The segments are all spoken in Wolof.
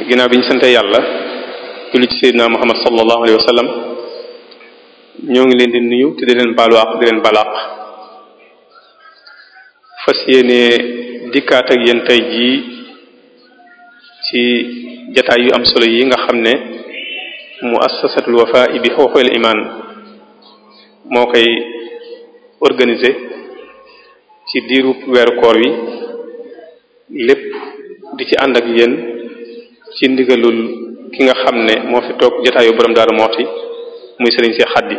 ginaaw bi ñu sante yàlla julli ci seydina muhammad sallallahu alayhi wa ñoo ngi leen di nuyu te di leen baaluwaax di leen balaaq fas yéene dikkaat ak yéen tey jii ci jataay yu am solo yi nga xam ne muassasatul wafa bi xooxeel iman moo koy organiser ci diiru weeru koor wi lépp di ci ànd ak yéen ci ndigalul ki nga xam ne moo fi toog jotaayu borom moo Muxti muy sëriñ si xaddi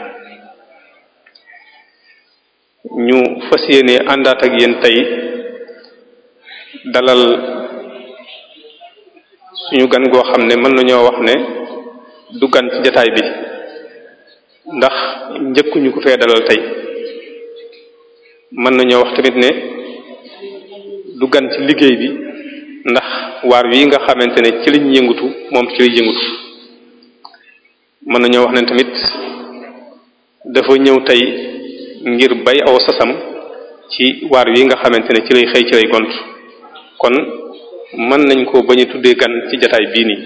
ñu fas yéene àndaat ak yéen tey dalal suñu gan goo xam ne mën nañoo wax ne du gan ci jataay bi ndax njëkkuñu ko fee dalal tey mën nañoo wax tamit ne du gan ci liggéey bi waar wi nga xamante ne ci lañ yëngutu moom ci lay yëngutu mën nañoo wax ne tamit dafa ñëw tey ngir bay aw sasam ci waar wi nga xamante ne ci lay xëy ci lay gont kon mën nañ ko bañ a tuddee gan ci jataay bii nii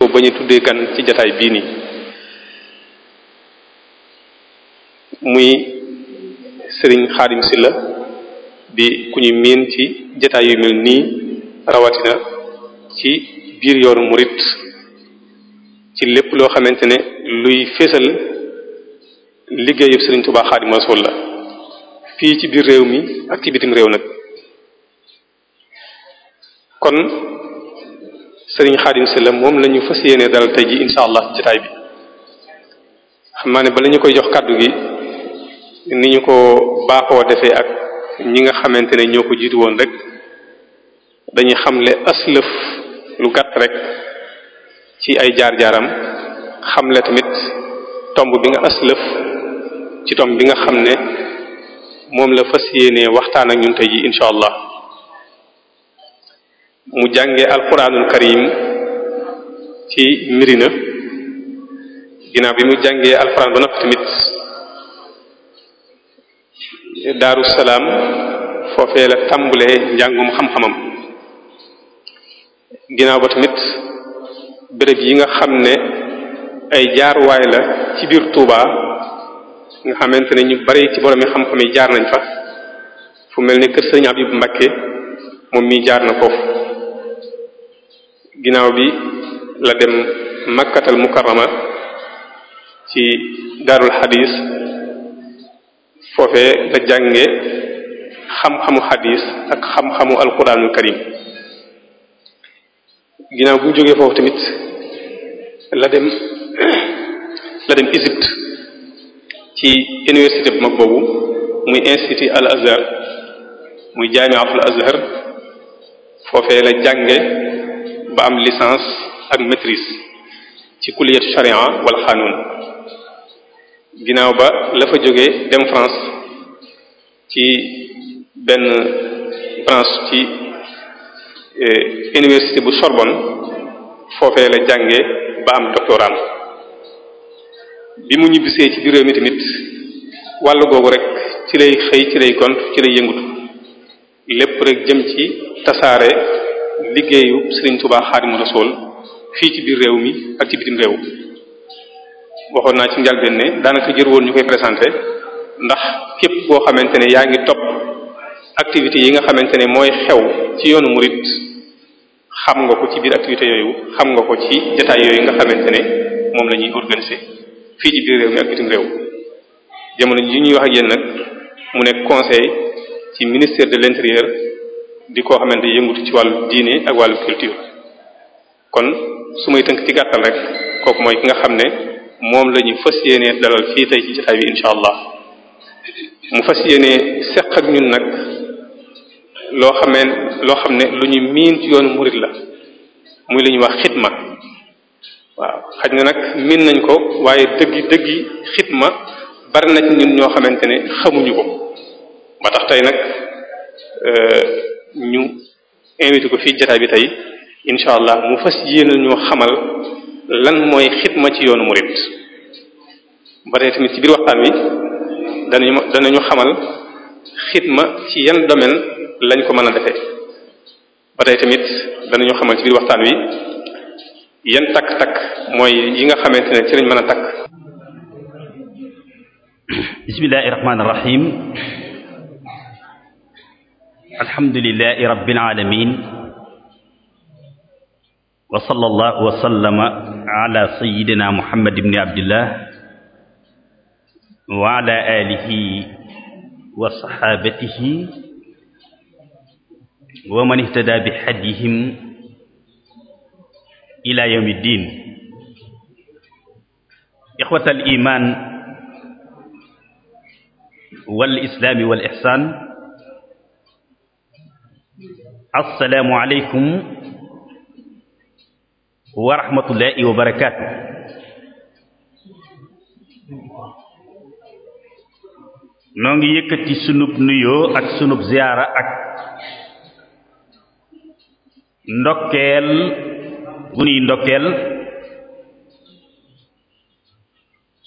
ko a tuddee gan ci bii nii muy sëriñ Xaadim Silla di ku ñu miin ci jataay yu mel nii rawatina ci biir yoonu murit ci lépp loo xamante ne luy fésal liggéeyub Sëriñ Tuubaa Xaadimu Rasuul la fii ci biir réew mi ak ci bitim réew nag kon Sëriñ Xaadim Sylla moom lañu ñu fas yéene dalal tey ji incha allah jataay bi xam naa ne bala koy jox kàddu gi ni ñu ko baaxoo defee ak ñi nga xamante ne ñoo ko jiitu woon rek dañuy xamle aslëf lu gàtt rek ci ay jaar-jaaram xamle tamit tomb bi nga aslëf ci tomb bi nga xam ne moom la fas yéenee waxtaan ak ñun tey ji incha allah mu jàngee alquranul karim ci mirina ginnaaw bi mu jàngee alquran ba noppi tamit daaru salaam foofee la tàmbulee njàngum xam-xamam ginaaw ba tamit béréb yi nga xam ne ay jaarwaay la ci biir Touba nga xamante ne ñu bari jaar nañ fa fu mel ni kër Sëriñ Abib Mbakke moom mii jaar na foofu ginnaaw bi la dem Makkatal Mukarrama ci daarul xadiis foofee nga jànge xam-xamu xadis ak xam-xamu alquranul karim ginnaaw bu jógee foofu tamit la dem la ci université bu mag boobu muy institut al azhar muy jaamiatul azhar foofee la jànge ba am licence ak maîtrise ci kulliyatu sharia wala xanuun ginnaaw ba la fa jógee dem France ci benn France ci eh, université bu Sorbonne foofee la jànge ba am doctoral bi mu ñibbisee ci biir mi tamit wàll googu rek ci lay xëy ci lay gont ci lay yëngutu lépp rek jëm ci tasaare liggéeyu Serigne Touba Xaadimu Rasuul fii ci biir réew mi ak ci bitim réew waxoon naa ci njëlbéen ne daanaka jër woon ñu koy présenté ndax képp koo xamante ne yaa ngi topp activité yi nga xamante ne mooy xew ci yoonu murit nga ko ci biir activités yooyu xam nga ko ci jataay yooyu nga xamante ne moom la ñuy organiser fii ci biir réew mi ak bitim réew jamono ji ñuy wax ak nag mu nekk conseil ci ministère de l'intérieur di koo xamante yëngutu ci wàllu diine ak wàllu culture kon su may tënk ci gàttal rek kooku mooy ki nga xam ne moom lañuy ñu yéene yéenee dalal fii tey ci jotaay bi incha allah mu fas yéenee seq ak ñun nag loo xamee loo xam ne lu ñuy miin ci yoonu murit la muy lañuy wax xitma waaw xaj ne nag miin nañ ko waaye dëgg dëggi xitma bari na ci ñun ñoo xamante ne xamuñu ko ba tax tey nag euh, ñu invité ko fii jotaay bi tey incha allah mu fas yéene ñoo xamal lan mooy xidma ci yoonu murid ba tey tamit ci biir waxtaan wi danañu danañu xamal xidma ci yan domaine lañ ko mën a defe ba tey tamit danañu xamal ci biir waxtaan wi yan takk-takk mooy yi nga xamante ne ci lañ mën a takk bismillahi rahmaani alamin wa sallallahu wa sallama ala sayyidina muhammad ibn abdillah wa ala alihi wa sahabatihi wa man ihtada bi hadihim ila yawmi ddin ixwatal iman wal islaami wal ixsaan assalaamu aleykum wa rahmatullahi wa barakaatu noo ngi yëkkati sunub nuyoo ak sunub ziyaara ak ndokkeel gu nuy ndokkeel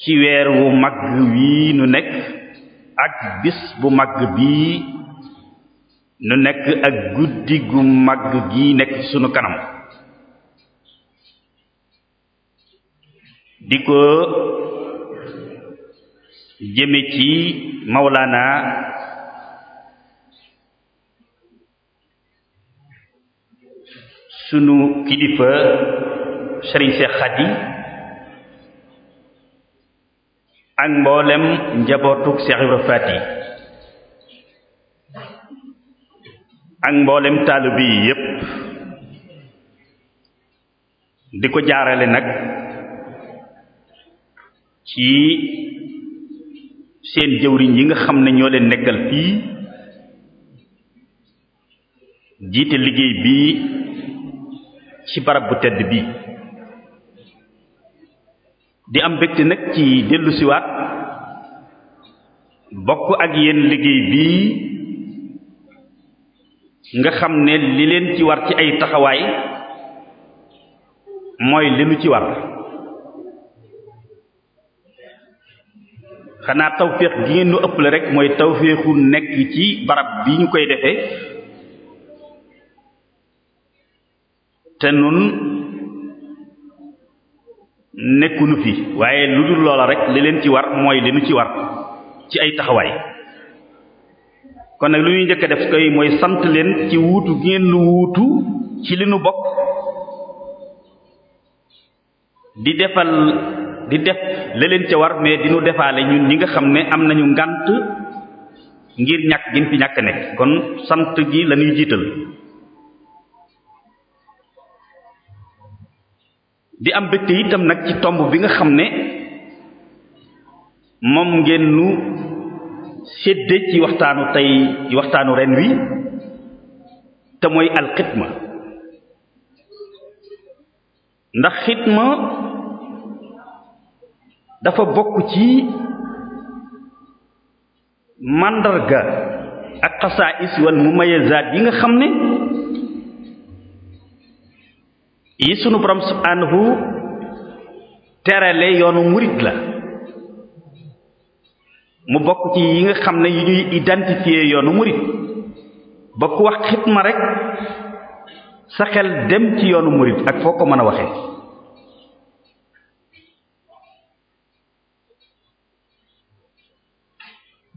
ci weer wu mag wii nu nekk ak bis bu mag bii nu nekk ak guddi gu mag gii nekk sunu kanam di ko jëme ci Mawlana sunu kilifa Serigne Cheikh Khady ak mboolem njabootuk Cheikh Ibra Fati ak mboolem taalibe yi yépp di ko jaarale nag ci seen jëwriñ yi nga xam ne ñoo leen nekkal fii jiite liggéey bii ci barab bu tedd bii di am mbégte nag ci dellu siwaat bokk ak yenn liggéey bii nga xam ne li leen ci war ci ay taxawaay mooy li nu ci war xanaa tawféex gi ngeen ñu ëppale rek mooy tawféexu nekk ci barab bi ñu koy defe te nun nekkulu fi waaye lu dul loola rek li leen ci war mooy li ci war ci ay taxawaay kon nag lu ñuy njëkk def koy mooy sant leen ci wuutu gi ngeen nu wuutu ci li nu bokk di defal di def la leen ca war mais di nu ñun ñi nga xam ne am nañu ngànt ngir ñàkk gin fi ñàkk nekk kon sant gi la jiital di am bëtte itam nag ci tomb bi nga xam ne moom ngeen nu sédde ci waxtaanu tey waxtaanu ren wi te mooy alxitma ndax xitma dafa bokk ci màndarga ak mu wal mumayazaat yi nga xam ne yi sunu borom subhaanahu terale yoonu murit la mu bokk ci yi nga xam ne yi ñuy identifier yoonu murit ba ku wax xitma rek sa xel dem ci yoonu murit ak foo ko mën a waxee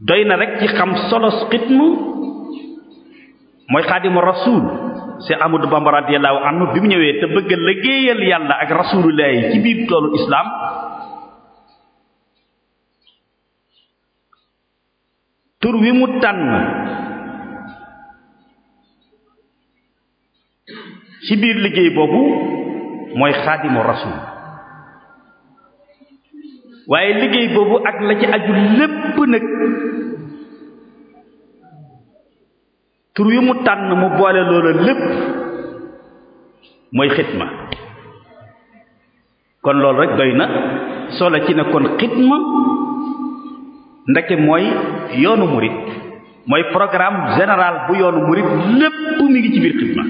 doy na rek ci xam solos xitm mooy xaadimu rasul si Amadou Bamba radiyallahu anhu bi mu ñëwee te bëgg a liggéeyal yàlla ak rasulullahi ci biir toolu islam tur wi mu tànn ci biir liggéey boobu mooy xaadimu rasul waaye liggéey boobu ak la ci aju lépp nag tur yu mu tànn mu boole loola lépp mooy xitma kon loolu rek doy na solo ci ne kon xitma ndeke mooy yoonu murit mooy programme général bu yoonu murit lépp mi ngi ci biir xidma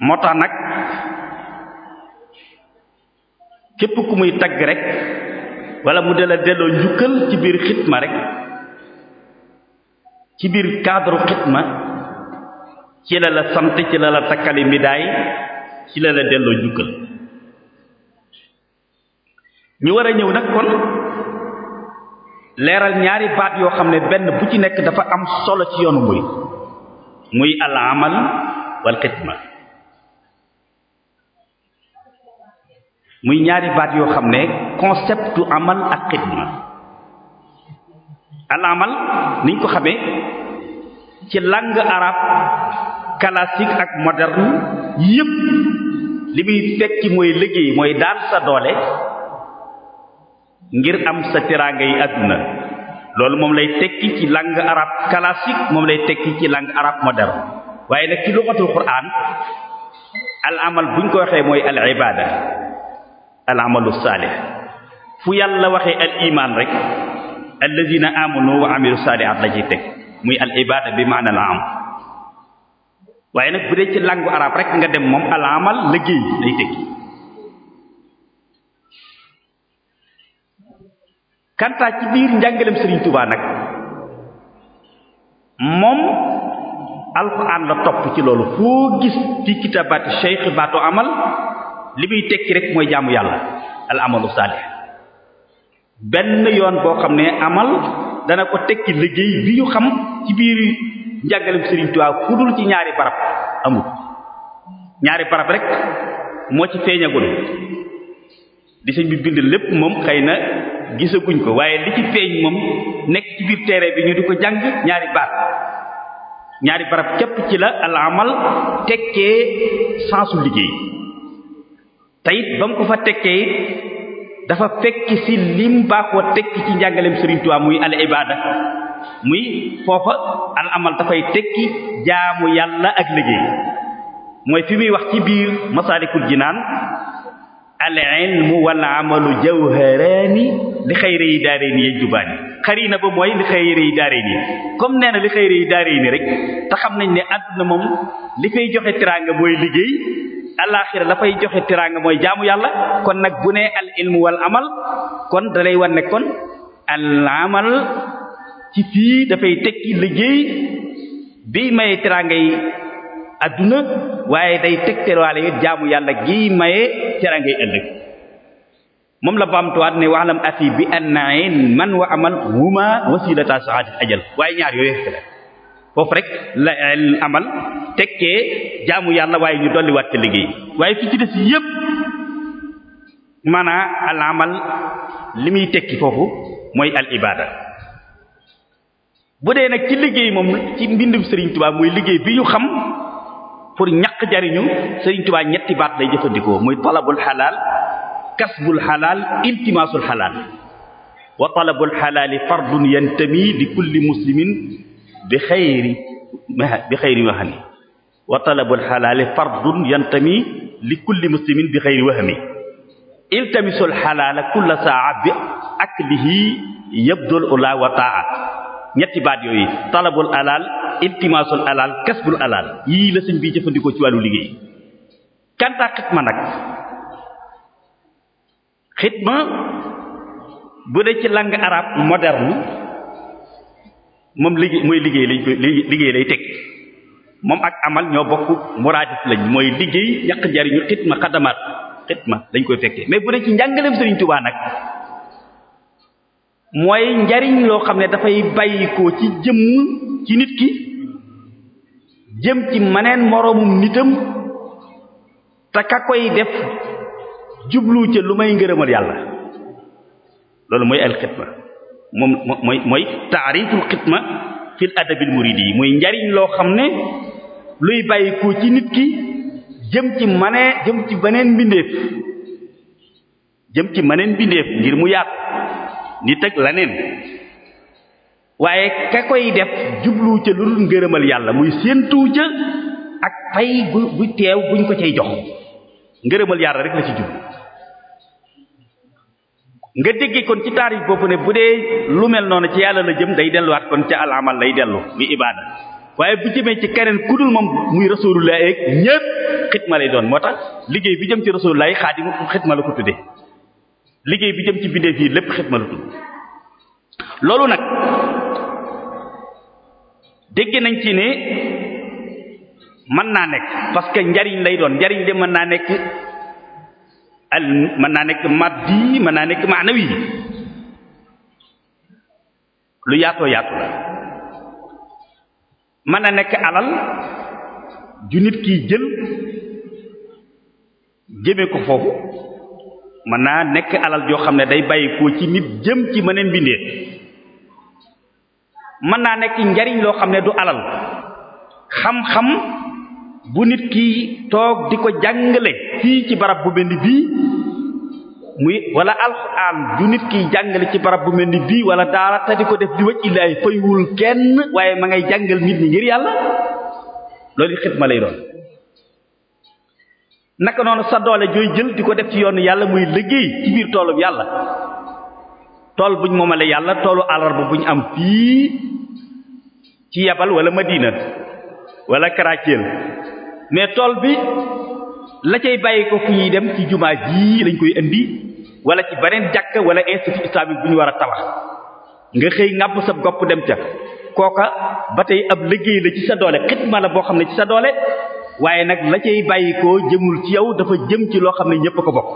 moo tax nag képp ku muy tagg rekk wala mu dala delloo njukkal ci biir xitma rek ci biir cadre xitma ci la sant ci la la takkali mbidaay ci lala delloo njukkal ñu war a ñëw nag kon leeral ñaari baat yoo xam ne benn bu ci nekk dafa am solo ci yoonu muy muy al amal wal xitma muy ñaari baat yoo xam ne conceptu amal ak xidma al amal niñ ko xamee ci langue arabe kalaasik ak moderne yépp li muy tekki mooy liggéey mooy daal sa doole ngir am sa teraanga yi àdduna loolu moom lay tekki ci langue arabe classique moom lay tekki ci langue arabe moderne waaye nag ci luxatul qur'an al amal buñ ko waxee mooy al ibada al amalu saalih fu yàlla waxee al iman rekk allazina amanu wa amilu saalihat la ciy teg muy al ibada bi maana al am waaye nag bu dee ci langue arab rek nga dem moom al amal liggéey lay moom alxuraan la topp ci loolu foo gis ci kitaabaati cheikh baatu amal li muy tekki rek mooy jaamu yàlla al amalu saalih benn yoon boo xam ne amal dana ko tekki liggéey bi ñu xam ci biir njàngale bu Sëriñ Tuubaa ku ci ñaari barab amul ñaari barab rek moo ci feeñagul di sëñ bi bind lépp moom xëy na gisaguñ ko waaye li ci feeñ moom nekk ci biir téere bi ñu di ko jàng ñaari baat ñaari barab képp ci la al amal tekkee sensu liggéey te it ba mu ko fa tekkee it dafa fekk si lim baaxoo tekki ci njàngaleem Serigne Touba muy al ibada muy foofa al amal dafay tekki jaamu yàlla ak liggéey mooy fi muy wax ci biir Masaalikul Jinaan al mu wal amalu jawharaani li xayri yi daaree nii yéen jubaani xari na ba mooy li xayri yi daaree nii comme nee na li xayri yi daaree nii rek te xam nañ ne àdduna moom li koy joxe teraanga mooy liggéey. alaaxira la fay joxe tiraanga mooy jaamu yàlla kon nag bu ne al ilmu wal amal kon dalay lay wan ne kon amal ci fii dafay teg tekki liggéey bi maye tiraangay adduna waaye day teg it jaamu yàlla gi maye tiraangay ëllëg moom la baamtuwaat ne waxlam afi bi anna man wa amal huma wasilata saadil ajal waaye ñaar yooyu foofu rek la eh, amal tekkee jaamu yàlla waaye ñu dolliwaat ci liggéey waaye fi ci des yépp maanaa al amal li muy tekki foofu mooy al ibaada bu dee nag ci liggéey moom ci mbindum Serigne Touba mooy liggéey bi ñu xam pour ñaq jariñu Serigne Touba ñetti baat lay jëfandikoo muy talabul xalaal kasbul xalaal iltimaasul xalaal wa talabul xalaali fardun yantami li kulli muslimin bi xayri bi xayri wahmi wa talabul xalaali fardun yantami li kulli muslimin bi xayri wahmi iltamisul xalaala kulla saa bi aklihi yabdul ula wa taa ñetti baat yooyu talabul alal iltimasul alal kasbul alal yii la bi jëfandikoo ci wàllu liggéey kantaa xitma nag xitma bu dee ci langue arabe moderne moom liggéey mooy liggéey lañ koy liggéey lay teg moom ak amal ñoo bokk muraadif lañ mooy liggéey ñaq jariñu xitma xadamaat xitma dañ koy fekkee mais bu dee ci njàngaleem Sëriñ Tuubaa nag mooy njariñ loo xam ne dafay bàyyikoo ci jëmm ci nit ki jëm ci maneen moroomum nitam te ka koy def jublu ca lu may ngërëmal yàlla loolu mooy al xitma moom mooy mooy taariful xidma fil adabil muridi yi muy njariñ loo xam ne luy bàyyi ko ci nit ki jëm ci manee jëm ci beneen mbindeef jëm ci maneen mbindeef ngir mu yàqu nit ak laneen waaye ka koy def jublu ca lu dul ngërëmal yàlla muy séentu jë ak fay bu bu teew buñ ko cay jox ngërëmal yàlla rek la ci jublu nga déggee kon ci taarif boobu ne bu dee lu mel noonu ci yàlla la jëm day delluwaat kon ca al amal lay dellu muy ibaada waaye bu jëmee ci keneen ku dul moom muy rasulullah ak ñépp xitma lay doon moo tax liggéey bi jëm ci rasulullah xaadimu xitma la ko tuddee liggéey bi jëm ci bindeef yi lépp xitma la tudd loolu nag dégg nañ ci ne mën naa nekk parce que njariñ lay doon njariñ de mën naa nekk al mën naa nekk maddi mën naa nekk maanawi lu yaatoo yaatu la mën naa nekk alal ju nit kiy jël jëme ko foofu mën naa nekk alal joo xam ne day bàyyi ci nit jëm ci mëneen mbindeef mën naa nekk njariñ loo xam ne du alal xam-xam bu nit ki toog di ko jàngale fii ci barab bu mel ni bii muy wala alxuraan bu nit kiy jàngale ci barab bu mel ni bii wala daara te di ko def di wëcc illaay fayul kenn waaye ma ngay jàngal nit ñi ngir yàlla loolu xidma lay doon naka noonu sa doole jooy jël di ko def ci yoon yàlla muy liggéey ci biir toolub yàlla tool buñ moomale yàlla toolu àllarba buñ am fii ci yabal wala madina wala Karakel mais tool bi la cay bàyyi ko fu ñuy dem ci jumaa jii lañ koy indi wala ci beneen jàkk wala institut islamique bu ñu war a tabax nga xëy ŋàbb sa gopp dem ca kooka ba tey ab liggéey la ci sa doole xitma la boo xam ne ci sa doole waaye nag la cay bàyyi ko jëmul ci yow dafa jëm ci loo xam ne ñépp a ko bokk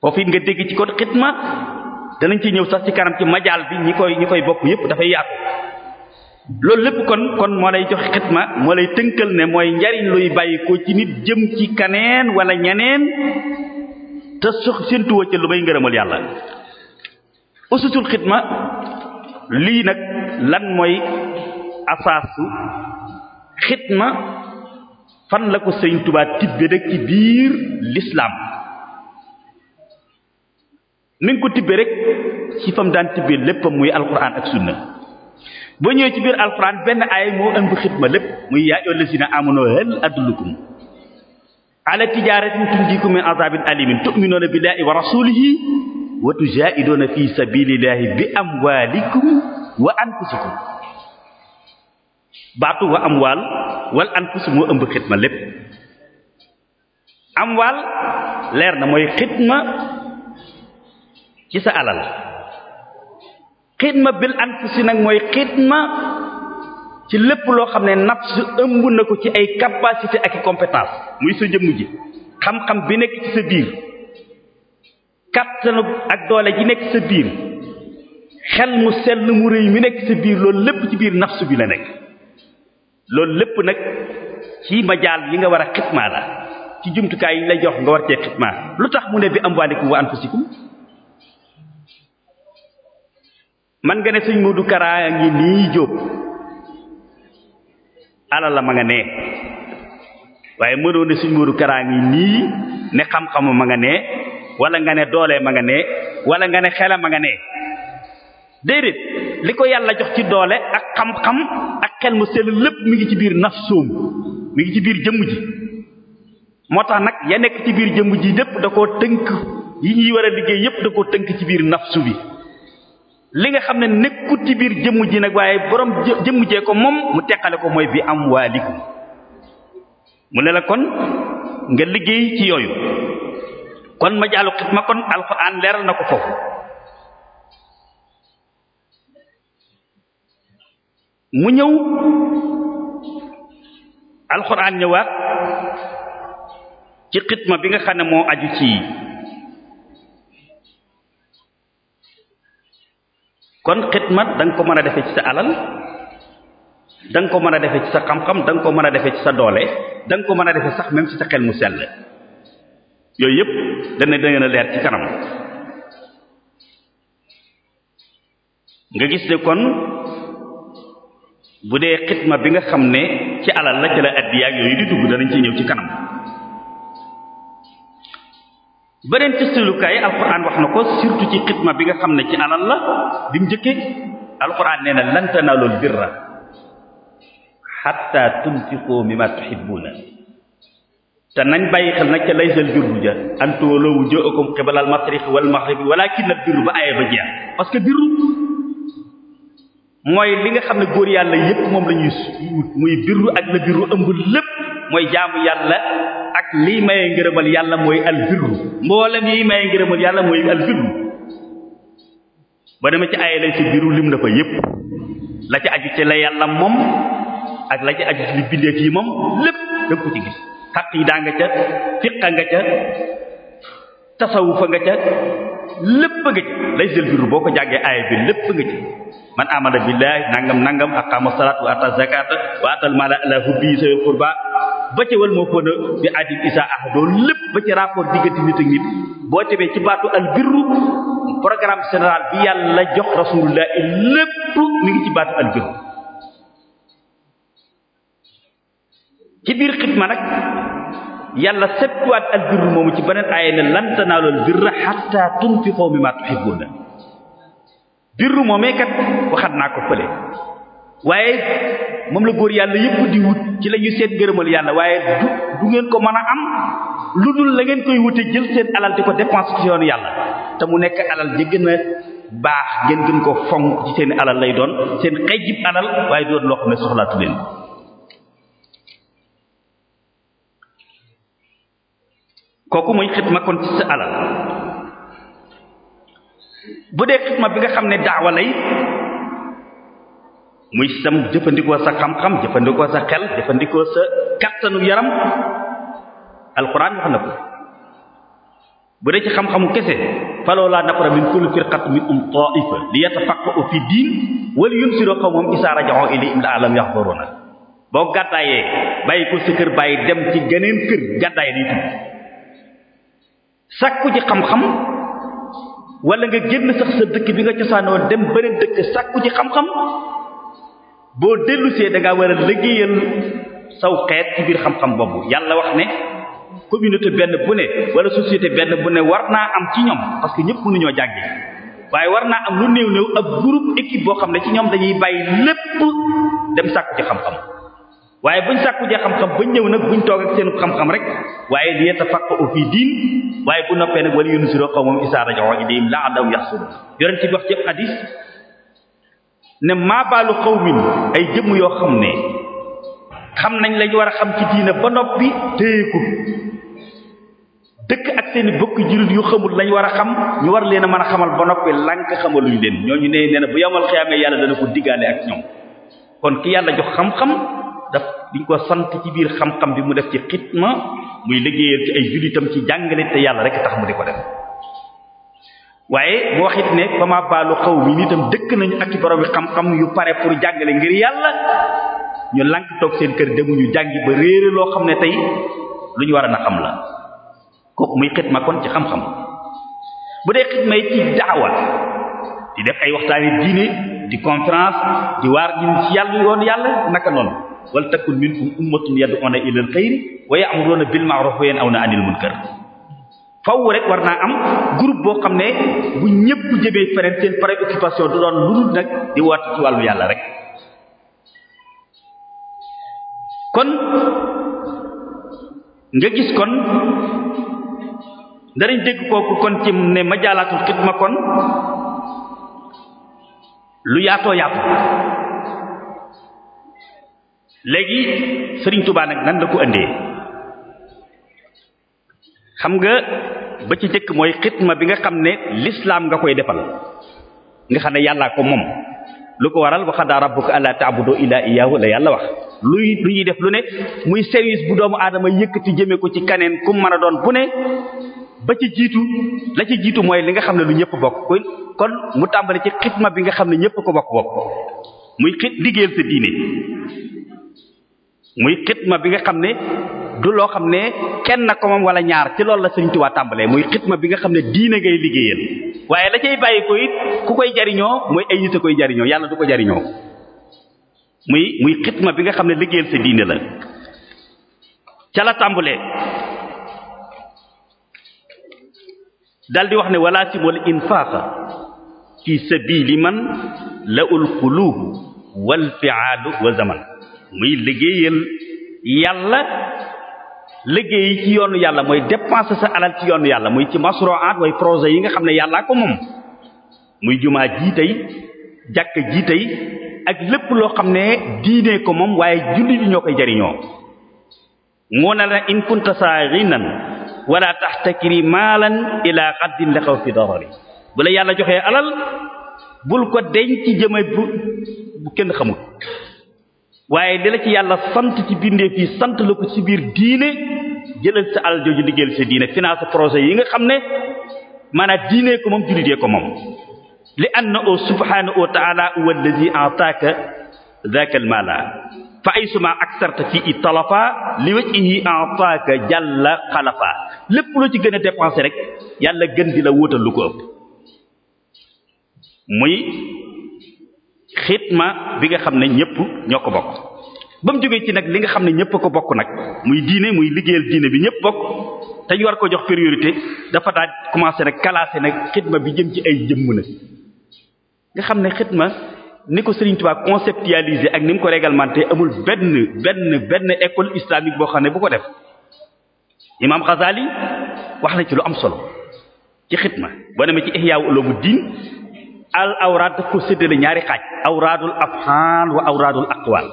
foofu it nga dégg ci kon ma danañ ci ñëw sax ci kanam ci majaal bi ñi koy ñi koy bokk yépp dafay yaatu loolu lépp kon kon moo lay jox xitma moo lay tënkal ne mooy njariñ luy bàyyi ko ci nit jëm ci kaneen wala ñeneen te sox séntuwa ca lu bay ngërëmal yàlla ususul xitma lii nag lan mooy asaasu xitma fan la ko sëñ Tuubaa tibbe rek ci biir lislaam mi ko tibbe rek ci fam daan tibbe léppam muy alquran ak sunna boo ñëwee ci biir alxuraan benn aaya moo ëmb xitma lépp muy yaa ayyuhallazina amanu hal adullukum ala tijaratin tunjikum min azabin alimin tu'minuna billahi wa rasulihi wa tujahiduna fi sabilillahi bi amwalikum wa anfusikum baatu wa amwaal wal anfus moo ëmb xitma lépp amwaal leer na mooy xitma ci sa alal xidma bil anfusi nag mooy xidma ci lépp loo xam ne nafs ëmb na ko ci ay capacité ak i muy sa jëmm ji xam-xam bi nekk ci sa biir kattanu ak doole ji nekk ci sa biir xel mu sell mu rëy mu nekk ci sa biir loolu lépp ci biir nafs bi la nekk loolu lépp nag ci jaal yi nga war a xidma la ci jumtukaay yi la jox nga war cee xidma lu tax mu ne bi am amwaalikum wa anfusikum man nga ne sëñ Modou Kara ngi nii jóob alal la ma nga nee waaye mënoo ne sëñ Modou Kara ngi nii ne xam-xamu ma nga nee wala nga ne doolee ma nga nee wala nga ne xela ma nga nee déedéet li ko yàlla jox ci doole ak xam-xam ak xel mu sell lépp mu ngi ci biir nafsoom mi ngi ci biir jëmm ji moo tax nag ya nekk ci biir jëmm ji lépp da koo tënk yi ñuy war a liggéey yépp da koo tënk ci biir nafsu bi li nga xam ne nekkut ci biir jëmm ji nag waaye borom jëmm jee ko moom mu teqale ko mooy bi am waalikum mu ne la kon nga liggéey ci yooyu kon ma jaalu xidma kon alxuraan leeral na ko foofu mu ñëw alxuraan ñëwaat ci xidma bi nga xam ne moo aju ci kon xidmat da nga ko mën a defee ci sa alal da ko mën a defee ci sa xam-xam da ko mën a defee ci sa doole da nga ko mën a defee sax même ci sa xel mu sell yooyu yëpp dana dangeen a leer ci kanam nga gis ne kon bu dee xidma bi nga xam ne ci alal la ci la addiyaak yooyu di dugg danañ ci ñëw ci kanam beneen tëstalukaay alquran wax na ko surtout ci xitma bi nga xam ne ci alal la di mu njëkkee alquran nee na lan tanaalul birra xatta tunfiqu mimma tuhibbuuna te nañ bàyyi xel nag ca laysal birru ja an tuwallu wujuuhakum qibalal mashriqi wal maghribi walaakinal birru ba aaya ba jeex parce que birru mooy li nga xam ne góor yàlla yépp moom la ñuy wut muy birru ak la birru ëmb lépp mooy jaamu yàlla ak lii maye ngërëmal yàlla mooy albirru mboolem yi maye ngërëmal yàlla mooy albirru ba dama ci aye lay ci biiru lim la fa yépp la ci aju ci la yàlla moom ak la ci aju ci li bindeef yi moom lépp da ko ci gis xaqiida nga ca fiqa nga ca tasawufa nga ca lépp nga ci lay sel biiru boo ko jàggee aaya bi lépp nga ci man amana nangam nangam aqama salata wa ata zakata wa atal mala ala hubbi ba ca wal moo ko na bi adim isa ahadoo lépp ba ci rapport nit ak nit boo tebee ci baatu al birru programme bi yàlla jox rasulullah lépp mi ngi ci baatu al ci biir xidma nag yàlla septuwaat al birru moomu ci beneen aaya ne lan tanaalul birra hatta tunfiqu mimma tuhibbuuna birru moomee kat waxat naa ko fële waaye moom la góor yàlla yëpp di wut ci la seen seet ngërëmal yàlla waaye du du ngeen ko mën a am lu dul la ngeen koy wute jël seen alal di ko dépense ci yoonu yàlla te mu nekk alal ji gën a baax ngeen gën ko fonk ci seen alal lay doon seen xëy jib alal waaye doon loo xam ne soxlaatu leen kooku mooy xitma kon ci sa alal bu dee xitma bi nga xam ne daawa lay muy sam jëfandikoo sa xam-xam jëfandikoo sa xel jëfandikoo sa kattanu yaram alquran wax na ko bu dee ci xam-xamu kese falawlaa nafara min kulli firqatin minhum taa'ifa li yatafaqqahu fi diin wa li yunziru qawmahum izaa raja'uu ilayhim la'allahum yahzaruun boo gàddaayee bàyyi ko sa kër bàyyi dem ci geneen kër gàddaay day tudd sàkku ci xam-xam wala nga génn sax sa dëkk bi nga cosaanoo dem beneen dëkk sàkku ci xam-xam boo dellusee da ngaa war a liggéeyal saw xeet ci biir xam-xam boobu yàlla wax ne communité benn bu ne wala société benn bu ne war naa am ci ñoom parce que ñëpp mënuñoo jàngi waaye war naa am lu néew néew ak groupe équipe boo xam ne ci ñoom dañuy bàyyi lépp dem sàkku ci xam-xam waaye buñ sàkku jee xam-xam bañ ñëw nag buñ toog ak seen xam-xam rek waaye li yatafaqqahu fii diin waaye bu noppee nag wala yunziroo qawmahum izaa raja'uu ilayhim la'allahum yahzarun yonent bi wax ci hadiis ne maabalu xawmin ay jëmm yoo xam ne xam nañ lañu war a xam ci diina ba noppi téye ko dëkk ak seeni bokki jullit yu xamul lañu war a xam ñu war leen a mën a xamal ba noppi lànk xamaluñu leen ñu ne nee na bu yamal xiyaamee yàlla dana ko diggaale ak ñoom kon ki yàlla jox xam-xam daf diñ ko sant ci biir xam-xam bi mu def ci ma muy liggéeyal ci ay jullitam ci jàngale te yàlla rek tax mu di ko def waaye mu wax ne fa baalu xaw mi ni itam dëkk nañu ak ci borom bi xam-xam yu pare pour jàngale ngir yàlla ñu lank toog seen kër demuñu jàngi ba réere loo xam ne tey lu ñu war a na xam la kooku muy xitma kon ci xam-xam bu dee xitma yi ci daawa di def ay waxtaani diine di conférence di waar ñun ci yàlla yoon yàlla naka noonu wal takun minkum ummatun yad'una ilal a wa ya'muruna bil ma'ruf wa yanhawna 'anil munkar faw rek war naa am groupe boo xam ne bu ñëpp jëmee feneen seen préoccupation du doon lu dul nag di woote ci wàllu yàlla rek kon nga gis kon danañ dégg kooku kon ci ne majaalaatul xidma kon lu yaatoo yaatu léegi Sëriñ Tuubaa nag nan la ko indee xam nga ba ci njëkk mooy xitma bi nga xam ne lislaam nga koy defal nga xam ne yàllaa ko moom lu ko waral waxadaa rabbuka alla ta'budu illa iyyahu la yàlla wax luy lu ñuy def lu ne muy service bu doomu aadama yëkkati jëme ko ci kaneen ku mën a doon bu ne ba ci jiitu la ci jiitu mooy li nga xam ne lu ñëpp bokk kon kon mu tàmbali ci xitma bi nga xam ne ñëpp ko bokk bokk muy xit liggéeyal sa diine muy xitma bi nga xam ne du loo xam ne kenn na ko moom wala ñaar ci loolu la Sëriñ Tuubaa tàmbalee muy xitma bi nga xam ne diine ngay liggéeyal waaye la cay bàyyi ko ku koy jariñoo mooy ay nit a koy jariñoo yàlla du ko jariñoo muy muy xitma bi nga xam ne liggéeyal sa diine la ca la tàmbalee dal di wax ne wala simol infaaqa fi sabili man la ul quluub wal fi'aalu wa zaman muy liggéeyal yàlla liggéey ci yoonu yàlla mooy dépenser sa alal ci yoonu yàlla muy ci masroat way projet yi nga xam ne yàllaa ko moom muy jumaa jii tey jàkk jii tey ak lépp loo xam ne diinee ko moom waaye julli di ñoo koy jariñoo moo na la in kunta saarinan wala taxtakiri maalan ila xaddin la fi darari bu la yàlla joxee alal bul ko denc jëme bu bu kenn xamul waaye dina ci yàlla sant ci bindee fii sant la ko ci biir diine jëlal sa alal jooju liggéeyal sa diine finance projet yi nga xam ne maanaam diine ko moom jullit ko moom li annahu subhanahu wa ta'ala huwa allazi ataaka dhaka almala fa aysuma aksarta fi talafa li wajhihi ataaka jalla xalafa lépp loo ci gën a dépensé rek yàlla gën di la wóotal lu ko ëpp muy xitma bi nga xam ne ñëpp ñoo ko bokk ba mu jógee ci nag li nga xam ne ñëpp ko bokk nag muy diine muy liggéeyal diine bi ñëpp bokk te ñu war ko jox priorité dafa daal commencé nag classé nag xitma bi jëm ci ay jëmm na nga xam ne xitma ni ko Serigne Touba conceptualisé ak ni mu ko réglementé amul benn benn benn école islamique boo xam ne bu ko def Imam Ghazali wax na ci lu am solo ci xitma boo demee ci Ihya ulumuddin al awraad daf ko séddale ñaari xaaj awraadul afhaal wa awraadul aqwaal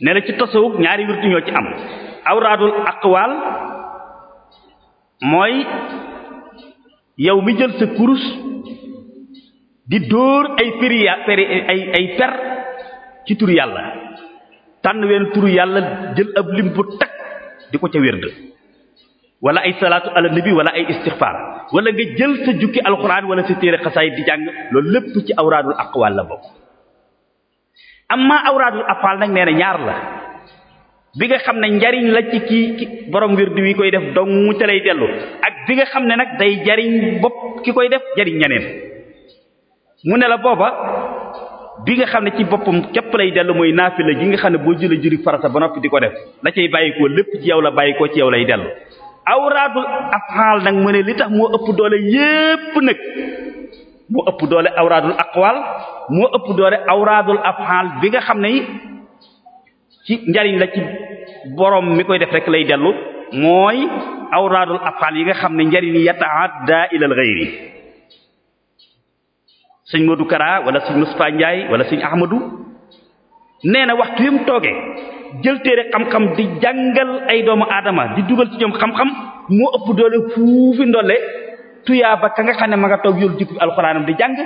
ne la ci tasawuf ñaari wirtu ñoo ci am awraadul aqwaal mooy yow mi jël sa kurus di dóor ay péri ay ay per ci tur yàlla tànn wenn turu yàlla jël ab lim bu takk di ko ca wérd wala ay salaatu ala nabi wala ay istixfaar wala nga jël sa jukki alxuraan wala sa téere xasaay di jàng loolu lépp ci awraadul aqwaal la bokk amma awraadul aqwaal nag nee na ñaar la bi nga xam ne njariñ la ci kii borom wir wi koy def dong te lay dellu ak bi nga xam ne nag day jariñ bopp ki koy def njariñ ñeneen mu ne la booba bi nga xam ne ci boppam képp lay dellu mooy la gi nga xam ne boo jëlee juri farata ba noppi di ko def la cay bàyyikoo lépp ci yow la bàyyikoo ci yow lay dellu awraatul afxaal nag mu ne li tax moo ëpp doole yépp nag moo ëpp doole awraadul aqwaal moo ëpp doole awraadul afxaal bi nga xam ne yi ci njariñ la ci borom mi koy def rekk lay dellu mooy awraadul afxaal yi nga xam ne njariñ yataadda ilal ghayri sëñ Modou Kara wala sëñ Mustafa Njaay wala sëñ Ahmadu nee na waxtu yi mu toogee jël téere xam-xam di jàngal ay doomu aadama di dugal ci ñoom xam-xam moo ëpp doole fuufi ndolle tuyaaba ka nga xam ne ma nga toog yor jikko alxuraanam di jàng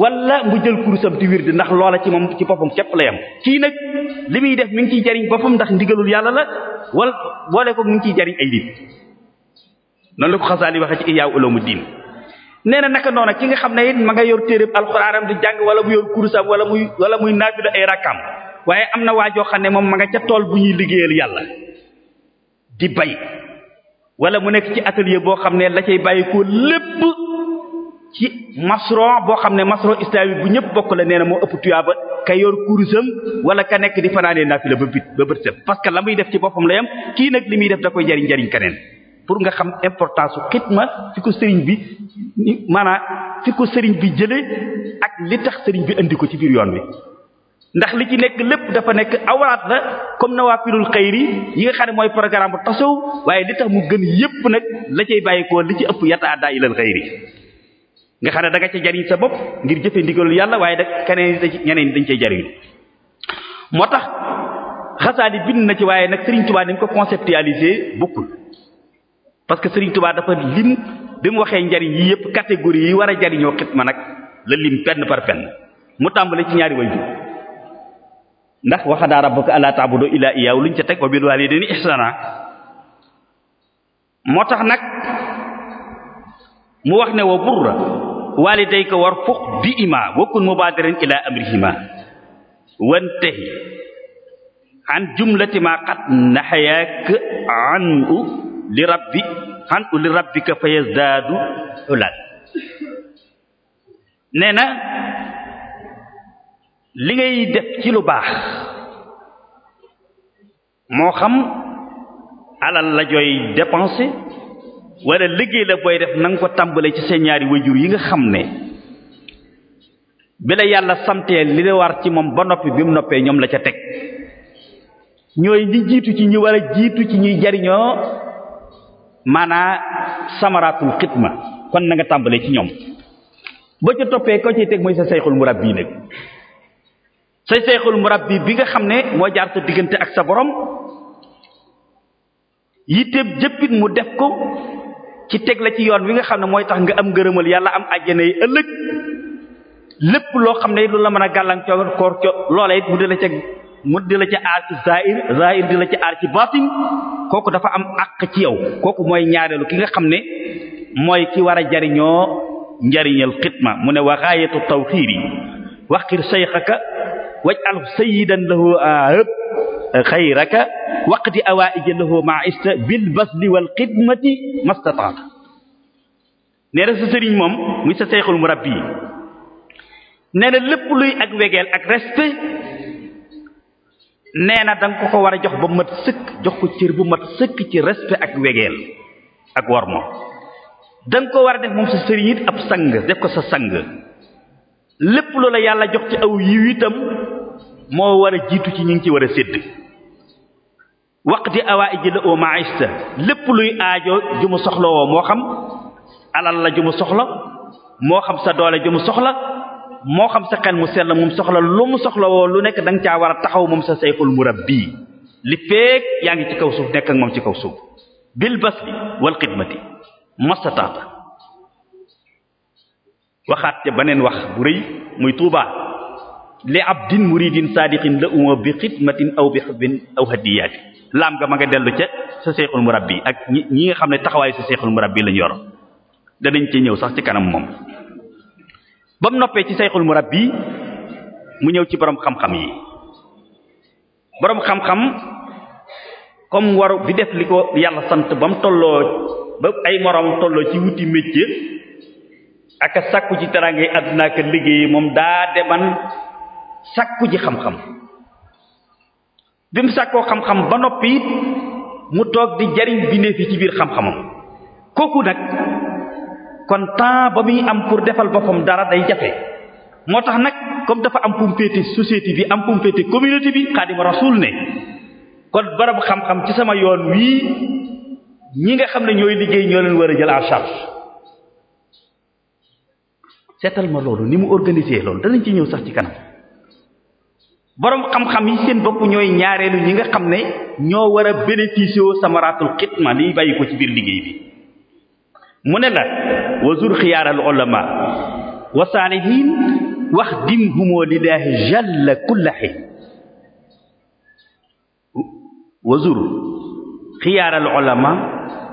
wala mu jël kurusam di wirdi ndax loola ci moom ci boppam képp la yam kii nag li muy def mi ngi ciy jariñ boppam ndax ndigalul yàlla la wala boole ko mi ngi ciy jariñ ay nit noonu la ko xasaali waxee ci mu Ulumuddin nee na naka noona ki nga xam ne it ma nga yor téeréb alxuraanam di jàng wala mu yor kurusam wala muy wala muy naafila ay rakkaam waaye am na waa joo xam ne moom ma nga ca tool bu ñuy liggéeyal yàlla di bay wala mu nekk ci atelier boo xam ne la cay bàyyi lépp ci masron boo xam ne masron islamique bu ñëpp bokk la nee moo ëpp tuyaaba ka yor kurusam wala ka nekk di fanaanee naafila ba bit ba bët parce que la muy def ci boppam la yam kii nag li muy def da koy jariñ njariñ keneen pour nga xam importance su xitma fi ko sëriñ bi maanaam fi ko sëriñ bi jële ak li tax sëriñ bi indi ko ci biir yoon wi ndax li ci nekk lépp dafa nekk awraat la comme nawaafilul xayri yi nga xam ne mooy programme bu tasaw waaye li tax mu gën yépp nag la cay bàyyikoo li ci ëpp yata adda ilal xayri nga xam ne da nga ca jariñ sa bopp ngir jëfe ndigalul yàlla waaye da keneen yi dañ cay jariñ moo tax xasaali bind na ci waaye nag Serigne Touba ni mu ko conceptualisé bokkul parce que Serigne Touba dafa lim bi mu waxee njariñ yi yëpp catégorie yi war a jariñoo xit ma nag la lim penn par penn mu tàmbale ci ñaari way ndax waxadaa rabbuka allaa ta'budu illaa iyyaahu luñ ca teg wa bil waalidayni ihsanaa moo tax nag mu wax ne wa burra waalidayka warfuq bihimaa wa kun mubaadiran ilaa amrihimaa wantahi an jumlati maa qad nahayaaka anhu li rabbi anhu li rabbika fayazdaadu hulal nee na li ngay def ci lu baax moo xam alal la jooy dépenser walla liggéey la booy def na nga ko tàmbalee ci seen ñaari wajur yi nga xam ne bi la yàlla santee li la war ci moom ba noppi bi mu noppee ñoom la ca teg ñooy ñi jiitu ci ñi war a jiitu ci ñuy jariñoo maanaa samaraatul ma kon na nga tàmbalee ci ñoom ba ca toppee ko ci teg mooy sa sayxul murabbi nag say seexul bii bi nga xam ne moo jaar sa diggante ak sa borom yitteeb jëppit mu def ko ci teg la ci yoon wi nga xam ne mooy tax nga am ngërëmal yàlla am àjjana yi ëllëg lépp loo xam ne lu la mën a gàllankoor koor co loola mu di la ca mu di la ca aar ci di la ca aar ci baatin kooku dafa am àq ci yow kooku mooy ñaareelu ki nga xam ne mooy ki war a jariñoo njariñal xitma mu ne wa gaayatu tawxiir yi waxir sayxaka waj alhu sayyidan lahu ahëb xayraka waqti awaaiji lahu ma ista bil basli wal xidmati mastataata nee na sa sëriñ moom muy sa seyxul murabbi yi nee na lépp luy ak wegeel ak respect nee na danga ko ko war a jox ba mat sëkk jox ko ciir bu mat sëkk ci respect ak wegeel ak war moom danga ko war a def moom sa sëriñ it ab sang def ko sa sang lépp loola yàlla jox ci aw yiw itam moo war a jiitu ci ñi ngi ci war a sédd waqti ji ijla o maista lépp luy aajo ju mu soxlawoo moo xam alal la ju mu soxla moo xam sa doole ju mu soxla moo xam sa xel mu sell moom soxla lu mu soxlawoo lu nekk da nga caa war a taxaw moom sa sayxul murabbi li feek yaa ngi ci kaw suuf nekk moom ci kaw suuf bil basli wal xidmati mastataata waxaat ca beneen wax bu rëy muy tuubaa li abdin muridin saadiqin la uma bi xidmatin aw bi xubbin aw hadiyaati laam nga ma nga dellu ca sa seexul bi ak ñi ñi nga xam ne taxawaayu sa seexul bi lañ yor danañ ci ñëw sax ci kanam moom ba mu noppee ci seexul bi mu ñëw ci boroom xam-xam yi boroom xam-xam comme waru di def li ko yàlla sant ba mu tolloo ba ay moroom tolloo ci wuti métier ak a sàkku ci teraangay àdduna ak liggéey moom daa deman sàkku ji xam-xam bi mu sàkkoo xam-xam ba noppi it mu toog di jariñ bindéef yi ci biir xam-xamam kooku nag kon temps ba muy am pour defal boppam dara day jafe moo tax nag comme dafa am kum féete société bi am kum féete communauté bi Xaadimu Rasuul ne kon barabu xam-xam ci sama yoon wii ñi nga xam ne ñooy liggéey ñoo leen war a jël en seetal ma loolu ni mu organisé loolu danañ ci ñëw sax ci kanam borom xam-xam yi seen bokk ñooy ñaareelu ñi nga xam ne ñoo war a bénéficier wu samaratul xitma liy bàyyi ko ci biir liggéey bi mu ne la wa zur xiyaaral ulama wa wax dim humoo lillaahi jalla kullahi wa zur xiyaaral ulama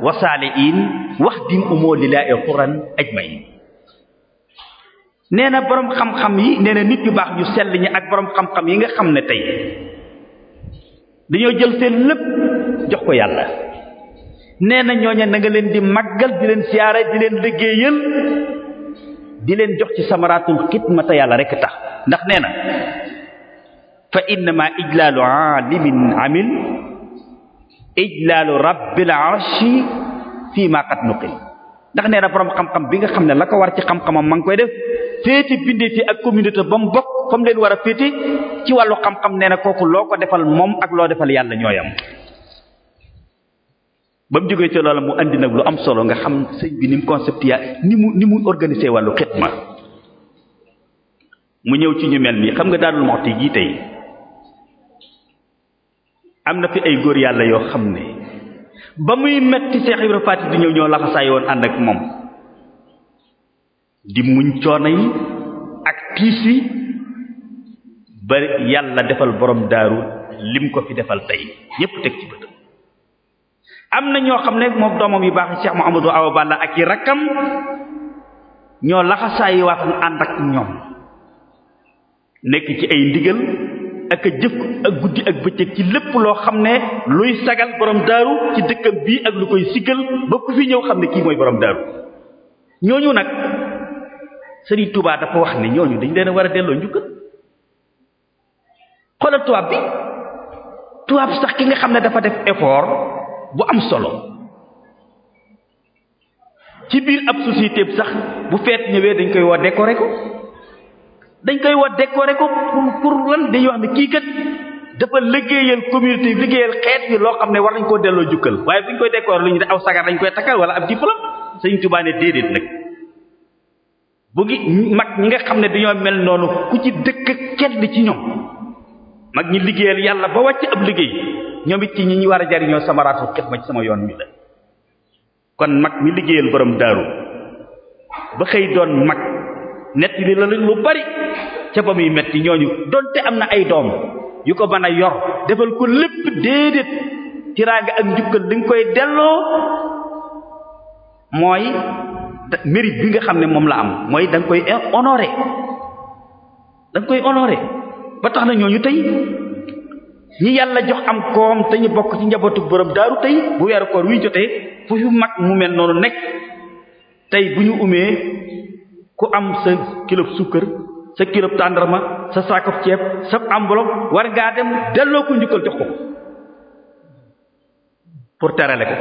wa saalihin wax dim humoo lillaahi quran ajmain nee na boroom xam-xam yi nee nit ñu baax ñu sell ñi ak boroom xam-xam yi nga xam ne tey dañoo jël seen lépp jox ko yàlla nee na ñooña na leen di màggal di leen siyaare di leen liggéeyal di leen jox ci samaraatul xidmata yàlla rekk tax ndax nee na fa innama ijlaalu aalimin amil ijlaalu rabbil arshi fii ma qad ndax nee boroom xam-xam bi nga xam ne la ko war ci xam-xamam ma ngi koy def féete bindeefi ak communauté ba mu bokk fa mu leen war a féete ci wàllu xam-xam nee na kooku loo ko defal moom ak loo defal yàlla ñooyam ba mu jógee ci loola mu andi nag lu am solo nga xam sëñ bi ni mu concept ya ni mu ni mu organisé wàllu mu ñëw ci ñu mel nii xam nga Daarul Muxti jii tey am na fi ay góor yàlla yoo xam ne ba muy metti Cheikh Ibrahima Fati di ñëw ñoo laxasaay woon ànd ak moom di muñ coono yi ak tiis wi ba yàlla defal borom daaru lim ko fi defal tey ñépp teg ci bët am na ñoo xam ne moom doomam yu baax Cheikh Mouhamadou Awa Balla ak i rakkam ñoo laxasaayi waat ànd ak ñoom nekk ci ay ndigal ak a jëf ak guddi ak bëccëg ci lépp loo xam ne luy sagal borom daaru ci dëkkam bii ak lu koy siggal ba ku fi ñëw xam ne kii mooy borom daaru ñooñu nag Sëriñ tubaa dafa wax ne ñooñu dañ leen war a delloo njukkal xoolal tubaab bi tubaab sax ki nga xam ne dafa def effort bu am solo ci biir ab société bi sax bu feet ñëwee dañ koy wax décorer ko dañ koy woo décorer ko pour pour lan dañuy wax ne kii kat dafa liggéeyal communauté liggéeyal xeet yi loo xam ne war nañ koo delloo jukkal waaye bu ñu koy décorer lu ñu def aw sagar dañ koy takkal wala ab diplôme Sëriñ tubaa ne déedéet nag bu gi mag ñi nga xam ne dañoo mel noonu ku ci dëkk kenn ci ñoom mag ñi liggéeyal yàlla ba wàcc ab liggéey ñoom it ci ñi war a jariñoo sama raatu xet ma ci sama yoon mi la kon mag mi liggéeyal borom daaru ba xëy doon mag nett li la lu bari ca ba muy metti ñooñu donte am na ay doom yu ko mën a yor defal ko lépp déedéet tiraanga ak njukkal li nga koy delloo mooy mérite bi nga xam ne moom la am mooy danga koy honoré da koy honoré ba tax na ñooñu tey ñi yàlla jox am koom te ñu bokk ci njabootu borom daa tey bu weeru koor wi jotee fu yu mag mu mel noonu nekk tey bu ñu umee ku am sa kilo sukkër sa kilo tàndarma sa saako ceeb sa enveloppe war ngaa dem delloo ko njukkal jox ko pour terale ko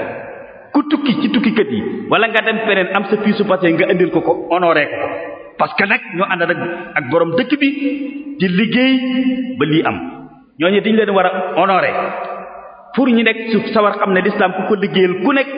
ku tukki ci tukkikat yi wala nga dem feneen am sa piisu passé nga indil ko ko honoré ko parce que nag ñoo ànd ak ak borom dëkk bi di liggéey ba lii am ñooñu dañ leen war a honoré pour ñu nekk su sawar xam ne l'islam ku ko liggéeyal ku nekk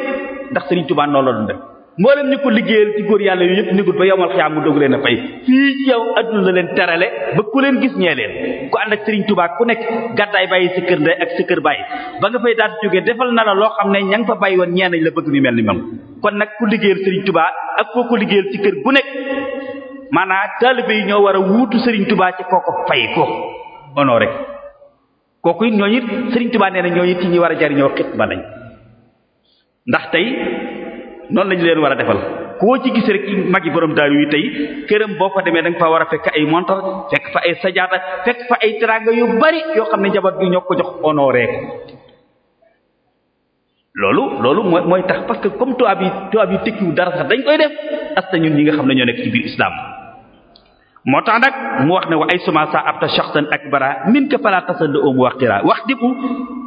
ndax Serigne Touba noonu la doon def mboolem ñu ko liggéeyal ci góor yàlla yu yëpp nigut ba yowmal xiyaam mu dog leen a fay fii ci yow adduna la leen terale ba ku leen gis ñee leen ku ànd ak Serigne Touba ku nekk gàddaay bàyyi sa kër ndey ak sa kër bàyyi ba nga fay daan di jógee defal na la loo xam ne ña fa bàyyi woon ñee nañ la bëgg ñu mel ni moom kon nag ku liggéeyal sëriñ tubaa ak koo ko liggéeyal ci kër gu nekk maanaam taalibe yi ñoo war a wuutu sëriñ tubaa ci kooko fay ko ono rek kooku it ñooñu it Serigne Touba nee na ñooñu ñi war a jariñoo xit noonu lañu leen war a defal koo ci gis rek yi boroom daal yi tey këram boo fa demee da nga war a fekk ay montar fekk fa ay sajaada fekk fa ay teraanga yu bari yoo xam ne njaboot bi ñoo ko jox honoré ko loolu loolu mooy tax parce que comme tubaab yi tubaab yi dara sax dañ koy def asta ñun ñi nga xam ne ñoo nekk ci biir islam moo tax nag mu wax ne wa ay suma sa abta ak akbara min ka fala tasaddu um waqira wax dibu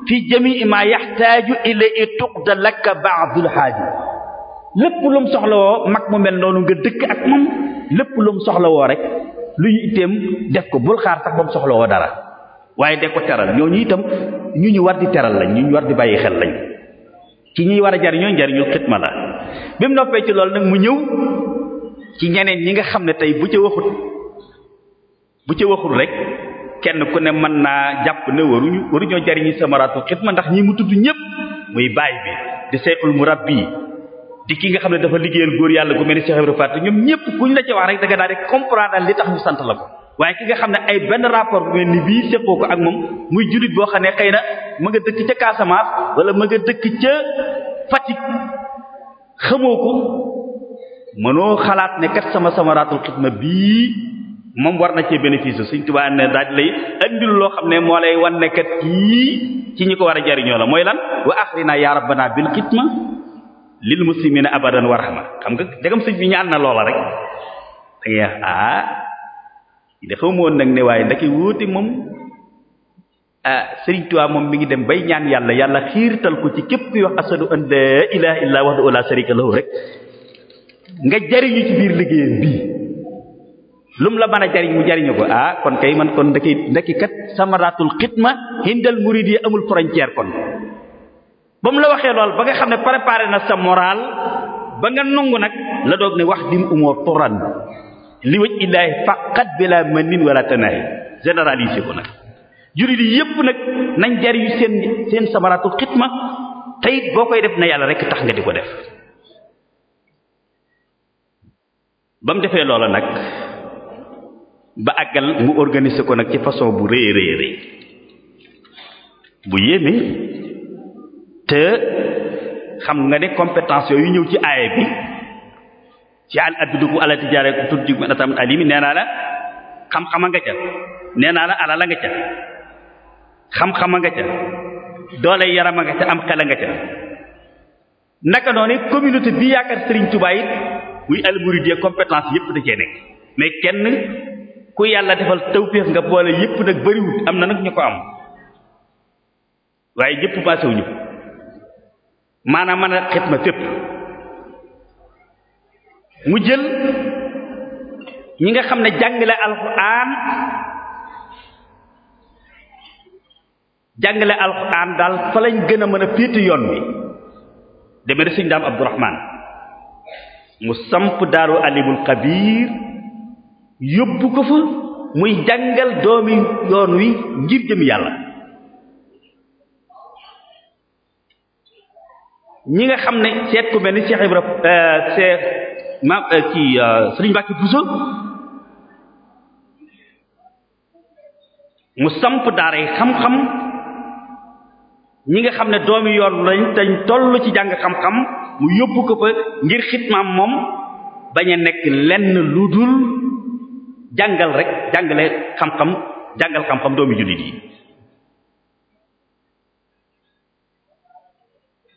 fi jami'i ma yahtaju ilayhi tuqda laka ba'd al haaj lépp lu mu soxlawoo mag mu mel noonu nga dëkk ak moom lépp lu mu soxlawoo rek luy itteem def ko bul xaar sax ba mu soxlawoo dara waaye def ko teral ñu itam ñu ñu war di teral lañ ñu war di bàyyi xel lañ ci ñuy war a jariñoo njariñul xitma la bi mu noppee ci loolu nag mu ñëw ci ñeneen ñi nga xam ne tey bu ca waxut bu ca waxut rek kenn ku ne mën naa jàpp ne waruñu waruñoo jariñi samaraatu xitma ndax ñi mu tudd ñépp muy bàyyi bi di seexul murabbi di ki nga xam ne dafa liggéeyal góor yàlla gu mel ni Cheikh Ibrahima Faty ñoom ñëpp ku ñu la ci rek da daal di comprendre li tax ñu sant la ko waaye ki nga xam ne ay benn rapport bu mel ni bii séqoo ko ak moom muy jullit boo xam ne xëy na ma nga dëkk ca Casamance wala ma nga dëkk ca Fatick xamoo ko mënoo xalaat ne kat sama samaraatul xidma bii moom war na cee bénéfice suñ tubaab ne daal lay andil loo xam ne moo lay wan ne kii ci ñi ko war a jariñoo la mooy lan wa axrina ya rabbana bil xidma lil muslimina abadan wa rahma xam nga degam sëñ bi ñaan na loola rek da ngay wax ah dafa moon nag ne waaye ndaki wóote moom ah Sëriñ Tuubaa moom mi ngi dem bay ñaan yàlla yàlla xiirtal ko ci képp kuy wax asadu an la ilaha illa wahdahu la sharika lahu rek nga jariñu ci biir liggéeyam bii lum la mën a jariñ mu jariñu ko ah kon kay man kon ndaki ndaki kat xidma hindal murid yi amul frontière kon ba mu la waxee lool ba nga xam ne préparé na sa moraal ba nga nungu nag la doog ne wax din umoor turan li waj illaahi faqat bi la manin wala tanaay généralisé ko nag jurit yi yépp nag nañ jariñu seen seen samaraatu ma tey boo koy def na yàlla rek tax nga di ko def ba mu defee loola nag ba àggal mu organiser ko nag ci façon bu rëyee rëy rëy bu yéeme te xam nga ne compétence yooyu ñëw ci aaya bi ci al abduku ala tijaare tuddi atam alimi nee naa la xam-xama nga ca nee naa la alala nga ca xam-xama nga ca doole yarama nga ca am xela nga ca naka noonu communauté bi yaakaar Serigne Touba it muy almouride compétence yépp da cee mais kenn ku yàlla defal tawfeex nga boole yépp nag bariwut am na nag ñu ko am waaye ñépp maasewuñu maanaam mën xet xitma fépp mu jël ñi nga xam ne jàngale alxuraan jàngale alxuraan daal fa lañ gën a mën a féete yoon wi deme def suñu mu samp daaru alimul xabiir yóbbu ko fa muy jàngal doomi yoon wi ngir jëm yàlla ñi nga xam ne seet ku mel ni Cheikh Ibra euh, Cheikh ma euh, kii euh, Sëriñ Mbàkke Buso mu samp daara yi xam-xam ñi nga xam ne doomi yoon lañ tañ toll ci jàng xam-xam mu yóbbu ko fa ngir xitmaam moom bañ a nekk lenn lu dul jàngal rek jàngale xam-xam jàngal xam-xam doomi jullit yi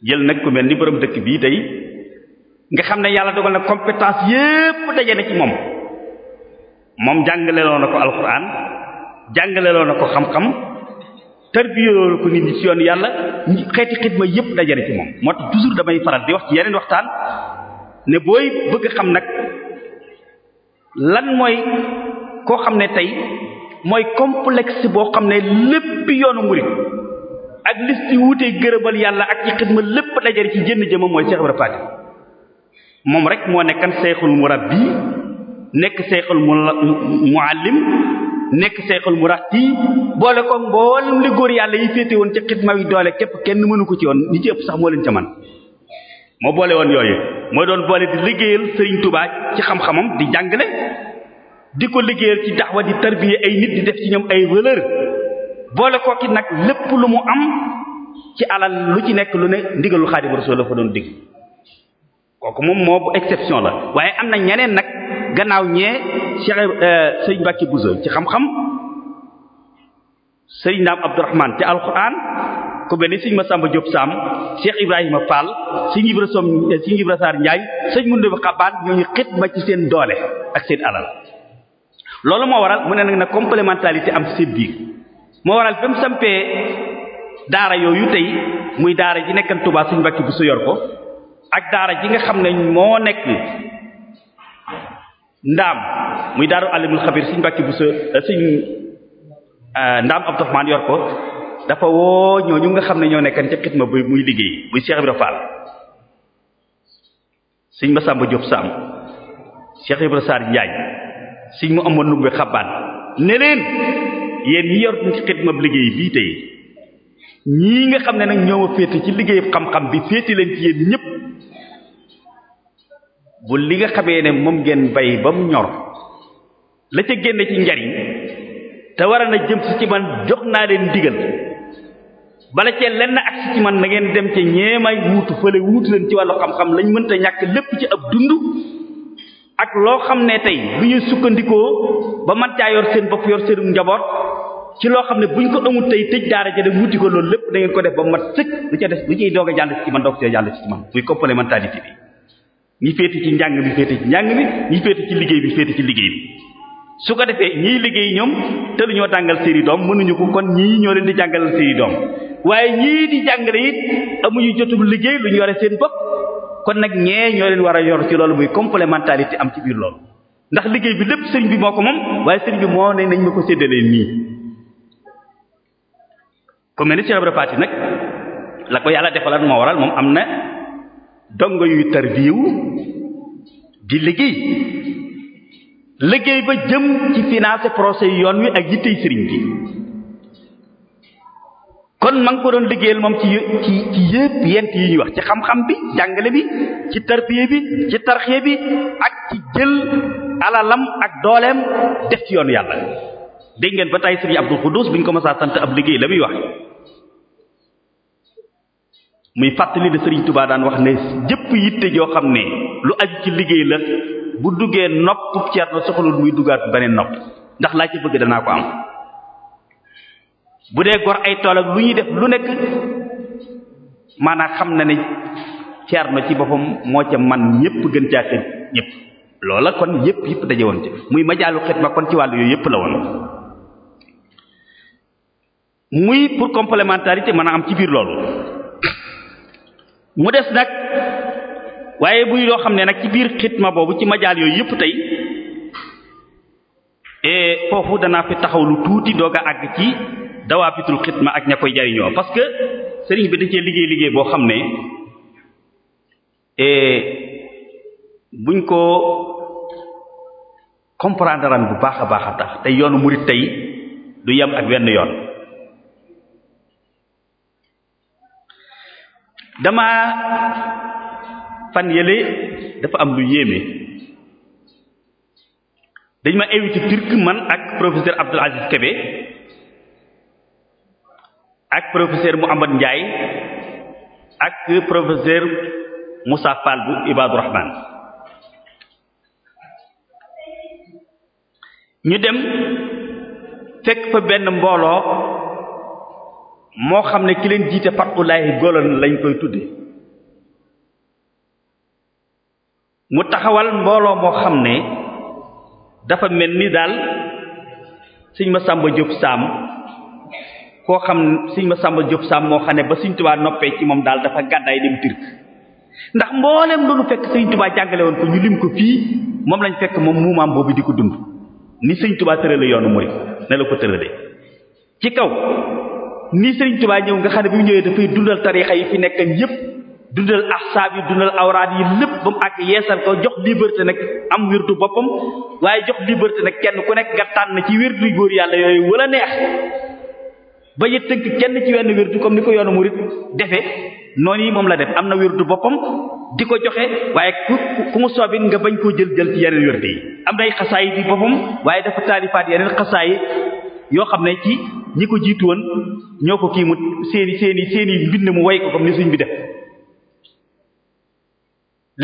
jël nag ku mel ni borom dëkk bii tey nga xam ne yàlla dogal na compétence yépp daje na ci moom moom jàngaleloo na ko alxuraan jàngaleloo na ko xam-xam tarbiyeloo ko nit ñi ci yoon yàlla xeeti xidma yépp daje na ci moom moo tax toujours damay faral di wax ci yeneen waxtaan ne booy bëgg xam nag lan mooy koo xam ne tey mooy complexe boo xam ne lépp yoonu murid ak lis ci wuutee gërëmal yàlla ak ci xidma lépp dajari ci jënn jëmam mooy Cheikh Ibrahima Fati moom rek moo nekkan seexul murabbi nekk seexul muallim nekk seexul murabbi boole ko mboolem li góor yàlla yi féete woon ci xidma wi doole képp kenn mënu ko ci woon ñi ci ëpp sax moo leen ca man moo boole woon yooyu mooy doon boole di liggéeyal Sëriñ Tuubaa ci xam-xamam di jàngale di ko liggéeyal ci daxwa di tarbiya ay nit di def ci ñoom ay valeur boole kooki nag lépp lu mu am ci alal lu ci nekk lu ne ndigalu Xaadimu Rasuul la fa doon dig kooku moom moo bu exception la waaye am na ñeneen nag gannaaw ñee Cheikh euh, Sëriñ Mbàkke Buso ci xam-xam Sëriñ Ndaam Abdurahmaan te alxuraan ku mel ni Sëriñ Masamba Diop Sam Cheikh Ibrahima Fall Sëriñ Ibra Som euh, Sëriñ Ibra Saar Njaay Sëriñ Mundu Xabaan ñooñu xidma ci seen doole ak seen alal loolu moo waral mu ne nag na complémentarité am ci seen biir moo waral ba mu sampee daara yooyu tey muy daara ji nekkan Touba suñu mbakki bu su yor ko ak daara ji nga xam ne moo nekk ndaam muy daaru alimul xabir suñu mbakki bu su suñu ndaam Abdourahmane yor ko dafa woo ñooñu nga xam ne ñoo nekkan ca ma bi muy liggéey muy Cheikh Ibra Fall sëñ Masamba Diop Sam Cheikh Ibra Sarr Ndiagne mu amoon lu bi xabaan yéen ñi yor xidmab liggéey bii tey ñii nga xam ne nag ñoo féete ci liggéey xam-xam bi féete leen ci yéen ñépp bu li nga xamee ne moom ngeen bay ba mu ñor la ca génne ci njariñ te waral na jëm si ci man jox naa leen digal bala cee lenn ak si ci man na ngeen dem ca ñeemay wuutu fële wuutu leen ci wàllu xam-xam lañ mënta ñàkk lépp ci ab dund ak loo xam ne tey lu ñuy sukkandikoo ba man caa yor seen bopp yor seenu njaboot ci loo xam ne buñ ko amul tey tëj daara ja dem wuti ko loolu lépp da ko def ba mat sëkk lu ca def lu ciy doog a jàll ci man doog cee jàll ci muy complémentarité bi ñi féete ci njàng mi féete ci njàng mi ñi féete ci liggéey bi féete ci liggéey bi su ko defee ñii liggéey ñoom te lu ñoo jàngal seeni doom mënuñu ko kon ñii ñoo leen di jàngalal seeni doom waaye ñii di jàngale it amuñu jotul liggéey lu ñu yore seen bopp kon nag ñee ñoo leen war a yor ci loolu muy complémentarité am ci biir loolu ndax liggéey bi lépp sëriñ bi moo ko moom waaye sëriñ bi moo nañ ma ko séddalee nii ku mel ni Cheikh Ibra Faty nag la ko yàlla defalaat moo waral moom am na dongo yuy tarbiyu di liggéey liggéey ba jëm ci financer procès yoon wi ak yittey sëriñ bi kon ma ko doon liggéeyal moom ci ci yépp yent yi ñuy wax ci xam-xam bi jàngale bi ci tarbiye bi ci tarxiye bi ak ci jël alalam ak dooleem def ci yoon yàlla dégg ngeen ba tay sëriñ Abdul Xuddus bi ñu ko mosaa sant ab liggéey la muy wax muy fàttali de sëriñ Tubaa daan wax ne jëpp yitte joo xam ne lu aju ci liggéey la bu duggee nopp Ceerno soxalul muy dugaat beneen nopp ndax laa ci bëgg danaa ko am bu dee gor ay tool lu ñuy def lu nekk maanaam xam na ne Ceerno ci boppam moo ca man ñëpp gën caa xet ñëpp loola kon yëpp yëpp daje woon ci muy majaalu xet ma kon ci wàll yooyu yëpp la woon muy pour complémentarité mën a am ci biir loolu mu des nag waaye buy loo xam ne nag ci biir xitma boobu ci majaal yooyu yëpp tey e foofu danaa fi taxaw lu tuuti doog a àgg ci dawaabitul xitma ak ña koy jariñoo parce que sëriñ bi da liggéey liggéey boo xam ne e buñ ko comprendre bu baax a baax a tax te yoonu murit tey du yem ak wenn yoon damaa fan yéle dafa am lu yéeme dañ ma invité turc man ak professeur Abdoul Aziz Kébé ak professeur Mouhamad Ndiaye ak professeur Moussa Fall bu Ibaadu ñu dem fekk fa benn mbooloo moo xam ne ki leen jiite fatulaahi golon lañ koy tudde mu taxawal mbooloo moo xam ne dafa mel ni daal sëñ ma sàmba jóob saam koo xam sëñ ma sàmba jóob saam moo xam ne ba sëñ tubaa noppee ci moom daal dafa gàddaay dem tirk ndax mbooleem loolu fekk sëñ tubaa jàngale woon ko ñu lim ko fii moom lañ fekk moom muumaam boobu di ko dund ni sëñ tubaa tërale yoonu murid ne la ko tërale ci kaw ni Sëriñ Tuubaa ñëw nga xam ne bi mu ñëwee dafay dundal tarixa yi fi nekk yépp dundal ahsaab yi dundal awraad yi lépp ba mu ak yeesal ko jox liberté nag am wirdu boppam waaye jox liberté nag kenn ku nekk nga tànn ci wirdu góor yàlla yooyu wala neex ba yit tënk kenn ci wenn wirdu comme ni ko yoonu murid defe noonu yi moom la dem am na wirdu boppam di ko joxe waaye ku ku mu soobin nga bañ koo jël jël ci yeneen wirdu yi am nay xasaayit yi boppam yoo xam ñi ko jiitu woon ñoo ko kii mu seeni seeni seeni mbind mu woy ko comme ni suñ bi def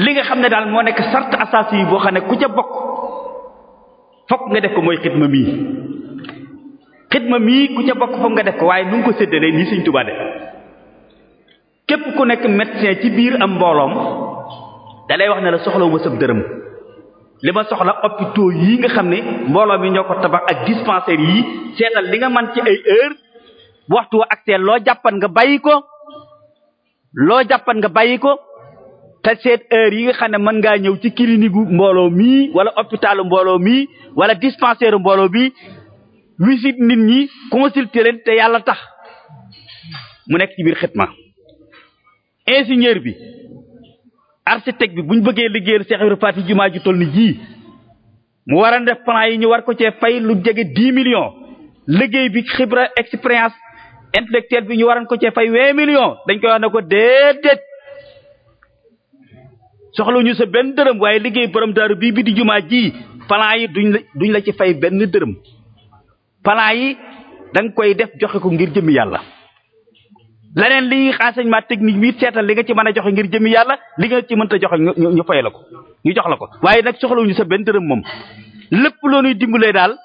li nga xam ne daal moo nekk sart asaasi yi boo xam ne ku ca bokk fokk nga def ko mooy xidma mii xidma mii ku ca bokk fokk nga def ko waaye nu ngi ko séddalee nii suñ Tuubaa de képp ku nekk médecin ci biir am mbooloom dalay wax ne la soxlawuma sab dërëm li ma soxla hôpitaux yi nga xam ne mbooloo mi ñoo ko tabax ak dispensaires yii seetal li nga man ci ay heure waxtu wa ak loo jàppan nga bàyyi ko loo jàppan nga bàyyi ko te seet heure yi nga xam ne mën ngaa ñëw ci clinique mbooloo mii wala hôpitalu mbooloo mii wala dispensaire mbooloo bi visite nit ñi consulter leen te yàlla tax mu nekk ci biir xitma ingénieur bi architecte bi bu ñu bëggee liggéeyal Cheikh Ibrahima Faty jumaa ju toll ni jii mu war a def plan yi ñu war ko cee fay lu jege dix million liggéey bi xibra expérience intellectuelle bi ñu waran ko cee fay vingt million dañ koy wax ne ko déedéet soxla ñu sa benn dërëm waaye liggéey borom daaru bii bi di jumaa ji plan yi duñ la duñ la ci fay benn dërëm plan yi danga koy def joxe ko ngir jëmmi yàlla leneen li enseignement technique bi seetal li nga ci mën a joxe ngir jëmmi yàlla li nga ci mënta joxe ñu fay la ko ñu jox la ko waaye nag soxlawuñu sa benn dërëm moom lépp loo dimbalee daal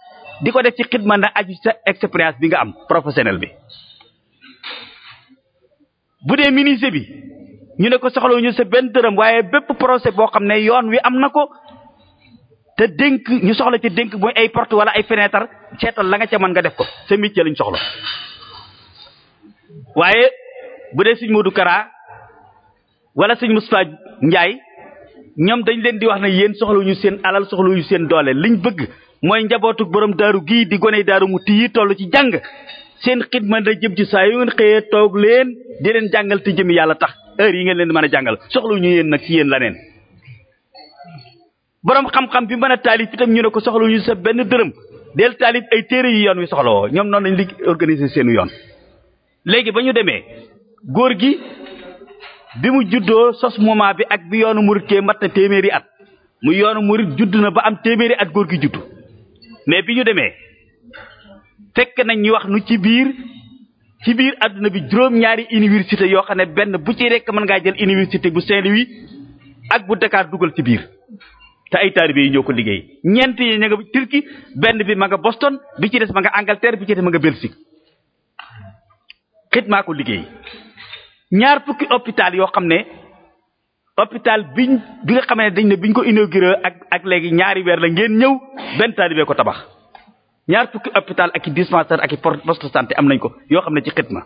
di ko def ci xidma na aju sa expérience bi nga am professionnel bi. bu dee ministre bi ñu ne ko soxlawuñu sa benn dërëm waaye bépp procès boo xam ne yoon wi am na ko te dénk ñu soxla ci dénk mooy ay porte wala ay fenêtre seetal la nga ca mën nga def ko sa métier lañ soxla. waaye bu dee sëñ Modou Kara wala sëñ Moustapha njaay ñoom dañ leen di wax ne yéen soxlawuñu seen alal soxlawuñu seen doole liñ bëgg mooy njabootu borom daaru gii di goney daaru mu tii toll ci jàng seen xidma da jëm ci saa yu ngeen xëyee toog leen di leen jàngal te jëm yàlla tax heure yi ngeen leen mën a jàngal soxlawuñu yéen nag ci yéen la neen borom xam-xam bi mën a taalif tam ñu ne ko soxlawuñu sa benn dërëm del taalif ay téere yi yoon wi soxlawoo ñoom noonu lañ li organiser seenu yoon léegi ba ñu demee góor gi bi mu juddoo sos moment bi ak bi yoonu murit kee mat na téeméeri at mu yoonu murit judd na ba am téeméeri at góor gi juddu mais bi ñu demee fekk nañ ñu wax nu ci biir ci biir àdduna bi juróom-ñaari université yoo xam ne benn bu ci rekk mën ngaa jël université bu Saint-Louis ak bu Dakar dugal ci biir te ay taalibe yi ñoo ko liggéey ñeent yi ña nga Turquie benn bi ma nga Boston bi ci des ma nga Angleterre bi ci des ma nga Belgique xidmaa ko liggéey ñaar fukki hôpital yoo xam ne hôpital biñ bi nga xam ne dañ ne biñ ko inauguré ak ak léegi ñaari weer la ngeen ñëw benn taalibe ko tabax ñaar fukki hôpital ak i dispensaire ak i poste de santé am nañ ko yoo xam ne ci xidma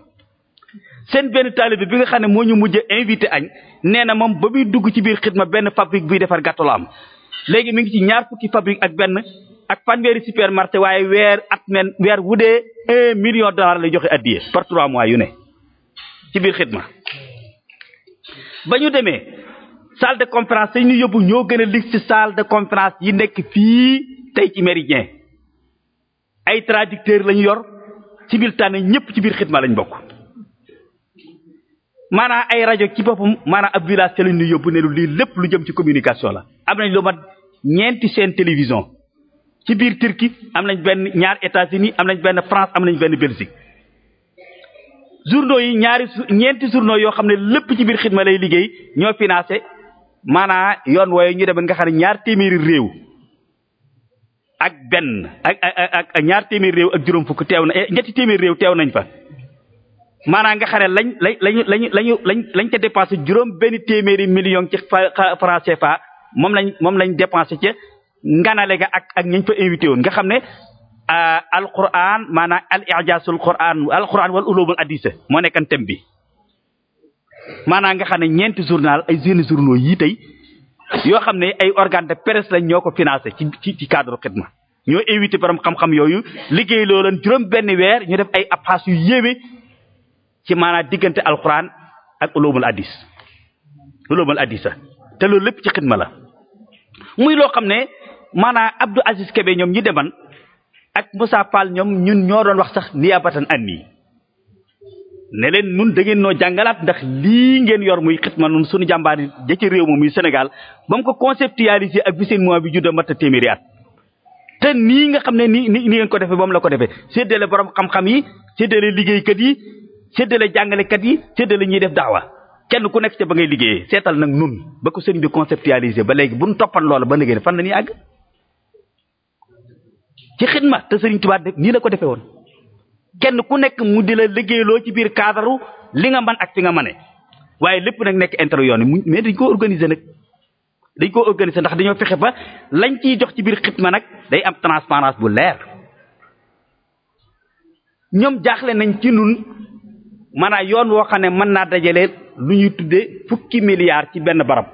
seen benn taalibe bi nga xam ne moo ñu mujj invité añ nee na moom ba muy dugg ci biir xidma benn fabrique buy defar gàttu la am léegi mi ngi ci ñaar fukki fabrique ak benn ak fanweeri supermarché waaye weer at men weer un million dollar lay joxe addiye par trois mois yu ne ci biir xidma ba ñu demee salle de conférence yi ñu yóbbu ñoo gën a lig ci salle de conférence yi nekk fii tey ci méridien ay traducteur lañu yor ci biir tànn ñëpp ci biir xidma lañ bokk maanaam ay rajo ci boppam maanaam ab village ca lañ ñu yóbbu ne lu lii lépp lu jëm ci communication la am nañ lu mat ñeenti seen télévision ci biir Turquie am nañ benn ñaar États-Unis am nañ benn France am nañ benn Belgique journaux yi ñaari ñeenti journaux yoo xam ne lépp ci biir ma lay liggéey ñoo financé maanaa yoon wooye ñu demee nga xam ne ñaar téeméeri réew ak benn ak ak ñaar téeméeri réew ak juróom fukk teew na eh, ñetti téeméeri réew teew nañ fa maanaa nga xam ne lañ lañ lañu lañ lañ ca dépensé juróom benn téeméeri million ci franc CFA moom lañ moom lañ dépansé ca nganale ga ak ak ñañ fa invité woon nga xam ne euh, alquran maanaam al i'jazul quran alquran wal ulumul hadith moo nekkan thème bi maanaam nga xam ne ñeenti journal ay jeunes journaux yii tey yoo xam ne ay organe de presse lañ ñoo ko financé ci ci ci cadre xidma ñoo invité borom xam-xam yooyu liggéey loo leen juróom benn weer ñu def ay apas yu yéeme ci maanaam diggante alquran ak ulumul hadith ulumul hadith te loolu lépp ci xidma la muy loo xam ne maanaam Abdou Aziz kebe ñoom ñi deman ak Moussa Fall ñoom ñun ñoo doon wax sax niyaabatan anni ne leen nun da ngeen noo jàngalaat ndax lii ngeen yor muy xitma nun suñu jàmbaar yi ja ci réew moom muy Sénégal ba mu ko conceptualiser ak bi seen mois bi judda mat a téeméeri at te nii nga xam ne ni ni ngeen ko defee ba mu la ko defee séddale borom xam-xam yi séddale liggéeykat yi séddale jàngalekat yi séddale ñuy def daawa kenn ku nekk ca ba ngay liggéeyee seetal nag nun ba ko sëriñ bi ba léegi bu nu toppan loola ba léegi fan la ñuy àgg ci xidma te Serigne Touba nii la ko defee woon kenn ku nekk mu di la liggéeyloo ci biir cadre li nga man ak fi nga mëne waaye lépp nag nekk intérêt yoon mu mais dañ koo organiser nag dañ koo organiser ndax dañoo fexe ba lañ ciy jox ci biir ma nag day am transparence bu leer ñoom jaaxle nañ ci nun maanaam yoon woo xam ne mën naa dajale lu ñuy tuddee fukki milliards ci benn barab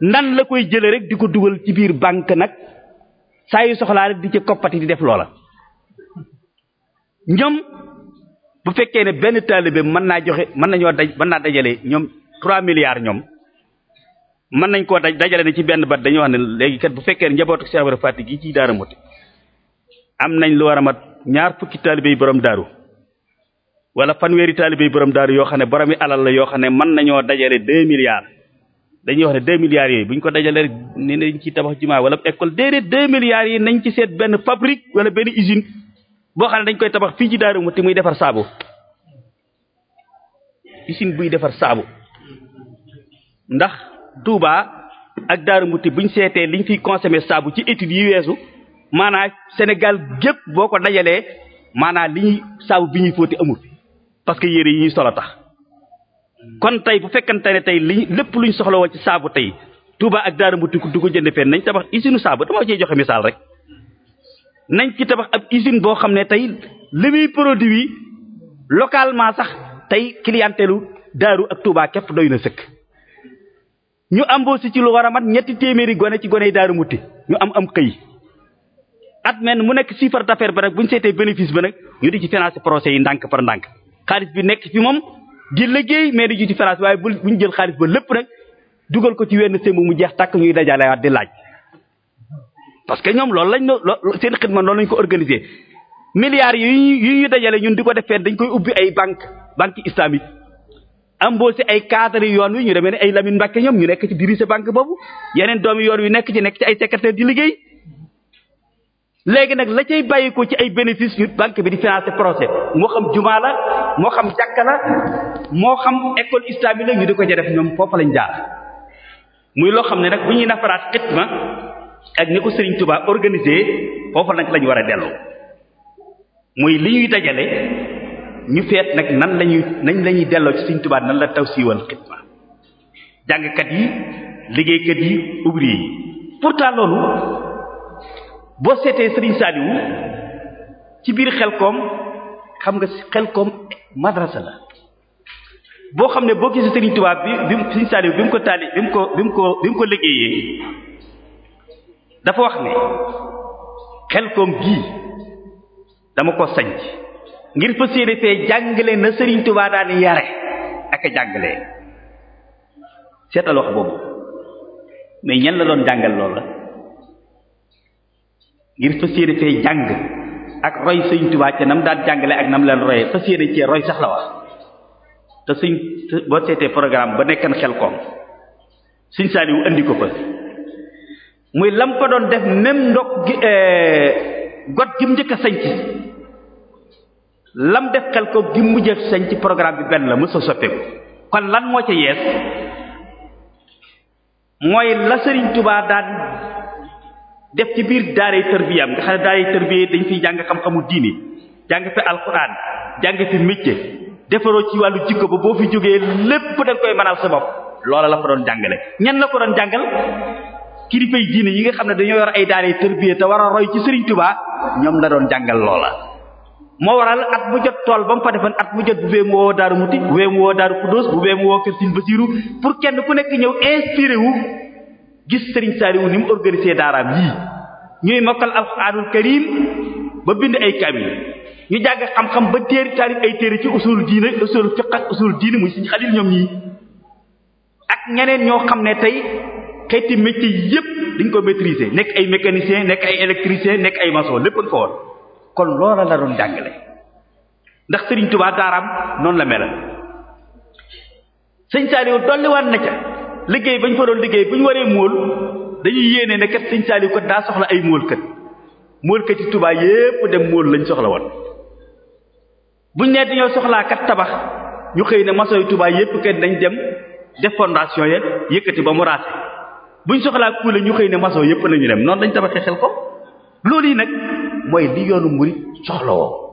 nan la koy jëlee rek di ko dugal ci biir banque nag saa yu soxlaa rek di ci koppati di def loola ñoom bu fekkee ne benn taalibe mën naa joxe mën nañoo daj mën naa dajale ñoom trois milliards ñoom mën nañ koo daj dajale na ci benn bat dañoo wax ne léegi kat bu fekkee ne njabootu Cheikh Ibrahima Fati gi ci Darou Moukhty am nañ lu war a mat ñaar fukki taalibe yi borom daaru wala fanweeri taalibe yi borom daaru yoo xam ne boromi alal la yoo xam ne mën nañoo dajale deux milliards dañuy wax ne deux milliards yooyu bu ko dajalee rek ni nañ ci tabax jumaa wala école déedéet deux milliards yi nañ ci seet benn fabrique wala benn usine boo xam ne dañ koy tabax fii ci Daaru Muxti muy defar saabu usine buy defar saabu ndax Touba ak Daaru Muxti buñ seetee liñ fiy consommer saabu ci études yi weesu maanaa Sénégal gépp boo ko dajalee maanaa li ñuy saabu bi ñuy fóoti amul parce que yére yi ñuy sol a tax kon tey bu fekkante ne tey li lépp luñ soxla woo ci saabu tey Touba ak Darou ku du ko jënd fenn nañ tabax usine saabu dama cee joxe misaal rek nañ ci tabax ab usine boo xam ne tey li muy produit localement sax tey clientèlu Darou ak Touba képp doy na sëkk. ñu si ci lu war a mat ñetti téeméeri gone ci gone yi Darou Moukhty ñu am am xëy at men mu nekk chiffre d'affaires ba nag bu ñu seetee bénéfice ba nag ñu di ci financer projet yi ndànk par ndànk xaalis di liggéey mais di jiitu France waaye bu ñu jël xaalis ba lépp nag dugal ko ci wenn sëmb mu jeex tàkk ñuy dajalewaat di laaj parce que ñoom loolu lañ loo seen xidma loolu lañ ko organisé milliards yi yu ñuy dajale ñun di ko defee dañ koy ubbi ay banque banque islamique embauché ay cadre yoon wi ñu demee ne ay Lamine Mbacke ñoom ñu nekk ci diriger banque boobu yeneen doomi yoon wi nekk ci nekk ci ay secrétaire di liggéey léegi nag la cay bàyyi ci ay bénéfices yu banque bi di financer projet moo xam jumaa la moo xam jàkka la moo xam école islamique la ñu di ko ca def ñoom foofa lañu jaar muy loo xam ne rek bu ñuy nafaraat xitma ak ni ko Serigne Touba organisé foofa nag la war a delloo muy li ñuy dajale ñu feet nag nan lañuy ñuy nañ la delloo ci Serigne Touba nan la taw siiwal xitma jàngkat yi liggéeykat yi ouvrier yi pourtant loolu. boo seetee Serigne Saliou ci biir xelkom xam nga xelkom madrasa la boo xam ne boo gisee Serigne Touba bi bi Serigne Saliou bi mu ko taali bi mu ko bi mu ko bi liggéeyee dafa wax ne xelkom gii dama ko sanc ngir fa séené fee jàngale na Serigne Touba daan yare ak a jàngalee seetal wax boobu mais ñan la doon jàngal loola ngir fas yéene fee jàng ak roy sëñ Tuubaa ca nam daan jàngale ak nam leen royee fas yéene cee roy sax la wax te suñ boo seetee programme ba nekkan xel koom suñ saaliwu indi ko fa muy lam ko doon def même ndok gi eh, got gi mu njëkk a sanc lam def xel ko gi mujj sëñ sanc programme bi benn la mës a soppeeku kon lan moo ci yees mooy la Sëriñ Tuubaa daan def ci biir daaray tërbiyaam nga xam ne daaray tërbiya dañ fiy jàng xam-xamu diine jàng fi alxuraan jàng fi métier defaroo ci wàllu jikko ba boo fi jógee lépp da nga koy mënal sa bopp loola la ko doon jàngale. ñan la ko doon jàngal kilifay diine yi nga xam ne dañoo yor ay daaray tërbiya te war a roy ci Serigne Touba ñoom la doon jàngal loola. moo waral at mu jot tool ba mu fa defoon at mu jot bu bee mu woo Darou Moukhty bu bee mu woo Darou bu bee mu pour kenn ku nekk ñëw inspiré wu. gis Serigne Saliou ni mu organisé daaraam yii ñuy mokkal alxuraanul karim ba bind ay kaamil ñu jàng xam-xam ba téeri taalif ay téeri ci usul diine usul fiqh ak usul diine muy Serigne Khalil ñoom ñii ak ñeneen ñoo xam ne tey xeeti métier yépp dañ ko maîtriser nekk ay mécanicien nekk ay électricien nekk ay maçon lépp nga ko woon kon loola la doon jàngale ndax Serigne Touba daaraam noonu la melal Serigne Saliou dolliwaat na ca liggéey bañ fa doon liggéey bu ñu waree móol dañuy yéene ne kat sëñ Saaliw daa soxla ay móolkat móolkat tubaay Tuubaa yépp dem móol lañ soxla woon buñ nee dañoo soxlaakat tabax ñu xëy ne maçon yi Tuubaa yépp kat dañ dem def fondation ya yëkkati ba mu raase buñ soxlaa kuule ñu xëy ne maçon yépp nañu dem noonu dañ tabaxee xel ko loolu yi nag mooy li yoonu murid soxla woo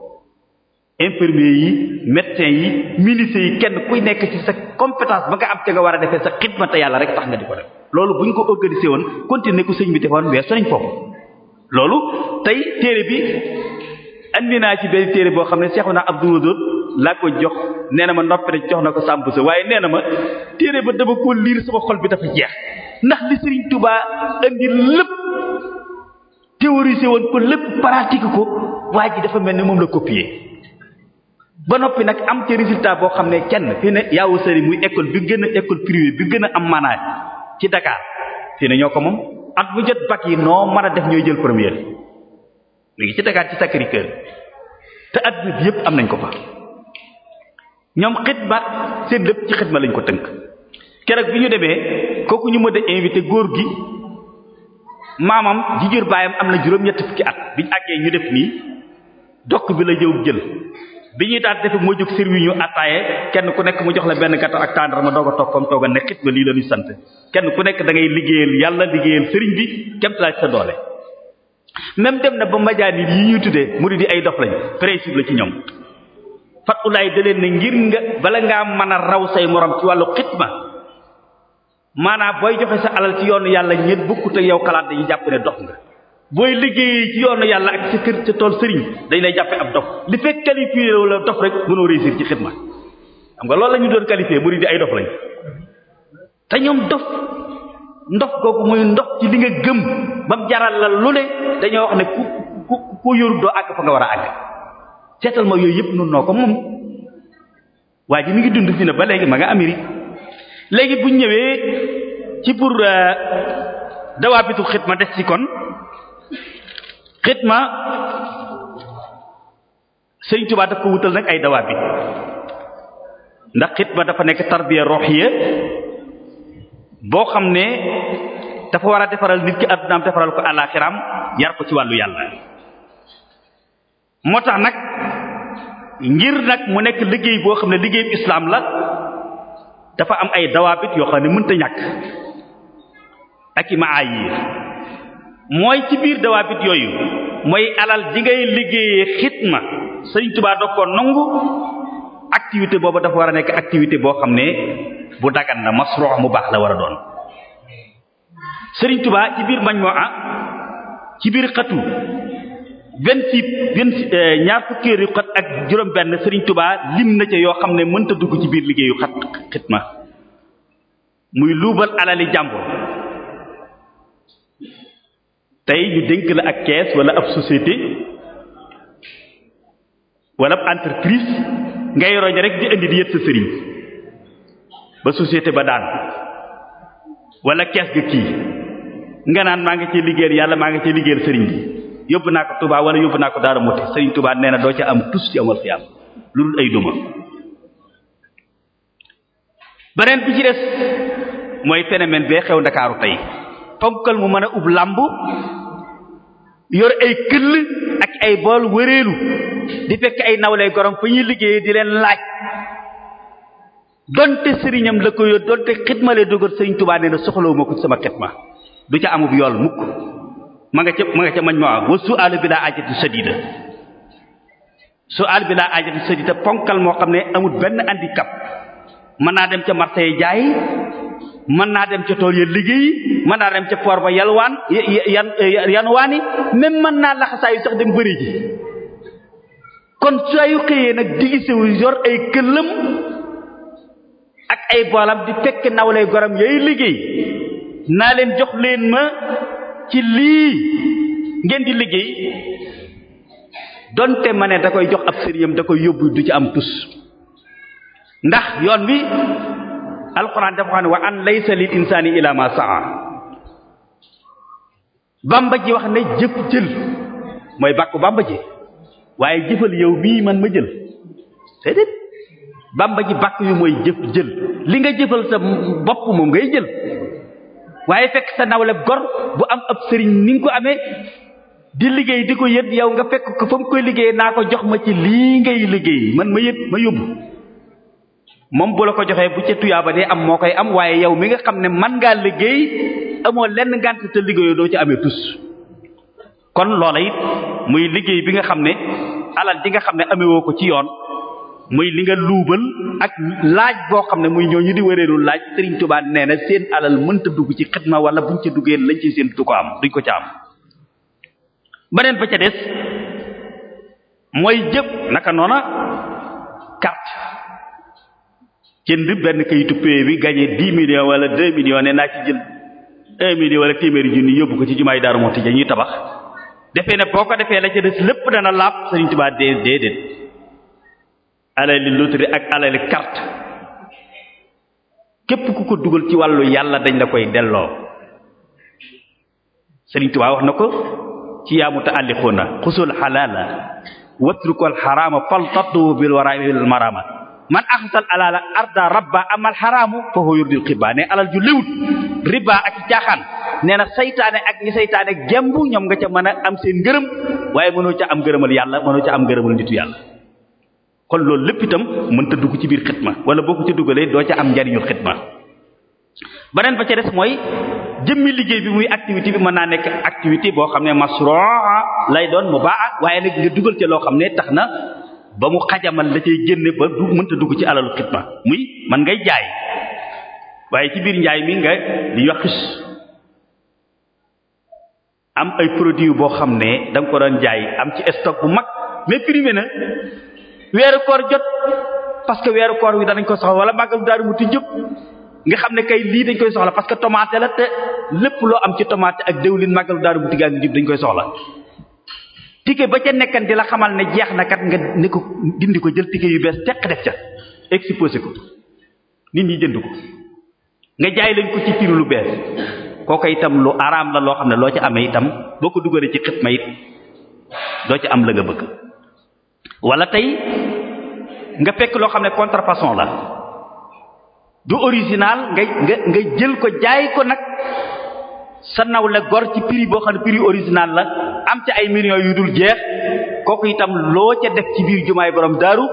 infirmier yi médecin yi ministres yi kenn kuy nekk ci sa compétence ba nga am te nga war a defee sa xidmate yàlla rek tax nga di ko def loolu bu ñu ko organisé woon continuer ko sëñ bi defoon weesu nañ foofu loolu tey téere bi andi naa ci benn téere boo xam ne Seexuna Abdou Wadoud laa ko jox nee na ma noppi na jox na ko Samb sa waaye nee na ma téere ba dama ko liir sama xol bi dafa jeex ndax li Serigne Touba andi lépp théorisé woon ko lépp pratique ko waa ji dafa mel ni moom la copier. ba noppi nag am ci résultat boo xam ne kenn fi ne yaawu sari muy école bi gën a école privée bi gën a am maanaay ci Dakar fii ne ñoo ko moom at mu jot bac yi noo mën a def ñooy jël première léegi ci Dakar ci Sacré-Cœur te at bi yëpp am nañ ko fa ñoom xidma seen lépp ci ma lañ ko tënk keroog bi ñu demee kooku ñu mën a invité góor gi maamam ji jur baayam am na juróom-ñett fukki at bi àggee ñu def nii dokk bi la jëw jël bi ñuy daal defe moo jóg servi ñu kenn ku nekk mu jox la benn gàttal ak tàndarma doog a toppam toog a ne xit ma lii la ñuy sant kenn ku nekk dangay ngay liggéeyal yàlla liggéeyal sëriñ bi képp laaj sa doole. même dem na ba majaan yi ñuy tuddee murid yi ay dof lañ principe la ci ñoom fatulaay da leen ne ngir nga bala nga mën a raw say morom ci wàllu ma maanaam booy joxe sa alal ci yoon yàlla ñett bokkut ak yow xalaat dañuy jàpp ne dox nga. booy liggéeyee ci yoonu yàlla ak sa kër sa tool sëriñ dañ lay jàppe ab dof li fekk qualifié la dof rek mënoo réussir ci xidma xam nga loolu lañu doon doon qualifié murid di ay dof lañ te ñoom dof ndox kooku muy ndox ci li nga gëm ba mu jaral la lu ne dañoo wax ne ku ku ku yóru doo àgg fa nga war a àgg seetal ma yooyu yëpp nun noo ko moom waa ji mi ngi dund fii na ba léegi ma nga Amérique léegi bu ñëwee ci pour euh, dawaabitu xidma des ci kon xitma sëñ Tuubaa daf ko wutal nag ay dawaab ndax ndax xitma dafa nekk tarbiya ruhiyya boo xam ne dafa war a defaral nit ki addunaam defaral ko alaxiram yar ko ci wàllu yàlla moo tax nag ngir nag mu nekk liggéey boo xam ne liggéeyu islaam la dafa am ay dawaabit yoo xam ne mënta ñàkk ak i maayir mooy ci biir dawaabit yooyu mooy alal ji ngay liggéeyee xitma Sëriñ Tuubaa da ko nangu activité boobu dafa war a nekk activité boo xam ne bu dagan na masruux mu baax la war a doon Sëriñ tubaa ci biir majmu'a ci biir xatu vingt-six vingt eh, ñaar fukkéeri xat ak juróom benn Sëriñ tubaa lim na ca yoo xam ne mënta dugg ci biir liggéeyu xat ma muy luubal alali jàmbur tey ñu dénk la ak kees wala ab société wala ab entreprise ngay roñ rek di indi di yët sa sëriñ ba société ba daan wala kees ga kii nga naan maa ngi ci liggéeyal yàlla maa ngi ci liggéeyal sëriñ bi yóbbu naa ko Touba wala yóbbu naa ko Darou Moukhty sëriñ Touba nee na doo ca am tus ci amal xiyaam lu dul ay duma beneen bi ci des mooy phénomène bee xew Ndakaaru tey ponkal mu mën a ub làmb yor ay këll ak ay bool wëreelu di fekk ay nawlay gorom fa ñuy liggéeyee di leen laaj donte sëriñam la ko yor donte xidmale dogal sëriñ Tuubaa nee na soxlawuma ko sama xidma du ca amub yool mukk ma nga ca ma nga ca mañ ma wa su'al bila ajati sadida su'al bila ajati sadida ponkal moo xam ne amul benn handicap mën naa dem ca marché jaay mën naa dem ca tool ya liggéeyi mën naa dem ca foor ba yalwaan yan eh, yanwaani même mën naa laxasaayu sax dem bëri ji kon saa yu xëyee nag di gisewu yor ay këllam ak ay boolam di fekk nawlay goram yooyu liggéey naa leen jox leen ma ci lii ngeen di liggéey donte ma ne da koy jox ab sëriyam da koy yóbbu du ci am tus ndax yoon wi alquran dafa wa an laysa lil insaani ila ma saa bamba ji wax ne jëpp jël mooy bàkku bamba ji waaye jëfal yow mii man ma jël déedéet bamba ji bàkk yu mooy jëf jël li nga jëfal sa bopp moom ngay jël waaye fekk sa nawle gor bu am ab sëriñ ni ko amee di liggéey di ko yët yow nga fekk ko fa mu koy liggéey naa ko jox ma ci lii ngay liggéey man ma yët ma yóbbu moom bu la ko joxee bu ca tuyaaba dee am moo koy am waaye yow mi nga xam ne man ngaa liggéey amoo lenn ngànt te liggéeyoo doo ci amee tus kon loola it muy liggéey bi nga xam ne alal ji nga xam ne amewoo ko ci yoon muy li nga luubal ak laaj boo xam ne muy ñoo ñu di wëreelu laaj Sëriñ Tuubaa nee na seen alal mënta dugg ci xidma wala buñ ca duggee lañ ci seen du ko am duñ ko ca am beneen ba ca des mooy jëpp naka noona jënd benn kayitu paie bi gagné dix millions wala de millions ne naa ci jël un million wala téeméeri junni yóbbu ko ci jumaay Darou Moukhty ja ñuy tabax defee ne boo ko defee la ca des lépp dana laab Sëriñ Tuubaa dee déedéet alali loterie ak alali carte képp ku ko dugal ci wàllu yàlla dañ la koy delloo Sëriñ Tuubaa wax na ko ci yaa na xusul xalaala watrukul xaraama faltatu bil waraa'i bil maraama man axasal alaala arda rabba amal xaraamu fa huwa yurdil xibba ne alal ju liwut riba ak caaxaan nee na saytaane ak ñi saytaane gemb ñoom nga ca mën a am seen ngërëm waaye mënoo ca am ngërëmal yàlla mënoo ca am ngërëmal nitu yàlla kon loolu lépp itam mën mënta dugg ci biir ma wala boo ko ci dugalee doo ca am njariñu xitma beneen ba ca des mooy jëmmi liggéey bi muy activité bi mën naa nekk activité boo xam ne masroa lay doon mu baax waaye nag dugal ca loo xam ne tax na ba mu xajamal da cay génne ba du mënta dugg ci alalu xidma muy man ngay jaay waaye ci biir njaay mi nga li yoxis am ay produit boo xam ne danga ko doon jaay am ci stock bu mag mais primé na weeru koor jot parce que weeru koor wi danañ ko soxla wala màggal daaru mu jëp nga xam ne kay lii dañ koy soxla parce que tomate la te lépp loo am ci tomate ak déwlin màggal daaru mu ti ngi jub dañ koy soxla tige ba ca nekkan di la xamal ne jeex na kat nga ne ko dindi ko jël tige yu bees teq def ca exposé ko nit ñi jënd ko nga jaay lañ ko ci prix lu bees kooku itam lu araam la loo xam ne loo ci amee itam boo ko dugalee ci xitma it doo ci am la nga bëgg wala tey nga fekk loo xam ne contrefaçon la du original ngay nga nga jël ko jaay ko nag sa naw la gor ci prix boo xam ne prix original la am ca ay millions yu dul jeex kooku itam loo ca def ci biir jumaay borom daaru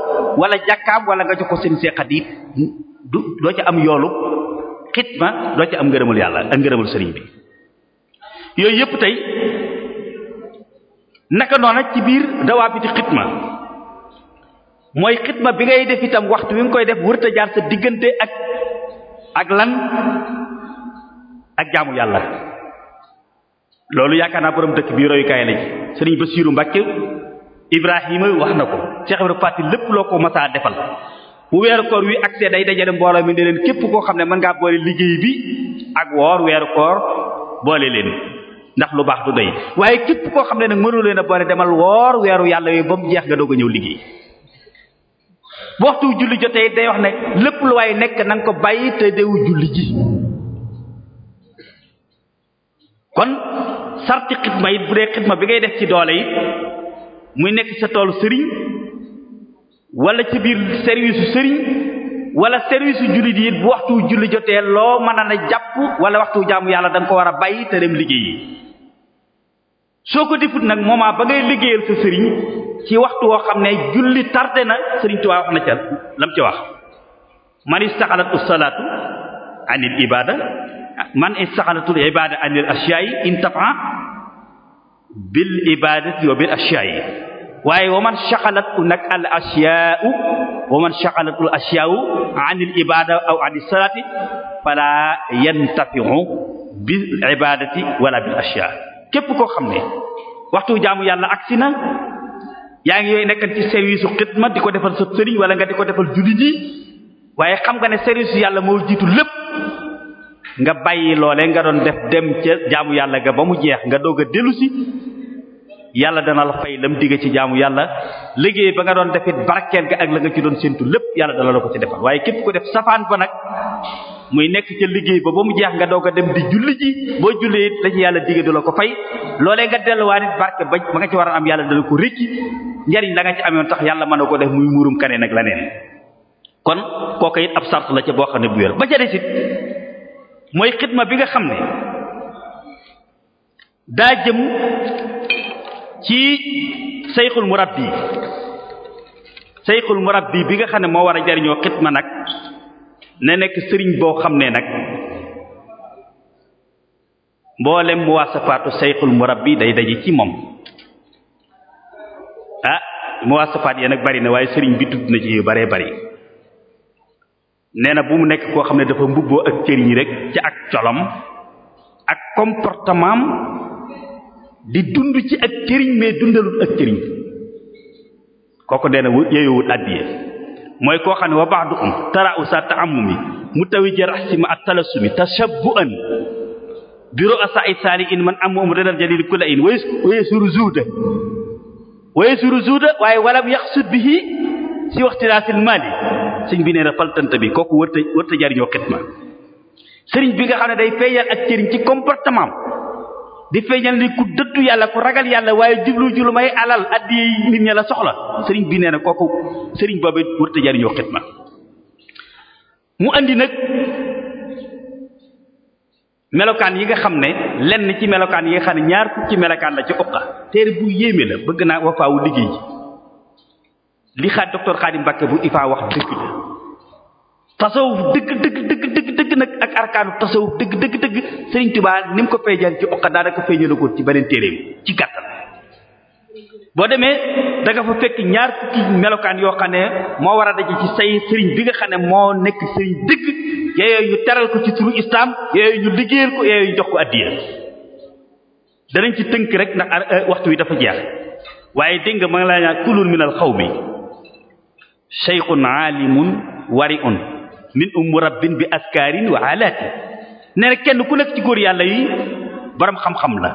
wala jàkkaam wala nga jox ko seen seexat yi du doo ca am yoolu ma doo ca am ngërëmul yàlla ak ngërëmul sëriñ bi yooyu yépp tey naka noona ci biir dawaa biti xitma mooy xitma bi ngay def itam waxtu wi nga koy def wërta jaar sa diggante ak ak lan ak jaamu yàlla loolu yaakaar naa borom dëkk bii royukaay la ci sëriñ Basiiru Mbàkke Ibrahima wax na ko Cheikh Ibrahima Faty lépp loo ko masaa defal bu weeru koor wi ak day dajale mbooloo mi ne leen képp koo xam ne mën ngaa boole liggéey bi ak woor weeru koor boole leen ndax lu baax du doy waaye képp koo xam ne nag mënu leen a boole demal woor weeru yàlla wi ba mu jeex nga doog a ñëw liggéey waxtu julli jotee day wax ne lépp lu waaye nekk na ko bàyyi te kon sarti xidma it bu dee xidma bi ngay def ci doole yi muy nekk sa toolu sëriñ wala ci biir service su sëriñ wala service su jullit yi bu waxtu julli jotee loo mën a na jàpp wala waxtu jaamu yàlla da ko war a bàyyi te dem liggéeyi soo ko defut nag moment ba ngay liggéeyal sa sëriñ ci waxtu woo xam ne julli tardé na sëriñ Tuubaa wax na ca lam ci wax man istaxalat as-salaatu anil ibaada man istaxalatul ibaada anil ashyaa'i intafa bil ibaadati wa bil ashyaa'i waaye wa man shaxalat nag al ashyaa'u wa man shaxalatul ashyaa'u anil ibaada aw anis salaati fala yantafi'u bil ibaadati wala bil ashyaa' képp koo xam ne waxtu jaamu yàlla agsi na yaa ngi yooyu nekk ci service xidma di ko defal sa sëriñ wala nga di ko defal jullit yi waaye xam nga ne service yàlla moo jiitu lépp nga bàyyi loole nga doon def dem ca jaamu yàlla ga ba mu jeex nga doog a dellusi yàlla dana la fay lam digg ci jaamu yàlla liggéey ba nga doon def it barkeel ga ak la nga ci doon séntu lépp yàlla dana la ko ci defal waaye képp ko def safaan ba nag muy nekk ca liggéey ba ba mu jeex nga doog a dem di julli ji boo jullee it la ci yàlla digg du la ko fay loolee nga delluwaat it barke ba ba nga ci war a am yàlla dana ko rëcc njariñ la nga ci amoon tax yàlla mën na ko def muy muurum kaneen ak leneen kon kooka it la ca boo mooy xidma bi nga xam ne daa jëm ci sayxul murabbi sayxul murabbi bi nga xam ne moo war a jariñoo xidma nag ne nekk sëriñ boo xam ne nag mboolem muwaasafaatu sayxul murabbi day daje ci moom ah muwaasafaat ya nag bari na waaye sëriñ bi tudd na ci yu baree bari nee na bu mu nekk koo xam ne dafa mbubboo ak cër yi rek ci ak colom ak comportement di dund ci ak cëriñ mais dundalut ak cëriñ kooku nee na àddiye mooy koo xam ne wa baax du um tara u sa taamumi mu tawi jarax si ma ak talasumi tashabbu'an biro asa i saali in man am um redal jalil kula in waye suru zuuda waye suru zuuda waaye walam yaxsud bihi waxtilaasil maali sëñ bi nee na faltante bi kooku wërta wërta jariñoo xitma sëriñ bi nga xam ne day feeñal ak sëriñ ci comportement di feeñal ni ku dëddu yàlla ku ragal yàlla waaye jublu ci lu may alal addi nit ña la soxla sëriñ bi nee na kooku sëriñ boobu wërta jariñoo xitma mu andi nag melokaan yi nga xam ne lenn ci melokaan yi nga xam ne ñaar ci melokaan la ci uqa téere bu yéeme la bëgg naa wafaawu liggéey lii xaaj docteur Xaadim Mbàkke bu IFA wax dëgg la tasawuf dëgg dëgg dëgg dëgg nag ak arkaanu tasawuf dëgg dëgg dëgg Sëriñ Tuubaa ni mu ko feejal ci oqa daanaka feeñala ci beneen téeréem ci gàttal demee da fa fekk ñaar fukki melokaan yoo xam ne moo war a daje ci say sëriñ bi nga xam ne moo nekk sëriñ dëgg yooyu ñu teral ko ci turu islaam yooyu ñu liggéeyal ko yooyu ñu jox ko addiya danañ ci tënk rek ndax euh, waxtu wi dafa jeex waaye dégg nga ma ngi laa ñaan kulun minal xaw mi shaykhun aalimun wari'un min um rabbin bi askaarin wa alaati nee na kenn ku nekk ci góor yàlla yi borom xam-xam la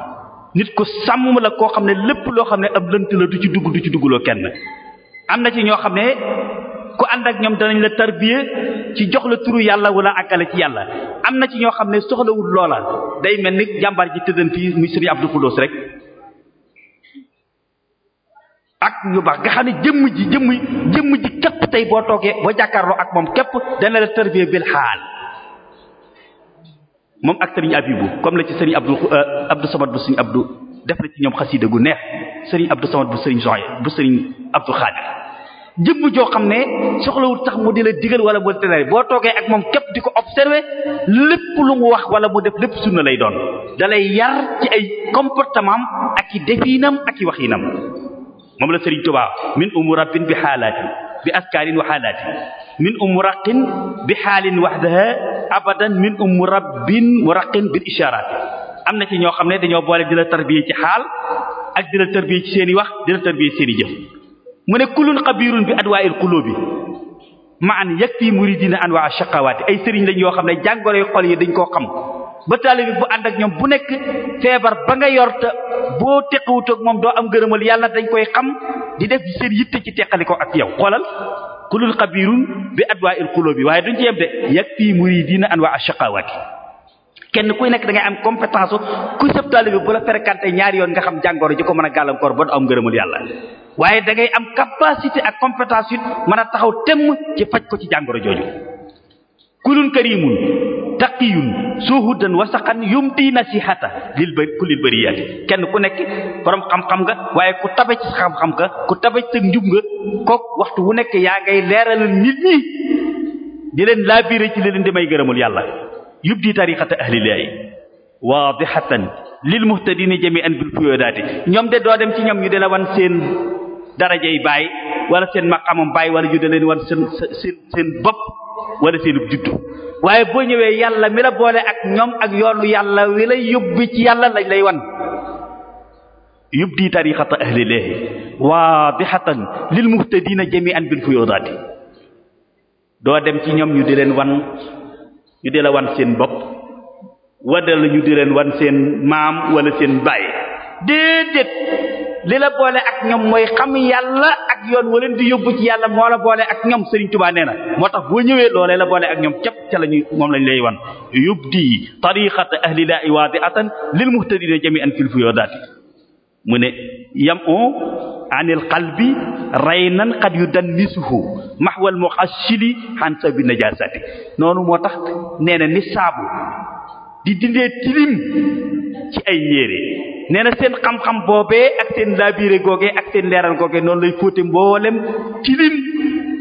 nit ku sàmm la koo xam ne lépp loo xam ne ab lënt la du ci dugg du ci dugguloo kenn am na ci ñoo xam ne ku ànd ak ñoom danañ la tarbiye ci jox la turu yàlla wala àggale ci yàlla am na ci ñoo xam ne soxlawul loola day mel ni jàmbaar ji tëddan fii muy sëriñ Abdou Khoudoss rek ak ñu baax nga xam ne jëmm ji jëmm jëmm ji képp tey boo toogee boo jàkkaarloo ak moom képp dana la tarbie bi xaal moom ak sëriñ Abibu comme la ci sëriñ Abdou euh, Abdou Samad bu sëriñ Abdou def na ci ñoom xasiida gu neex sëriñ Abdou Samad bu sëriñ Joye bu sëriñ Abdou Xaadir jëmm joo xam ne soxlawul sax mu di la digal wala mu di boo toogee ak moom képp di ko observé lépp lu mu wax wala mu def lépp sunna lay doon dalay yar ci ay comportement am ak i defiinam ak i waxiinam moom la Serigne Touba min umu rabbin bi xaalaati bi askaarin wa xaalaati min umu raqin bi xaalin waxdaha abadan min mu rabbin wa raqin bil ishaaraati am na ci ñoo xam ne dañoo boole di la tarbiya ci xaal ak di la tarbiya ci seen i wax di la tarbiya ci seen i jëf mu ne kullun xabirun bi adwaa'il quluubi ma an yakfi muridina anwaa shaqawaati ay sëriñ lañ yoo xam ne jàngoroy xol yi dañ koo xam ba taalibe bu ànd ak ñoom bu nekk feebar ba nga yor te boo teqawut ak moom doo am gërëmal yàlla dañ koy xam di def seen yitte ci teqali ko ak yow xoolal kulul xabirun bi adwaa il qulubi waaye duñ ci yem de yakfi muridina anwa ashaqawati kenn kuy nekk da ngay am compétence ku sëb taalibe bu la fréquenté ñaari yoon nga xam jàngoro ji ko mën a gàllankoor ba am gërëmal yàlla waaye da ngay am capacité ak compétence it mën a taxaw temm ci ko ci jàngoro jooju karimun taqiyun suhudan wasaqan yumti nasihata lil ba kulil bariyati kenn ku nekk borom xam-xam nga waaye ku tabaj ci xam-xam nga ku tabe sa njub nga kook waxtu wu nekk yaa ngay leeral nit ñi di leen laabiré ci li leen di may gërëmul yàlla yubdi tariqata ahlilaahi waadihatan lil muhtadini jami'an bil fuyoodaati ñoom de doo dem ci ñoom ñu di la wan seen darajay baay wala seen ma maqamam bàyyi wala judda leen wala seen seen seen bopp wala seen juddu waaye boo ñëwee yàlla mi la boole ak ñoom ak yoonu yàlla wi lay yóbbi ci yàlla lañ lay wan yubdi tariqata ahlillahi waadihatan lil muhtadina jami'an bil fuyudaati doo dem ci ñoom ñu di leen wan ñu di la wan seen bopp wala ñu di leen wan seen maam wala seen baay déedéet li la boole ak ñoom mooy xam yàlla ak yoon waleen di yóbbu ci yàlla moo la boole ak ñoom Serigne Touba nee na moo tax boo ñëwee loolee la boole ak ñoom cap ca lañuy moom lañ lay wan yubdi tariqata ahli la iwaadi atan lil muhtadina jami'an fil fuyudati mu ne yam on anil qalbi raynan qad yudannisuhu mahwal muqashili han sabi najasati noonu moo tax nee na ni saabu di dindee tilim ci ay yére nee na seen xam-xam boobee ak seen laabire googee ak seen leeral googee noonu lay fóote mboolem tilim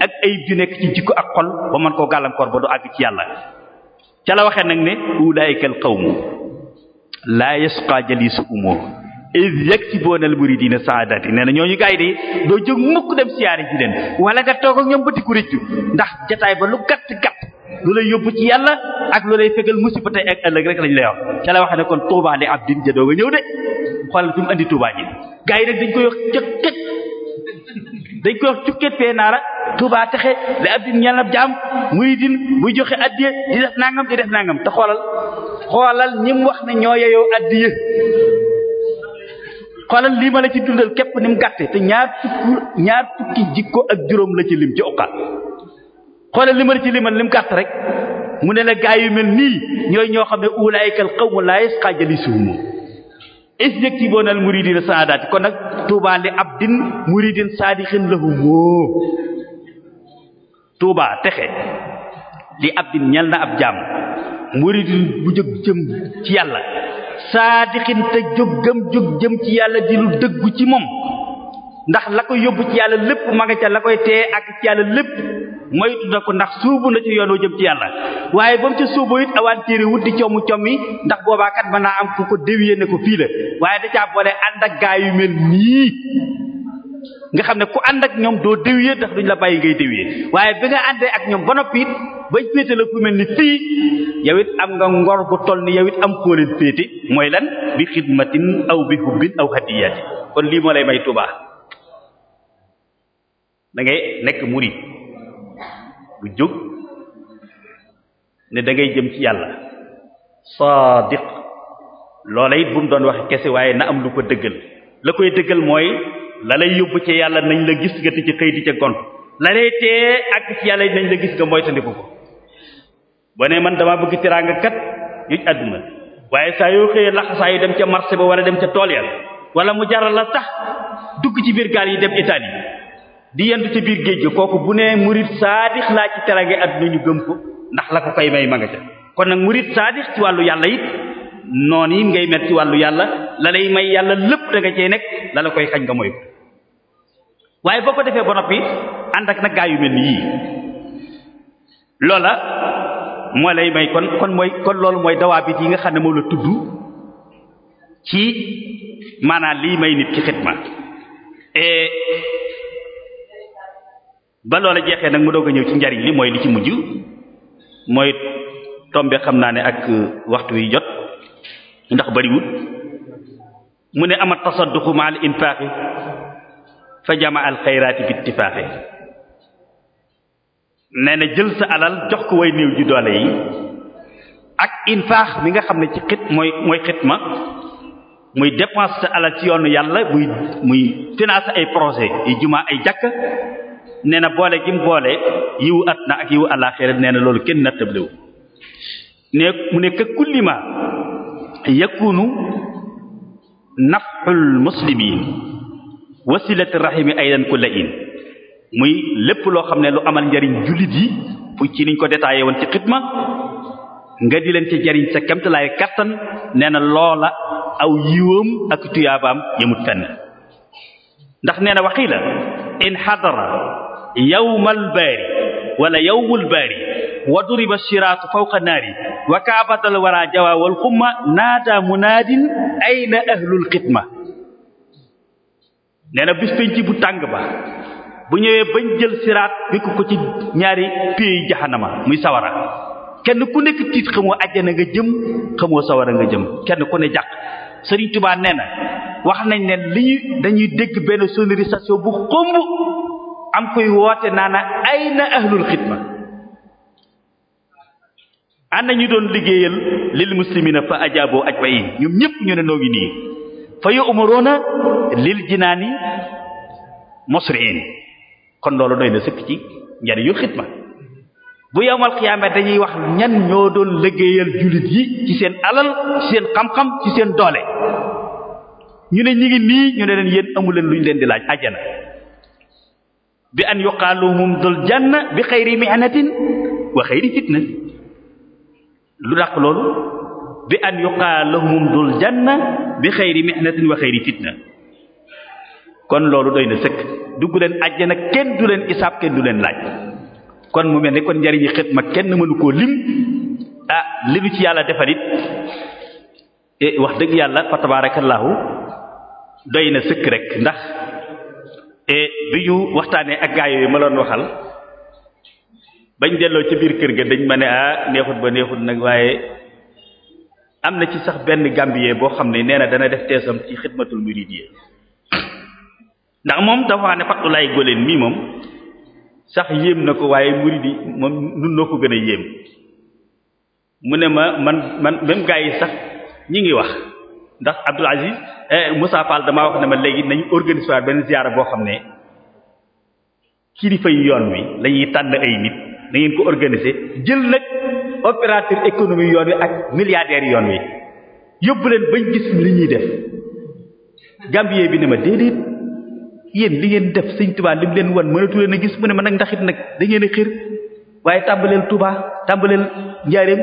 ak ayib ju nekk ci jikko ak xol ba mën koo gàllankoor ba du àgg ci yàlla ca la waxee nag ne ulaayikal qawmu laa yasqa jalisuhumoo is yaktiboonal muridiina saadati nee na ñooñu gaay de doo jóg mukk dem siyaare ji leen wala nga toog ak ñoom ba di ko rëccu ndax jataay ba lu gàtt gàtt lu lay yóbbu ci yàlla ak lu lay fegal musiba ak ëllëg rek lañ lay wax ca la waxee ne kon Touba li abdin jadoo nga ñëw de xoolal fi mu andi Touba gaay dañ koy wax cëkkët dañ koy wax cukket fee naara Touba texe li abdin ñal ab jaam muridin muy joxe addiye di def nangam di def nangam te xoolal xoolal ñim wax ne xoolal lii ma la ci dundal képp ni mu te ñaar fukki jikko ak juróom la ci lim ci uqal xoolal li ma la ci limal lim gàtt rek mu ne la gaay yu mel nii ñooy ñoo xam ne ulaykal qawmu laa yasqa jalisuhum isjektiboon al muridina saadaati kon nag tuubaa li abdin muridin saadixin lahumoo tuubaa texe li abdin ñal na ab jaam muridin bu jóg jëm ci yàlla saadixin te jóggam jóg jëm ci yàlla di lu dëggu ci moom ndax la ko yóbbu ci yàlla lépp ma nga ca la koy tee ak ci yàlla lépp moytu na ko ndax suubu na ci yoonu jëm ci yàlla waaye ba mu ci suubu it awantéeri wut di coomu commi ndax boobaa kat mën naa am ku ko déwiyee ne ko fii la waaye da caa boole ànd ak gaa mel nii nga xam ne ku ànd ak ñoom doo déwiyee ndax duñ la bàyyi ngay déwiyee waaye bi nga àndee ak ñoom ba noppi it bañ féete la ku mel ni fii yow it am nga ngor bu toll ni yow it am koo leen féete mooy lan bi xidmatin aw bi hubbin aw hadiyaati kon lii moo lay may tubaa da ngay nekk murid bu jóg ne da ngay jëm ci yàlla saadiq loola it bu mu doon wax kese waaye na am lu ko dëggal la koy dëggal mooy la lay yóbbu ci yàlla nañ la gis nga di ci xëy di ca gont la lay tee ak ci yàlla nañ la gis nga moytandiku ko boo ne man damaa bëgg teraanga kat yuj àdduna waaye saa yoo xëyee laxasaa yi dem ca marché ba wala dem ca tool ya wala mu jaral la sax dugg ci biir gaal yi dem Italie di yendu ca biir géej gi kooku bu ne murid saadix laa ci teraange àdduna ñu gëm ko ndax la ko koy may ma kon nag murid saadix ci wàllu yàlla it noon yi ngay met ci wàllu yàlla la lay may yàlla lépp da nga cee nekk la la koy xaj nga moy ko waaye boo ko defee ba noppi ànd ak nag gaa yu mel ni yii loola moo lay may kon kon mooy kon loolu mooy dawaabit yi nga xam ne moom la tudd ci maanaam li may nit ki xitma e, ba loola jeexee nag mu doog a ñëw ci njariñ li mooy li ci mujj mooy tombe xam naa ne ak waxtu wi jot ndax bariwut mu ne ama tasadduqu ma al infaqi fa jama al bi ittifaqi nee na jël sa alal jox ko way néew ji doole yi ak infaax mi nga xam ne ci xit mooy mooy xitma muy dépense sa alal ci yoonu yàlla muy muy financer ay projet yi jumaa ay jàkk nee na boole gi mu boole yiwu at na ak yiwu àllaaxira nee na loolu kenn nattablewul ne mu ne ka kullima yakunu nafxul muslimin wasilati rahimi aydan kulla in muy lépp loo xam ne lu amal njariñ jullit yi fu ci niñ ko détaillé woon ci xidma nga di leen ci jariñ sa kemtalaay kattan nee na loola aw yiwam ak tuyaabaam yëmut fenn ndax nee na waxii in xadara yawmal baari wala yawmul baari wa duriba siraatu fawqa naari wa kaabatal wara jawa xumma naata munaadin ayna ahlul xitma nee bis penc bu tàng ba bu ñëwee bañ jël siraat bi ko ko ci ñaari péey jaxanama muy sawara kenn ku nekk tiit xamoo ajjana nga jëm xamoo sawara nga jëm kenn ku ne jàq Sëriñ Tuubaa nee wax nañ ne li ñu dañuy dégg benn sonorisation bu xumb am koy woote naa na ahlul xitma ana ñu doon liggéeyal lil muslimina fa ajaaboo ajmain ñoom ñëpp ñu ne noo ngi nii fa yu umaroona lil jinaani musriin kon loolu doy na sëkk ci njariñul xidma bu yowmal xiyaama dañuy wax ñan ñoo doon liggéeyal jullit yi ci seen alal ci seen xam-xam ci seen doole ñu ne ñi ngi nii ñu ne leen yéen amuleen luñ leen di laaj ajjana bi an yuqaaluhum dul janna bi xayri mihnatin wa xayri fitna lu dàq loolu bi an yuqaal lahum dul janna bi xëyri mihnatin wa xëyri fitna kon loolu doy na sëkk dugg leen àjjana kenn du leen isaab kenn du leen laaj kon mu mel ni kon njariñi xidma kenn mënu koo lim ah li nu ci yàlla defal it eh, wax dëgg yàlla fa tabaarakallaahu doy na sëkk rek ndax eh, bi ñu waxtaanee ak gaa yooyu ma loon waxal bañ delloo ca biir kër ga dañ ma ne ah neexut ba neexut nag waaye am na ci sax benn gambiyee boo xam ne nee na dana def teesam ci xidmatul muridiyya ndax moom dafa ne fatulaay góleen mii moom sax yéem na ko waaye muridi moom nun noo ko gën a yéem mu ne ma man man même gars yi sax ñi ngi wax ndax Abdul Aziz eh, musaa Fall dama wax ne ma léegi nañu organiser benn ziyaara boo xam ne kilifa yi yoon wi lañuy tànn ay nit na ko organiser jël nag opérateur économie yoon wi ak milliardaires yoon wi yóbbuleen bañ gis li ñuy def Gambien bi ne ma déedéet yéen li ngeen def Sëriñ Tuubaa li mu leen wan mënatu leen a gis mu ne ma nag ndaxit nag da ngeen a xir waaye tàmbaleel Touba tàmbaleel Njaareem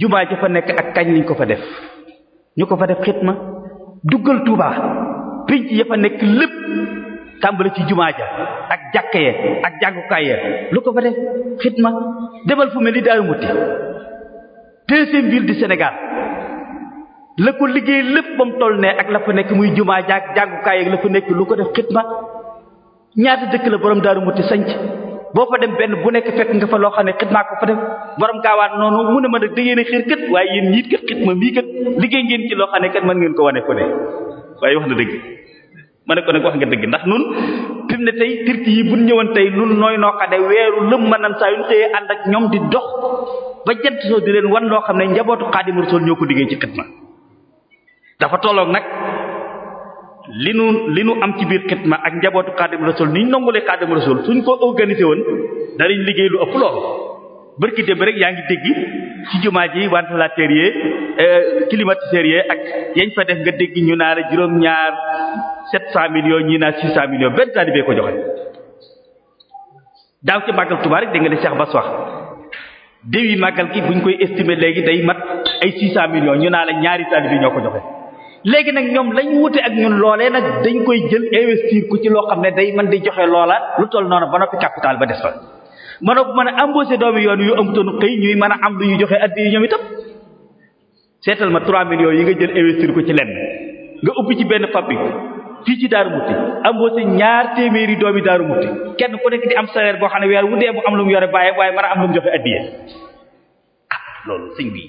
jumaa ji fa nekk ak kañ liñ ko fa def ñu ko fa def ma duggal Touba pénc ya fa nekk lépp. tàmbali ci jumaa ja ak jàkka ya ak jàngukaay ya lu ko fa def xitma demal fu mel ni Daaru Muxti deuxième biir du Sénégal la ko liggéey lépp ba mu toll ne ak la fa nekk muy jumaa ja ak jàngukaay ya la fa nekk lu ko def xitma ñaata dëkk la borom Daaru Muxti sanc boo fa dem benn bu nekk fekk nga fa loo xam ne xitmaa ko fa def borom gaawaan noonu mu ne ma nag da ngeen a xir waaye yéen ñiit kat xitma mii kat liggéey ngeen ci loo xam ne kat mën ngeen ko wane ko waaye wax na dëgg ma ne ko nag wax nga dëgg ndax nun fi mu ne tey turki yi bu ñëwoon tey nun nooy noqade weeru lëm maanaam saa yu ñu xëyee ànd ak ñoom di dox ba jant soo di leen wan loo xam ne njabootu Xaadimu Rasuul ñoo ko liggéey ci xitma dafa tollook nag li nu li nu am ci biir xitma ak njabootu Xaadimu Rasuul ni ñu nangulee Xaadimu Rasuul suñ ko organisé woon danañ liggéey lu ëpp loolu bërki démb rek yaa ngi dégg ci jumaa ji ventilateur yi euh, climatiseur yi ak yañ fa def nga dégg ñu naa la juróom-ñaar sept cent millions ñii naa six cent millions benn taalibee ko joxe daaw ci màggal Tuubaa rek da nga ne Cheikh Bass wax déwi màggal gi buñ koy estimer léegi day mat ay six cent millions ñu naa la ñaari taalibee ñoo ko joxe léegi nag ñoom lañ wute ak ñun loolee nag dañ koy jël investir ku ci loo xam ne day mën di joxe loola lu toll noonu ba noppi ba des fa mënoo mën a embaucher doomi yoon yu amutoon xëy ñuy mën a am lu ñu joxe addi yi ñoom itam seetal ma 3 millions yi nga jël investir ko ci lenn nga ubbi ci benn fabrique fii ci Darou Moukhty embaucher ñaar téeméeri doomi Darou Moukhty kenn ku nekk di am salaire boo xam ne weer wu dee bu am lu mu yore bàyyi waaye man a am lu mu joxe addi ah loolu sëñ bi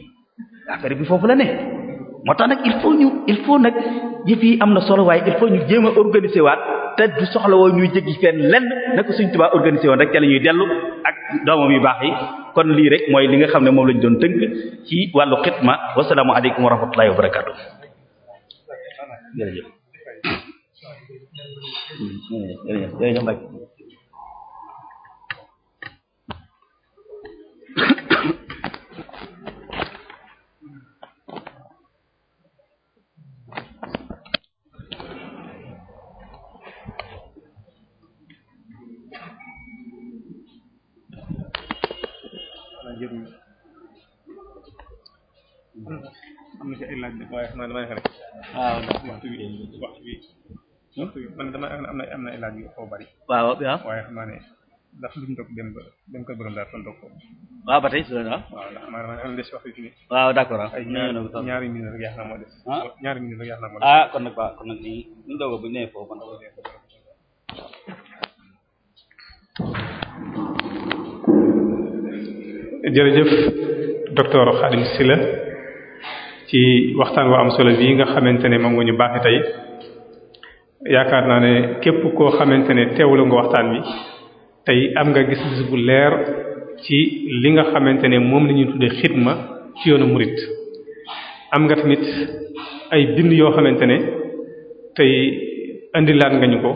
affaire bi foofu la ne moo tax nag il faut ñu il faut nag yëf fii am na solo waaye il faut ñu jéem a te du soxla woo ñuy jéggi fenn lenn na ko Sëriñ Tuubaa organisé woon rek te la ñuy dellu ak doomam yu baax yi kon lii rek mooy li nga xam ne moom lañ doon tënk ci wàllu xitma wasalaamu aleykum wa xeeti laaj la waaye xam naa damay xare am na am na bari waaw waaye xam naa ne ndax luñu dem ba dem ko borom daal tontu ko waaw ba tey su la waaw ndax am ñaari minute rek yaa xam moo ah? moo des ah kon nag ba kon nag ni ñu doogo bu nee foofu jërëjëf docteur Khadim Sylla ci waxtaan wa am solo bii nga xamante ne moom nga ñu baaxe tey yaakaar naa ne képp koo xamante ne teewlu nga waxtaan wi tey am nga gis-gis bu leer ci li nga xamante ne moom la ñuy tuddee xidma ci yoonu murit am nga tamit ay bind yoo xamante ne tey indilaat nga ñu ko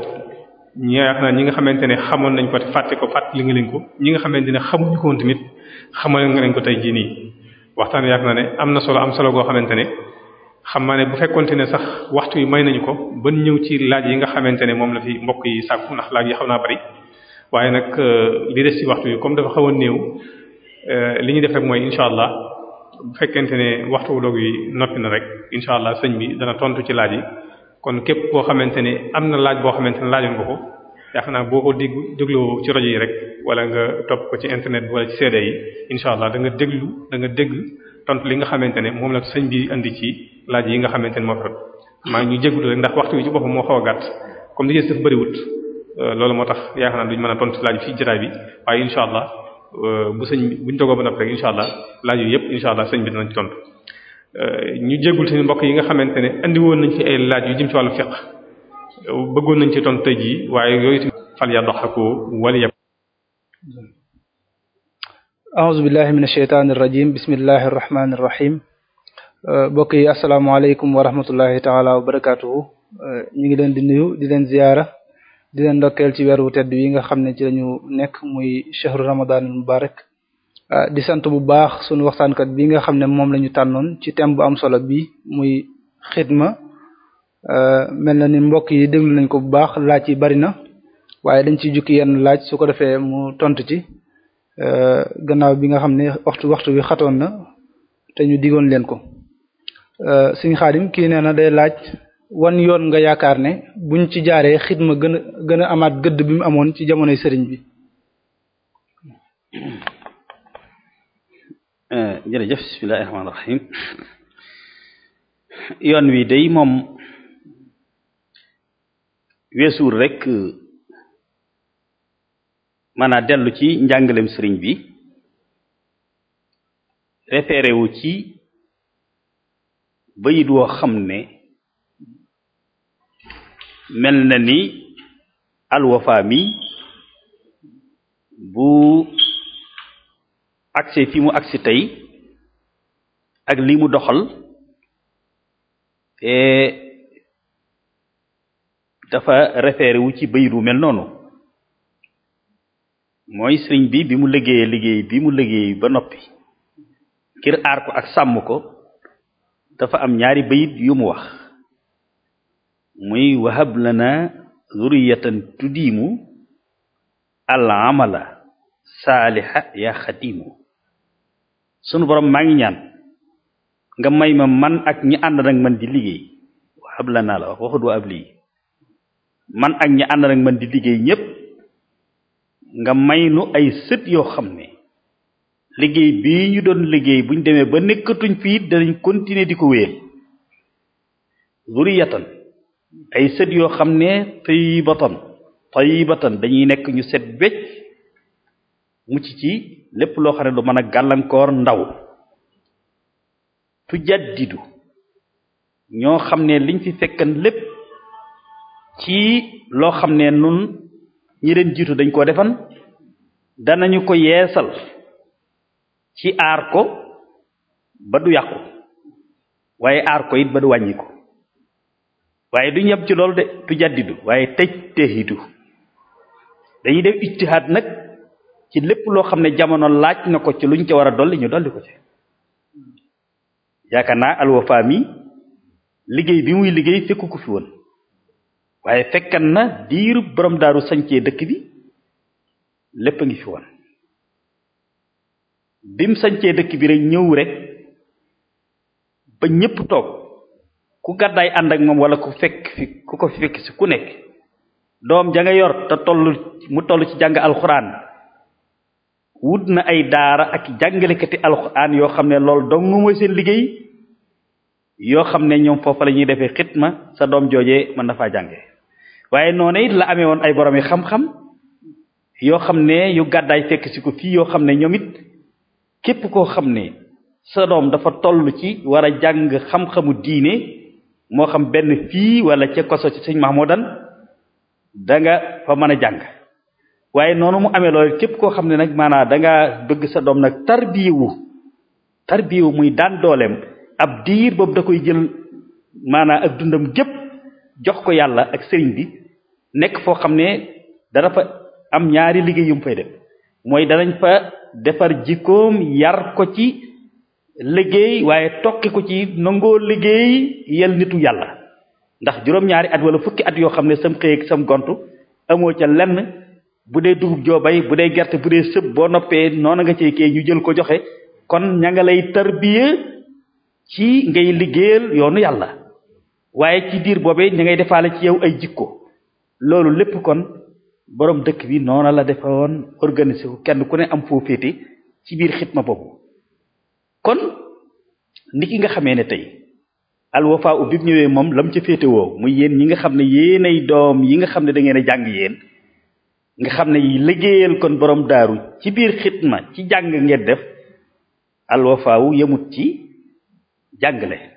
ñaax na ñi nga xamante ne xamoon nañ ko fàtte ko fàtte li nga leen ko ñi nga xamante ne xamuñu ko tamit xamal nga leen ko tey jii nii waxtaan wi yaakaar naa ne am na solo am solo goo xamante ne xam naa ne bu fekkante ne sax waxtu yi may nañu ko ban ñëw ci laaj yi nga xamante ne moom la fi mbokk yi sàkku ndax laaj yi xaw naa bari waaye nag euh, li des waxtu yi comme dafa xaw a néew euh, li ñu def rek mooy incha allah bu fekkente ne waxtu wu doog noppi na rek incha allah sëñ bi dana tontu ci laaj yi kon képp koo xamante ne am na laaj boo xamante ne laajoon nga ko yaakaar naa boo ko dégg dégloo ci rajo yi rek wala nga topp ko ci internet bi wala ci CD yi incha allah da nga déglu da nga dégg tontu li nga xamante ne moom la sëñ bi indi ci laaj yi nga xamante ne moo fa maa ngi ñu jéglu rek ci boppam moo xaw a gàtt comme li ci def bëriwut euh, loolu moo tax yaakaar naa duñ mën a tontu laaj fi jotaay bi waaye incha allah euh, bu sëñ bi buñ dogoo ba noppi rek allah laaj yooyu yëpp incha allah sëñ bi dinañ ci tontu. Euh, ñu jéggul si mbokk yi nga xamante ne andi woon nañ fi ay laaj yu jëm ci wàllu fiqh bëggoon nañ ci tontu tey jii waaye yooyu fal yadhaku wal auzu billahi min asheytaani irrajim bismillahi irrahmani irrahim uh, mbokk yi asalaamaaleykum wa rahmatullahi taala wa barakatuhu uh, ñu ngi leen di nuyu di leen ziyaara di leen ndokkeel ci weer wu tedd yi nga xam ne ci lañu nekk muy chahru ramadan mubarak uh, di sant bu baax sunu waxtaankat bi nga xam ne moom la tànnoon ci thème bu am solo bi muy xidma mel na ni mbokk yi déglu nañ ko bu baax laaj yi bari na waaye dañ ciy jukki yenn laaj su ko defee mu tontu ci euh, gannaaw bi nga xam ne waxtu waxtu wi xatoon na te ñu digoon leen ko euh, Sëriñ Xaadim kii nee na day laaj wan yoon nga yaakaar ne buñ ci jaaree xidma gën a gën a amaat gëdd bi mu amoon ci jamonoy sëriñ bi. Euh, jërëjëf bismillaahi yoon wi day moom weesuur rek. maanaam dellu ci njàngalem sëriñ bi référé wu ci bayit woo xam ne mel na ni alwafa mi bu agsi fi mu agsi tey ak li mu doxal dafa référé wu ci bayit wu mel noonu mooy sëriñ bi bi mu liggéeyee liggéey bi mu liggéey ba noppi ngir aar ko ak sàmm ko dafa am ñaari bayit yu mu wax muy wahab lana zuriyatan tuddiimu al amala saaliha ya xatiimu sunu borom maa ngi ñaan nga may ma man ak ñi ànd nag man di liggéey wahab naa la wax waxut wa lii man ak ña ànd nag man di liggéey ñépp nga may nu ay sët yoo xam ne liggéey bi ñu doon liggéey buñ demee ba nekkatuñ fii danañ continuer di ko wéyal zuriyatan ay sët yoo xam ne tayyibatan tayyibatan dañuy nekk ñu set becc mu ci ci lépp loo xam ne lu mën a gàllankoor ndaw tujaddidu ñoo xam ne liñ fi fekkan lépp ci loo xam ne nun ñi leen jiitu dañ koo defan danañu ko yeesal ci aar ko ba du yàqu waaye aar ko it ba du wàññi ko waaye duñ yem ci loolu de tu jàddidu waaye tej teexitu dañuy def ijtihaad nag ci lépp loo xam ne jamono laaj na ko ci luñ ca war a dolli ñu dolli ko ci yaakaar naa alwafa mi liggéey bi muy liggéey fekku ko fi woon waaye fekkan na diirub borom daaru sancee dëkk bi lépp a ngi fi woon bim sancee dëkk bi rek ñëw rek ba ñépp toog ku gàddaay ànd ak moom walla ku fekk fi ku ko fekk si ku nekk doom janga yor te toll mu toll ci jàng alxuraan wut na ay daara ak jàngalekati alxuraan yoo xam ne loolu dong mooy seen liggéey yoo xam ne ñoom foofa lañuy defee defee ma sa doom joojee mën na faa jànge waaye noonu it la amee woon ay borom yi xam-xam yoo xam ne yu gàddaay fekk si ko fii yoo xam ne ñoom it képp koo xam ne sa doom dafa toll ci war a jàng xam-xamu diine moo xam benn fii wala ca koso ci sëñ Mahmoudan da nga fa mën a jàng waaye noonu mu amee loolu képp koo xam ne nag maanaa da ngaa bëgg sa doom nag tarbiyewu tarbiyewu muy daan dooleem ab diir boobu da koy jël maanaa ak dundam gépp jox ko yàlla ak sëriñ bi nekk foo xam ne dana fa am ñaari liggéey yu mu fay def mooy danañ fa defar jikkoom yar ko ci liggéey waaye tokki ko ci nangoo liggéey yel nitu yàlla ndax juróom-ñaari at wala fukki at yoo xam ne sam xëy sam gontu amoo ca lenn bu dee dugub joobay bu dee gerte bu dee sëb boo noppee noona nga cee kee ñu jël ko joxe kon ña nga lay tarbiya ci ngay liggéeyal yoonu yàlla waaye ci diir boobe ña ngay defaale ci yow ay jikko loolu lépp kon boroom dëkk bi noona la defoon organisé wu kenn ku ne am foo féete ci biir xitma boobu kon nit ki nga xamee ne tey alwafa u bi ñëwee moom lam ca féetewoo mu yéen ñi nga xam ne yéenay doom yi nga xam ne dangeen a jàng yéen nga xam ne liggéeyal kon boroom daaru ci biir xitma ci jàng ngeen def alwafa wu yemut ci jàngale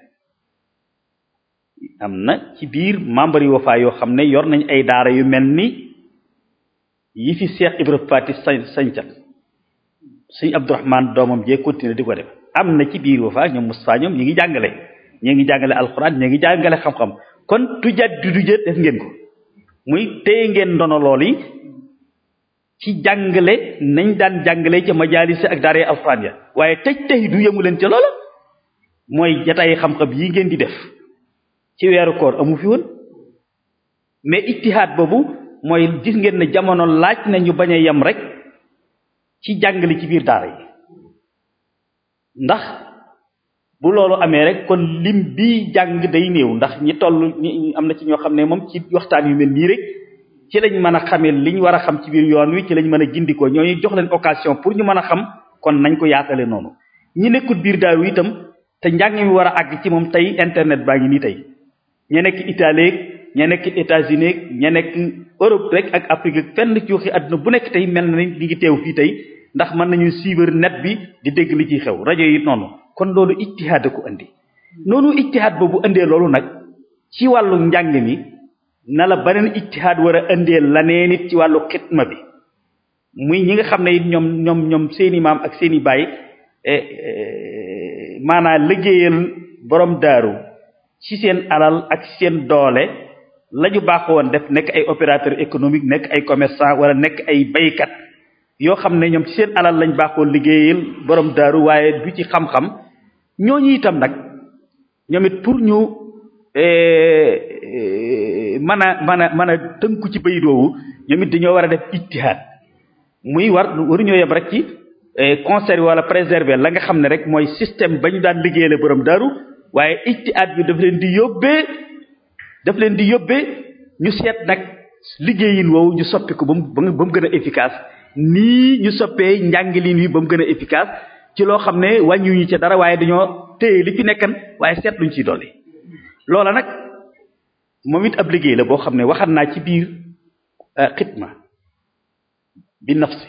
am na ci biir membre yu yoo xam ne yor nañ ay daara yu mel ni yi fi seex Ibra Fati sañca sëñ Abdourahman doomam jee continuer di ko def am na ci biir Wafa ñoom Moustapha ñoom ñu ngi jàngale ñu ngi jàngale alxuraan ñu ngi jàngale xam-xam kon tujaat du dujë def ngeen ko muy téye ngeen ndono lool yi ci jàngale nañ daan jàngale ca majaalis ak daara alxuraan ya waaye tëj tey du yëmu leen ca loola mooy jataay xam-xam yi ngeen di def ci weeru koor amu fi woon mais ittihaad boobu mooy gis ngeen ne jamono laaj na ñu bañ a yem rek ci jàng li ci biir daara yi ndax bu loolu amee rek kon lim bi jàng day néew ndax ñi toll ñi am na ci ñoo xam ne moom ci waxtaan yu mel nii rek ci lañ mën a xamee liñ war a xam ci biir yoon wi ci lañ mën a gindikoo ñooñu jox leen occasion pour ñu mën a xam kon nañ ko yaatale noonu ñi nekkul biir daaw itam te njàng mi war a àgg ci moom tey internet ba ngi nii tey ña nekk Italie ña nekk États-Unis ña nekk Europe rek ak Afrique fenn ci waxi àdduna bu nekk tey mel na ni li ngi teew fii tey ndax mën nañu suivre net bi di dégg li ci xew rajo yi noonu kon loolu ijtihaad ko indi noonu ijtihaad boobu indee loolu nag ci wàllu njàng mi na la beneen ijtihaad war a indee laneen it ci wàllu xitma bi muy ñi nga xam ne it ñoom ñoom ñoom seeni maam ak seeni baay eh, eh, maanaa liggéeyal borom daaru ci seen alal ak seen doole la ñu baax woon def nekk ay opérateur économique nekk ay commerçant wala nekk ay baykat yoo xam ne ñoom ci seen alal lañ baaxoon liggéeyal borom daaru waaye du ci xam-xam ñooñu itam nag ñoom it pour ñu eh, eh, mën a mën a mën a tënku ci bay doowu ñoom it dañoo war a def ijtihaad muy war waruñoo yem rek ci eh, conserver wala préserver la nga xam ne rek mooy système ba ñu daan liggéeyale borom daaru waaye ijtihaad bi daf leen di yóbbee daf leen di yóbbee ñu seet nag liggéeyin woowu ñu soppi ko ba mu ba mu gën a efficace nii ñu soppee njàngilin wi ba mu gën a efficace ci loo xam ne wàññiwuñu ca dara waaye dañoo téye li fi nekkan waaye seet luñ ciy dolli loola nag moom it ab liggéey la boo xam ne waxan naa ci biir euh, xitma bi nafsi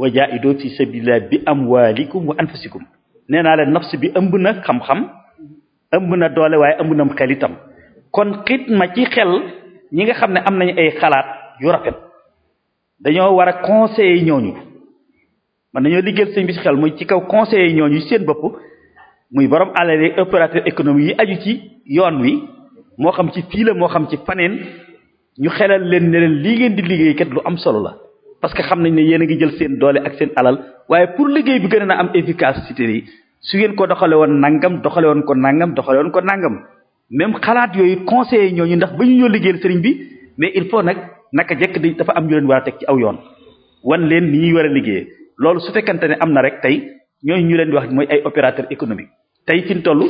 wa jaaidoo fi sabilillah bi amwalikum wa anfusikum nee naa leen nafs bi ëmb na xam-xam ëmb na doole waaye ëmb na xel itam kon xit ma ci xel ñi nga xam ne am nañu ay xalaat yu rafet dañoo war a conseiller ñooñu man nañoo liggéeyal sëñ bi ci xel muy ci kaw conseiller ñooñu yi seen bopp muy borom alal yi opérateur yi aju ci yoon wi moo xam ci fii la moo xam ci faneen ñu xelal leen ne leen lii ngeen di liggéey kat lu am solo la parce que xam nañ ne yéen a ngi jël seen doole ak seen alal waaye pour liggéey bi gën a am efficacité yi su ngeen ko doxale woon nangam doxale woon ko nangam doxale woon ko nangam même xalaat yooyu conseillers ñooñu ndax ba ñu ñoo liggéeyal sëriñ bi mais il faut nag naka jekk di dafa am ñu leen war a teg ci aw yoon wan leen ni ñuy war a liggéeyee loolu su fekkante ne am na rek tey ñooñu ñu leen di wax mooy ay opérateur économique tey fi ñu toll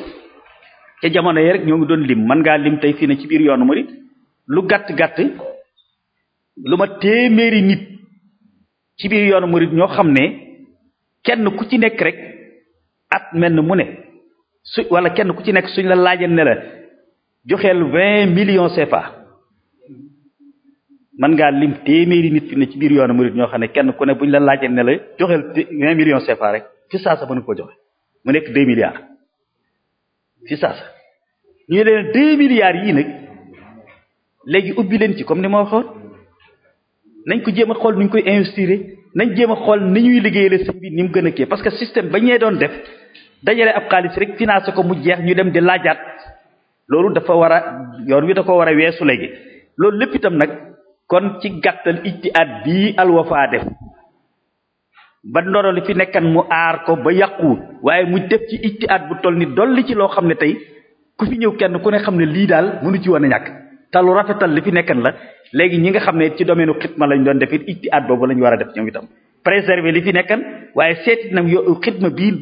ca jamono yi rek ñoo ngi doon lim mën ngaa lim tey fii ne ci biir yoonu murid lu gàtt gàtt lu ma téeméeri nit ci biir yoonu murid ñoo xam ne kenn ku ci nekk rek at mel mu ne su wala kenn ku ci nekk suñ la laajee ne la joxeel vingt millions CFA mën ngaa lim téeméeri nit fi ne ci biir yoon yoonu murid ñoo xam ne kenn ku ne buñ la laajee ne la joxeel vingt millions CFA rek fi saasa mën ko joxe mu nekk deux milliards fi sa ñu ne leen deux milliards yii nag léegi ubbi leen ci comme ni ma waxoon nañ ko jéem a xool nuñ koy investir nañ jéem a xool ni ñuy liggéeyale sëñ bi ni mu gën a kii parce que système ba ñee doon def dajale ab xaalis rek financé ko mu jeex ñu dem di laajaat loolu dafa war a yoon wi da ko war a weesu léegi loolu lépp itam nag kon ci gàttal ijtihaad bi alwafaa def ba ndoro li fi nekkan mu aar ko ba yàquwul waaye mu def ci ijtihaad bu toll ni dolli ci loo xam ne tey ku fi ñëw kenn ku ne xam ne lii daal mënu ci woon a ñàkk te rafetal li fi nekkan la léegi ñi nga xam ne ci domaine xitma lañ doon def it ijtihaad boobu lañ war a def ñoom itam préserver li fi nekkan waaye seeti nag yo xitma bii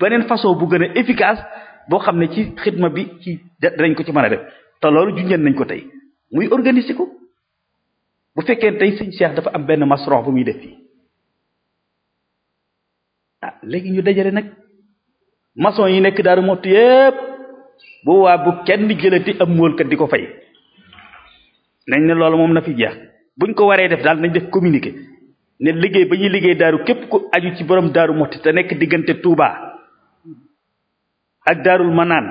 beneen façon bu gën a efficace boo xam ne ci xitma bi ci danañ ko ci mën a def te loolu junjeen nañ ko tey muy organiser ko bu fekkee tey sëñ Cheikh dafa am benn masrox bu muy def fii ah léegi ñu dajale nag mason yi nekk daaru mott yépp boo waa bu kenn jëlati am móolkat di ko fay nañ ne loolu moom na fi jeex buñ ko waree def daal nañ def communiqué ne liggéey ba ñuy liggéey daaru képp ku aju ci borom daaru moxti te nekk diggante Touba ak daarul manaan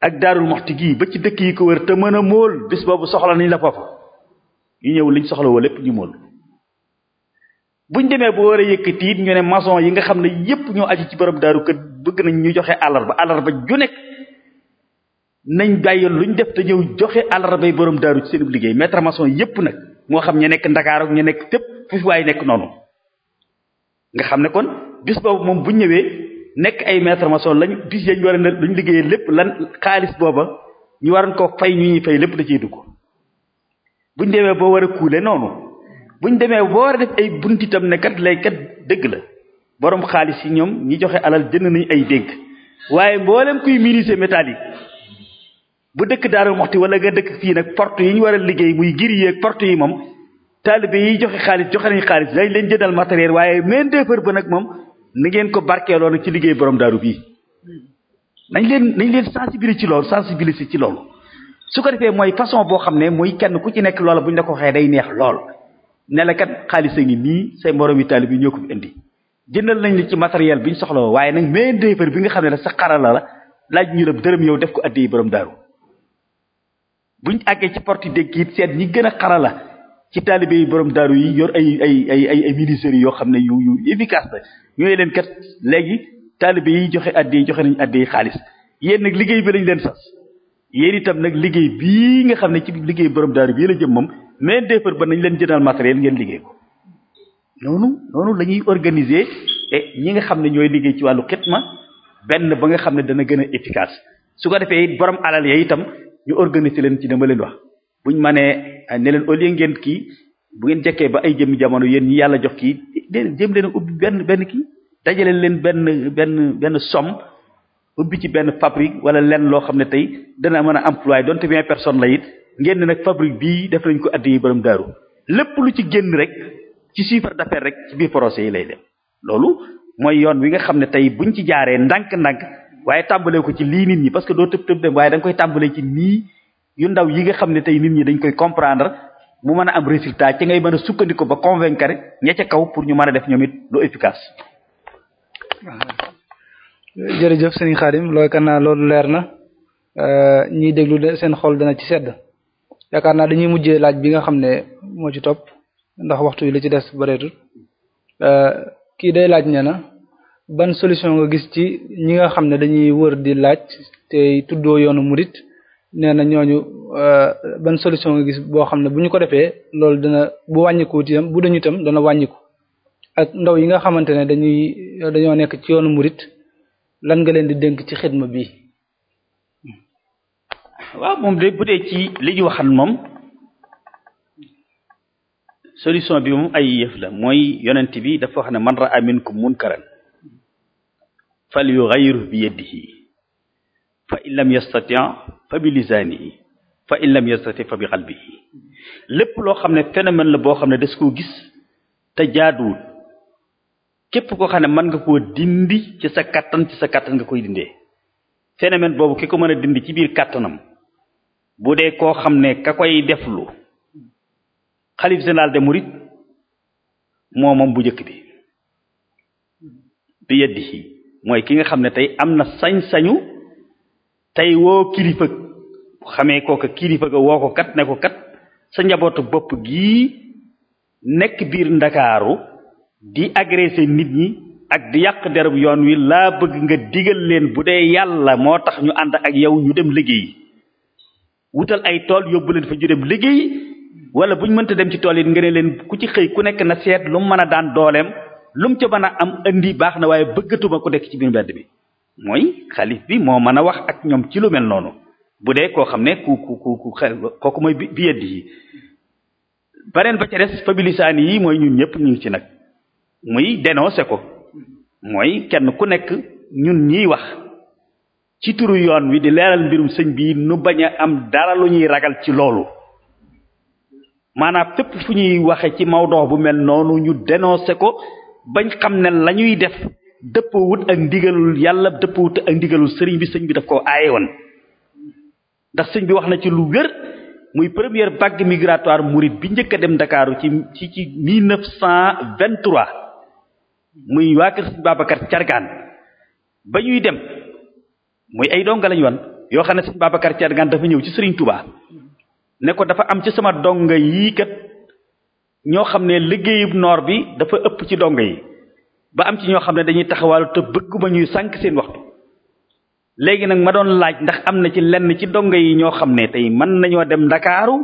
ak daarul moxti gii ba ci dëkk yi ko wër te mën a móol bis boobu soxla nañ la foofa ñu ñëw liñ soxla woo lépp ñu móol buñ demee bu war a yëkkati it ñu ne maçon yi nga xam ne yépp ñoo aju ci borom daaru kër bëgg nañ ñu joxe àllarba àllarba ju nekk nañ gàyyal luñ def te ñëw joxe àllarba borom daaru ci seen liggéey maître maçon yépp nag moo xam ñu nekk Ndakaaru ak ñu nekk tépp fu fi waaye nekk noonu nga xam ne kon bis boobu moom bu ñëwee nekk ay maître maçon lañ bis yañ war a ne luñ liggéeyee lépp lan xaalis booba ñu waral koo fay ñu ñuy fay lépp la ciy dugg buñ demee boo war a kuule noonu buñ demee boo war def ay bunt itam ne kat lay kat dëgg la borom xaalis yi ñoom ñi joxe alal jënd nañu ay dénk waaye mboolem kuy menuisier métallique bu dëkk Daaru Muxti wala nga dëkk fii nag porte yi ñu war a liggéey muy giri yeeg porte yi moom taalibe yi joxe xaalis joxe nañ xaalis dañ leen jëndal matériel waaye main d'œuvre ba nag moom ngeen ko barkeeloo nag ci liggéey borom daaru bii nañ leen nañ leen sensibiliser ci loolu sensibiliser ci loolu su ko defee mooy façon boo xam ne mooy kenn ku ci nekk loola bu ñu la ko waxee day neex lool ne la kat xaalis a ngi nii say moroom yi taalib yi ñoo ko indi jëndal nañ la ci matériel bi ñu soxla waaye nag main d'œuvre bi nga xam ne la sa xarala la laaj ñu la dërëm yow def ko addi borom daaru bu ñu àggee ci porte dëkk it seet ñi gën a xarala ci taalibe yi borom daaru yi yor ay ay ay ay ay yoo xam ne yu yu efficace la ñooy leen kat léegi taalibe yi joxe addiya joxe nañu addiya xaalis yéen nag liggéey bi lañ leen sas yéen itam nag liggéey bii nga xam ne ci liggéey borom daaru bi la jëm moom main d'œuvre ba nañ leen jëndal matériel ngeen liggéey ko noonu noonu la ñuy organiser ñi nga xam ne ñooy liggéey ci wàllu xitma benn ba nga xam ne dana gën a efficace su ko defee borom alal ya itam ñu organiser leen ci dama leen bu ñu manee ah, ne leen au lieu ngeen kii bu ngeen jekkee ba ay jëmmi jamono yéen ñi yàlla jox kii déedéet jëm leen ubbi benn benn kii dajale leen benn benn benn somme ubbi ci benn fabrique wala lenn loo xam ne tey dana mën a employé donte bien personne la it ngeen ne nag fabrique bii def nañ ko addi yi borom daaru lépp lu ci génn rek ci chiffre d'affaires rek ci biir procès yi lay dem loolu mooy yoon wi nga xam ne tey ñu ci jaaree ndànk-ndànk waaye tàmbalee ko ci lii nit ñi parce que doo tëb tëb dem waaye da koy tàmbalee ci nii yu ndaw yi nga xam ne tey nit ñi dañ koy comprendre mu mën a am résultat ci ngay mën a sukkandiku ba convaincre ña ca kaw pour ñu mën a def ñoom it lu efficace. jërëjëf sëñ Xaadim looy kan naa loolu leer na euh, ñiy déglu seen xool dana ci sedd yaakaar naa dañuy mujjee laaj bi nga xam ne moo ci topp ndax waxtu yi li ci des bareetul euh, kii day laaj ne na ban solution nga gis ci ñi nga xam ne dañuy wër di laaj te tuddoo yoonu murit nee na ñooñu euh, ban solution nga gis boo xam ne bu ñu ko defee loolu dana bu wàññiku itam bu dañu itam dana wàññiku ak ndaw yi nga xamante ne dañuy dañoo nekk ci yoonu murit lan nga leen di dénk ci xidma bi waaw moom de bu dee ci li waxan moom solution bi moom ay yëf la mooy yonent bi dafa wax ne man ra'a mun munkaran fal yughayyiru bi yadihi fa in lam yastati fa bi fa in lam yastati fa bi qalbihi lépp loo xam ne phénomène la boo xam ne des koo gis te jaaduwul képp koo xam ne mën nga koo dindi ci sa kattan ci sa kàttan nga koy dindee phénomène boobu ki ko mën a dindi ci biir kàttanam bu dee koo xam ne ka koy deflu xalif général de murit moomam bu jëkk bi bi yeddi mooy ki nga xam ne tey am na sañ-sañu tey woo kilifa bu xamee kooka kilifa ga woo ko kat ne ko kat sa njabootu bopp gii nekk biir ndakaaru di agresser nit ñi ak di yàq derub yoon wi laa bëgg nga digal leen bu dee yàlla moo tax ñu ànd ak yow ñu dem liggéey wutal ay tool yóbbu leen fa ñu dem liggéey wala bu ñu mënta dem ci tool yi nga ne leen ku ci xëy ku nekk na seet lu mën a daan dooleem lum ci mën a am indi baax na waaye bëggatuma ku nekk ci biir mbedd bi mooy xalif bi moo mën a wax ak ñoom ci lu mel noonu bu dee koo xam ne ku ku ku kooku mooy bi yedd yi baneen ba ca des fabilisaani yi mooy ñun ñëpp ñu ngi ci nag muy dénoncé ko mooy kenn ku nekk ñun ñiy wax ci turu yoon wi di leeral mbirum sëñ bi nu bañ a am dara lu ñuy ragal ci loolu maanaam fépp fu ñuy waxe ci mawdoox bu mel noonu ñu dénoncé ko bañ xam ne la ñuy def dëppawut ak ndigalul yàlla dëppwut ak ndigalul sëriñ bi sëñ bi daf koo aaye woon ndax sëñ bi wax na ci lu wér muy première vague migratoire murit bi njëkk a dem ndakaaru ci ci mille neuf cent vingt-trois muy waa kër sëñ Babacar Cargaan ba ñuy dem muy ay donga lañu wan yoo xam ne sëñ Babacar Cargaan dafa ñëw ci sëriñ Touba ne ko dafa am ci sama donga yii ñoo xam ne liggéeyub noor bi dafa ëpp ci dongo yi ba am ci ñoo xam ne dañuy taxawaalu te bëgguma ñuy sànk seen waxtu léegi nag ma doon laaj ndax am na ci lenn ci dongo yi ñoo xam ne tey mën nañoo dem ndakaaru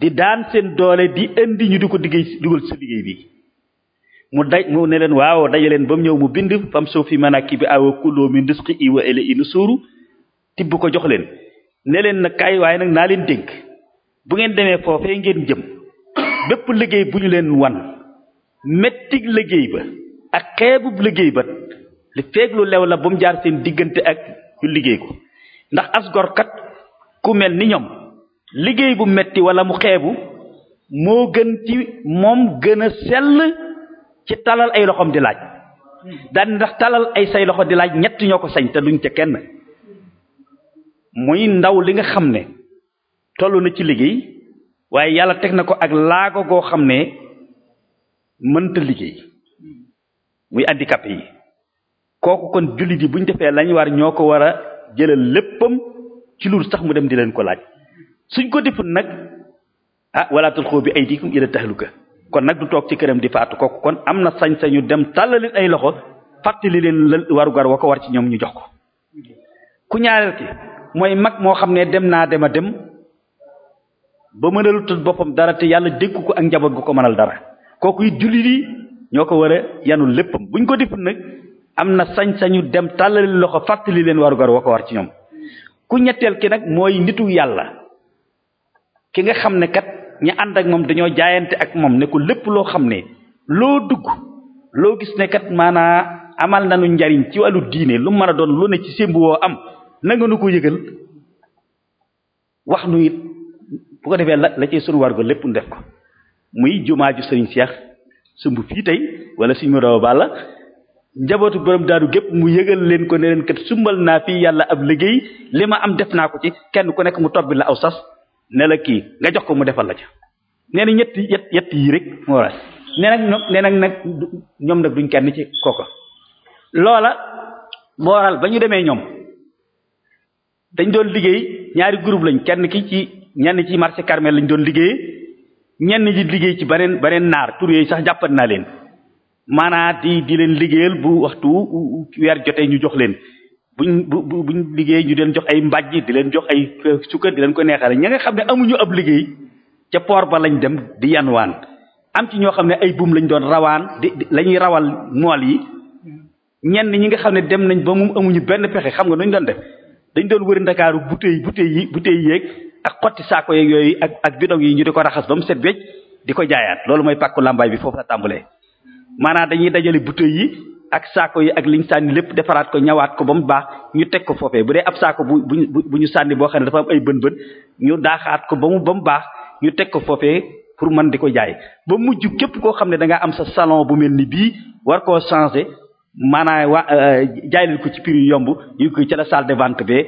di daan seen doole di indi ñu di ko diggéey dugal sa liggéey bi mu daj mu ne leen waaw daje leen ba mu ñëw mu bind fam soo fi mën kii bi awa kuloo mi ndusqi iwa ele inu suuru tibb ko jox leen ne leen nag kaay waaye nag naa leen dénk bu ngeen demee foofee ngeen jëm bépp liggéey bu ñu leen wan mettig liggéey ba ak xeebub liggéey ba li feeg lu lew la bum jaar seen diggante ak ñu liggéey ko ndax asgorkat ku mel ni ñoom liggéey bu metti wala mu xeebu moo gën ci moom gën a sell ci talal ay loxoom di laaj daan ndax talal ay say loxo di laaj ñett ñoo ko sañ te duñ ca kenn muy ndaw li nga xam ne toll na ci liggéey waaye yàlla teg na ko ak laago goo xam ne mënta liggéey muy handicapé yi kooku kon jullit yi bu ñu defee lañ war ñoo ko war a jëlal léppam ci loolu sax mu dem di leen ko laaj suñ ko deful nag ah wala tulqu bi aydikum ila tahluka kon nag du toog ci këram di faatu kooku kon am na sañ-sañu dem tàllali ay loxo fàttali leen la warugar wa ko war ci ñoom ñu jox ko ku ñaareel ki mooy mag moo xam ne dem naa dem a dem ba mënalutul boppam dara te yàlla dékku ko ak njaboot gu ko mënal dara kooku it jullit yi ñoo ko war a yanu léppam buñ ko deful nag am na sañ-sañu dem tàllali loxo fàttali leen warugar woo ko war ci ñoom ku ñetteel ki nag mooy nitu yàlla ki nga xam ne kat ña ànd ak moom dañoo jaayante ak moom ne ko lépp loo xam ne loo dugg loo gis ne kat maanaa amal nañu njariñ ci wàllu diine lu mën a doon lu ne ci sémb woo am na nu ko yëgal wax nu it bu ko defee la la cay sunu wargo lépp nu def ko muy jumaa ju sëriñ Seex sumb fii tey wala suñu Modou Balla njabootu borom daaru gépp mu yëgal leen ko ne leen kat sumbal naa fii yàlla ab liggéey li ma am def naa ko ci kenn ku nekk mu tobbi la aw sas ne la kii nga jox ko mu defal la ca nee na ñetti yet yett yi rek nag ñoom nag nag ñoom nag duñ kenn ci kooka loola moo waral ba ñu demee ñoom dañ doon liggéey ñaari groupe lañ kenn ki ci ñenn ci marché Carmel lañ doon liggéey ñenn ji liggéey ci beneen beneen naar tur sax jàppat naa leen maanaa di di leen liggéeyal bu waxtu weer jotee ñu jox leen buñ bu liggéey ñu leen jox ay mbàjj di leen jox ay euh, sukkar di leen ko neexale ña xam ne amuñu ab liggéey ca port ba lañ dem di yanwaan am ci ñoo xam ne ay buum lañ doon rawaan di la rawal mool yi ñenn ñi nga xam ne dem nañ ba mu amuñu benn pexe xam nga nuñ doon def dañ doon wëri ndakaaru bouteille bouteille yi bouteille yeeg ak xotti saako yeeg yooyu ak ak bidon yi ñu di ko raxas ba mu set wecc di ko jaayaat loolu mooy pàkku làmbaay bi foofu la tàmbalee maanaam dañuy dajale bouteilles yi ak saako yi ak liñ sànni lépp defaraat ko ñawaat ko ba mu baax ñu teg ko foofee bu dee ab saako bu bu ñu sànni boo xam ne dafa ay bën-bën ñu daaxaat ko ba mu ba baax ñu teg ko foofee pour man di ko jaay ba mujj képp koo xam ne da ngaa am sa salon bu mel ni bii war koo changer maanaam waa euh, jaay leen ko ci prix yu yomb ñu ko ci la salle de bee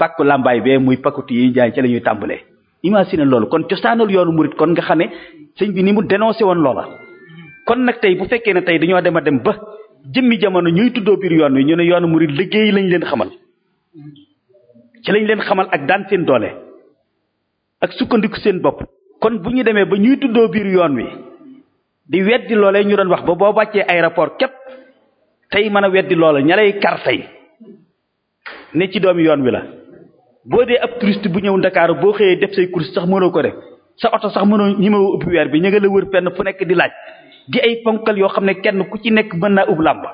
pàkku làmbaay bee muy pakkut yi jaay ci la ñuy tàmbalee imagine loolu kon cosaanal yoonu murit kon nga xam ne sëñ bi ni mu dénoncé woon loola kon nag tey bu fekkee ne tey dañoo dem a dem ba jëmmi jamono ñuy tuddoo biir yoon wi ñu ne yoonu murit liggéey lañ leen xamal ci lañ leen xamal ak daan seen doole ak sukkandiku seen bopp kon bu ñu demee ba ñuy tuddoo biir yoon wi di weddi loolee ñu doon wax ba boo wàccee aéroport képp tey mën a weddi loola ña lay kar tey ci doomi yoon wi la boo dee ab touriste bu ñëw ndakaaru boo xëyee def say course sax mënoo ko def sa oto sax mënoo ñi ma ubbi weer bi ñu nga la wër fenn fu nekk di laaj di ay ponkal yoo xam ne kenn ku ci nekk mën naa ub làmb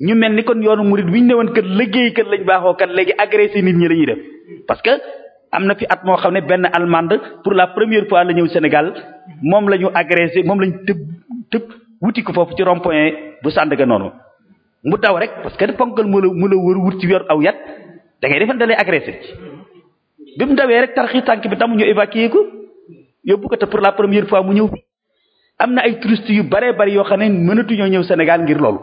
ñu mel ni kon yoonu murid wi ñu ne woon kat liggéey kat lañ baaxoo kat léegi agressé nit ñi la dem parce que am na fi at moo xam ne benn allemande pour la première fois la ñëw senegal moom la ñu agressé moom la ñu tëb tëb wuti ko foofu ci rond bu Sandaga noonu mu daw rek parce que ponkal mu la mu la wër wut ci yor aw yat da ngay defal da bi mu dawee rek tarxi tànk bi tam ñu évacué ko yóbbu ko te pour la première fois mu ñëw fi am na ay touristes yu baree bari yoo xam ne mënatuñoo ñëw Sénégal ngir loolu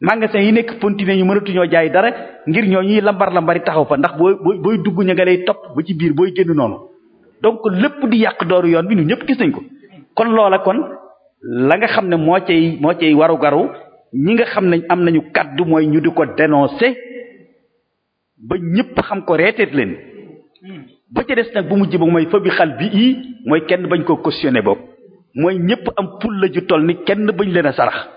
magasin yi nekk Pontine ñu mënatuñoo jaay dara ngir ñoo ñuy lambar lambari taxaw fa ndax booy booy dugg ña nga lay topp ba ci biir booy génn noonu donc lépp di yàq dooru yoon bi ñun ñëpp gis ko kon loola kon la nga xam ne moo cay moo cay waru garu ñi nga xam ne am nañu kaddu mooy ñu di ko dénoncer ba ñëpp xam ko reeteet leen ba ca des nag bu mujj ba mooy fa bi xal bi ii mooy kenn bañ koo cautionné boobu mooy ñëpp am pul la ju toll ni kenn bañ leen a sarax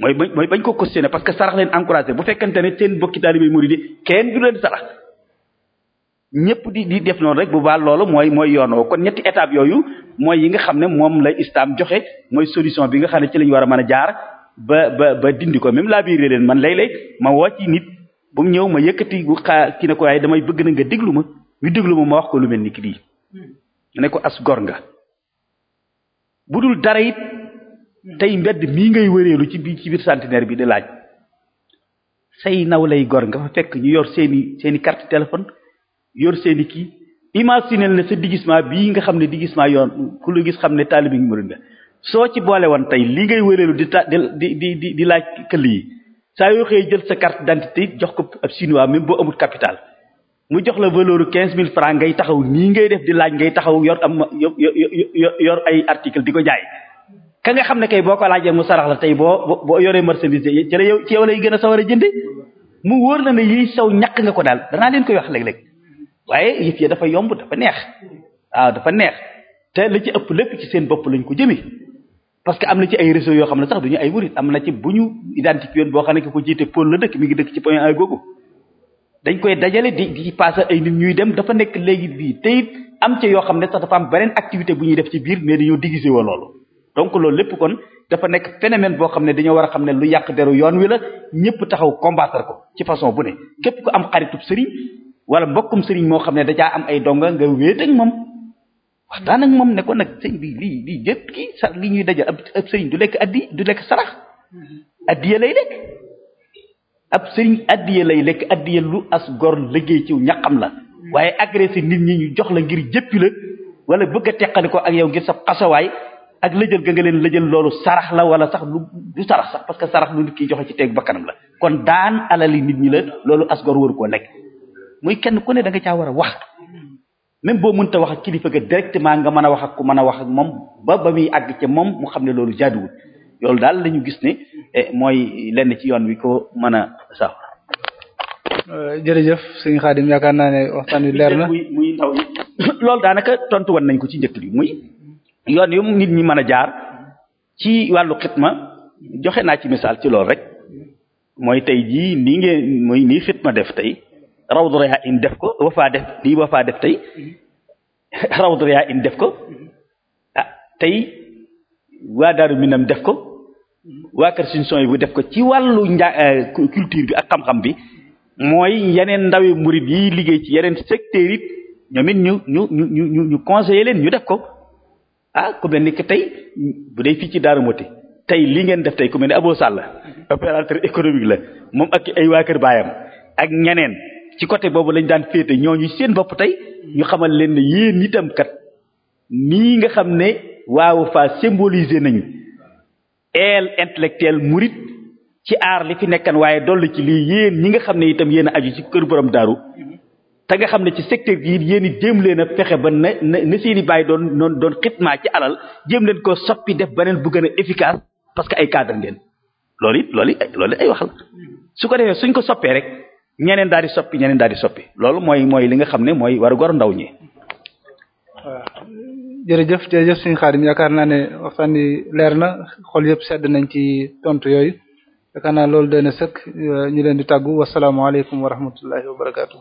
mooy bañ mooy bañ ko cautionné parce que sarax leen encouragé bu fekkente ne seen bokki di muridi kenn du leen sarax ñëpp di di def noonu rek bu baal loolu mooy mooy yoonoo kon ñetti étape yooyu mooy yi nga xam ne moom lay islam joxe mooy solution bi nga xam ne ci lañ war a mën a jaar ba ba ba dindi ko même laa biiree leen ma woo ci ba ñëw ma yëkkati gu xaa ki ne ko waaye damay bëgg na nga déglu ma ñu déglu ma ma wax ko lu mel ni ki hmm. ne ko as gor nga bu dul dara it hmm. tey mbedd mii ngay wëreelu ci biir ci biir centenaire bi di laaj say naw lay gor nga fa fekk ñu yor seeni seeni carte téléphone yor seeni kii imaginel ne sa diggisement bi nga xam ne diggisement yoon ku lu gis xam ne taalibi ngi murid nga soo ci boole woon tey li ngay wëreelu di ta di di di di laaj këll yi saa yoo xëy jël sa carte d'identité jox ko ab chinois même boo amul capital mu jox la valeur quinze mille francs ngay taxaw nii ngay def di laaj ngay taxaw yor am yor ay article di ko jaay ka nga xam ne kay boo ko laajee mu sarax la tey boo boo yoree marchandise ci la yow ci yow lay gën a sawar a jënde mu wóor na ne yiy saw ñàkk nga ko daal danaa leen koy wax léeg-léeg waaye yëf ya dafa yomb dafa neex waaw dafa neex te la ci ëpp lépp ci seen bopp lañ ko jëmee parce que am na ci ay réseau yoo xam ne sax duñu ay murit am na ci bu ñu identifié boo xam ne ko jiite pôle la dëkk mi ngi dëkk ci point googu dañ koy dajale di di passé ay nit ñuy dem dafa nekk léegi bii tey am ca yoo xam ne sax dafa am beneen activité bu ñuy def ci biir mais dañoo digisé woo loolu donc loolu lépp kon dafa nekk phénomène boo xam ne dañoo war a xam ne lu yàq deru yoon wi la ñëpp taxaw combattre ko ci façon bu ne képp ku am xaritub sëriñ wala mbokkum sëriñ moo xam ne dajaa am ay donga nga wéet ak moom waxtaan ak moom ne ko nag sëñ bi lii lii jëpp kii sa li ñuy dajal ab ab sëriñ du lekk addi du lekk sarax mm-hmm. addiya lay lekk ab sëriñ addiya lay lekk addiya lu as gor liggéey ci ñaqam la mm-hmm. waaye agressé nit ñi ñu jox la ngir jëppi la wala bëgg a teqali ko ak yow ngir sa xasawaay ak lëjël ga nga leen lëjël loolu sarax la wala sax lu du sarax sax parce sarax lu nit ki joxe ci teg bakkanam la kon daan alali nit ñi la loolu as gor waru koo lekk muy kenn ku ne da nga caa war a wax même boo mënta wax ak kilifa ga directement nga mën a wax ak ku mën a wax ak moom ba ba muy àgg ca moom mu xam ne loolu jaaduwul loolu daal lañu gis ne eh, mooy lenn ci yoon wi ko mën a sax. Euh, jërëjëf sëñ Xaadim yaakaar naa ne waxtaan wi leer na muy muy ndaw yi loolu daanaka tontu woon nañ ko ci njëkk bi muy yoon yu nit ñi mën a jaar ci wàllu xitma joxe naa ci misaal ci lool rek mooy tey jii nii ngeen mooy nii xitma def tey rawdu riyaahin def ko Wafa def lii Wafa def tey rawdu riyaahin def ko ah tey waa Daaru Minam def ko waa siñ son yi bu def ko ci wàllu nja eh, culture bi ak xam-xam bi mooy yeneen ndawi murid yi liggéey ci yeneen secteur it ñoom it ñu ñu ñu ñu ñu conseiller leen ñu def ko ah ku mel ni que tey bu dee fii ci Darou Moukhty tey lii ngeen def tey ku mel ni Abo Sall opérateur économique la moom ak ay waakër kër baayam ak ñeneen ci côté boobu lañ daan féete ñooñu seen bopp tey ñu xamal leen ne yéen itam kat nii nga xam ne waaw fa symboliser nañu el intellectuel murit ci aar li fi nekkan waaye dool dolli ci lii yéen ñi nga xam ne itam yéen a aju ci kër borom daaru te nga xam ne ci secteur gi yéen i jéem leen a fexe ba na na seen i bàyyi doon doon doon xitmaa ci alal jëm leen ko soppi def beneen bu gën a efficace parce que ay cadre ngeen loolu it loolu it ay wax su ko defee suñ ko soppee rek ñeneen daal di soppi ñeneen daal di soppi loolu mooy mooy li nga xam ne mooy war a gor ndaw ñi. waaw jërëjëf jërëjëf suñu xaadim yaakaar naa ne waxtaan yi leer na xool yëpp sedd nañ ci tontu yooyu yaakaar naa loolu dana sëkk ñu leen di tàggu wasalaamaaleykum wa rahmatullahi wa barakaatu.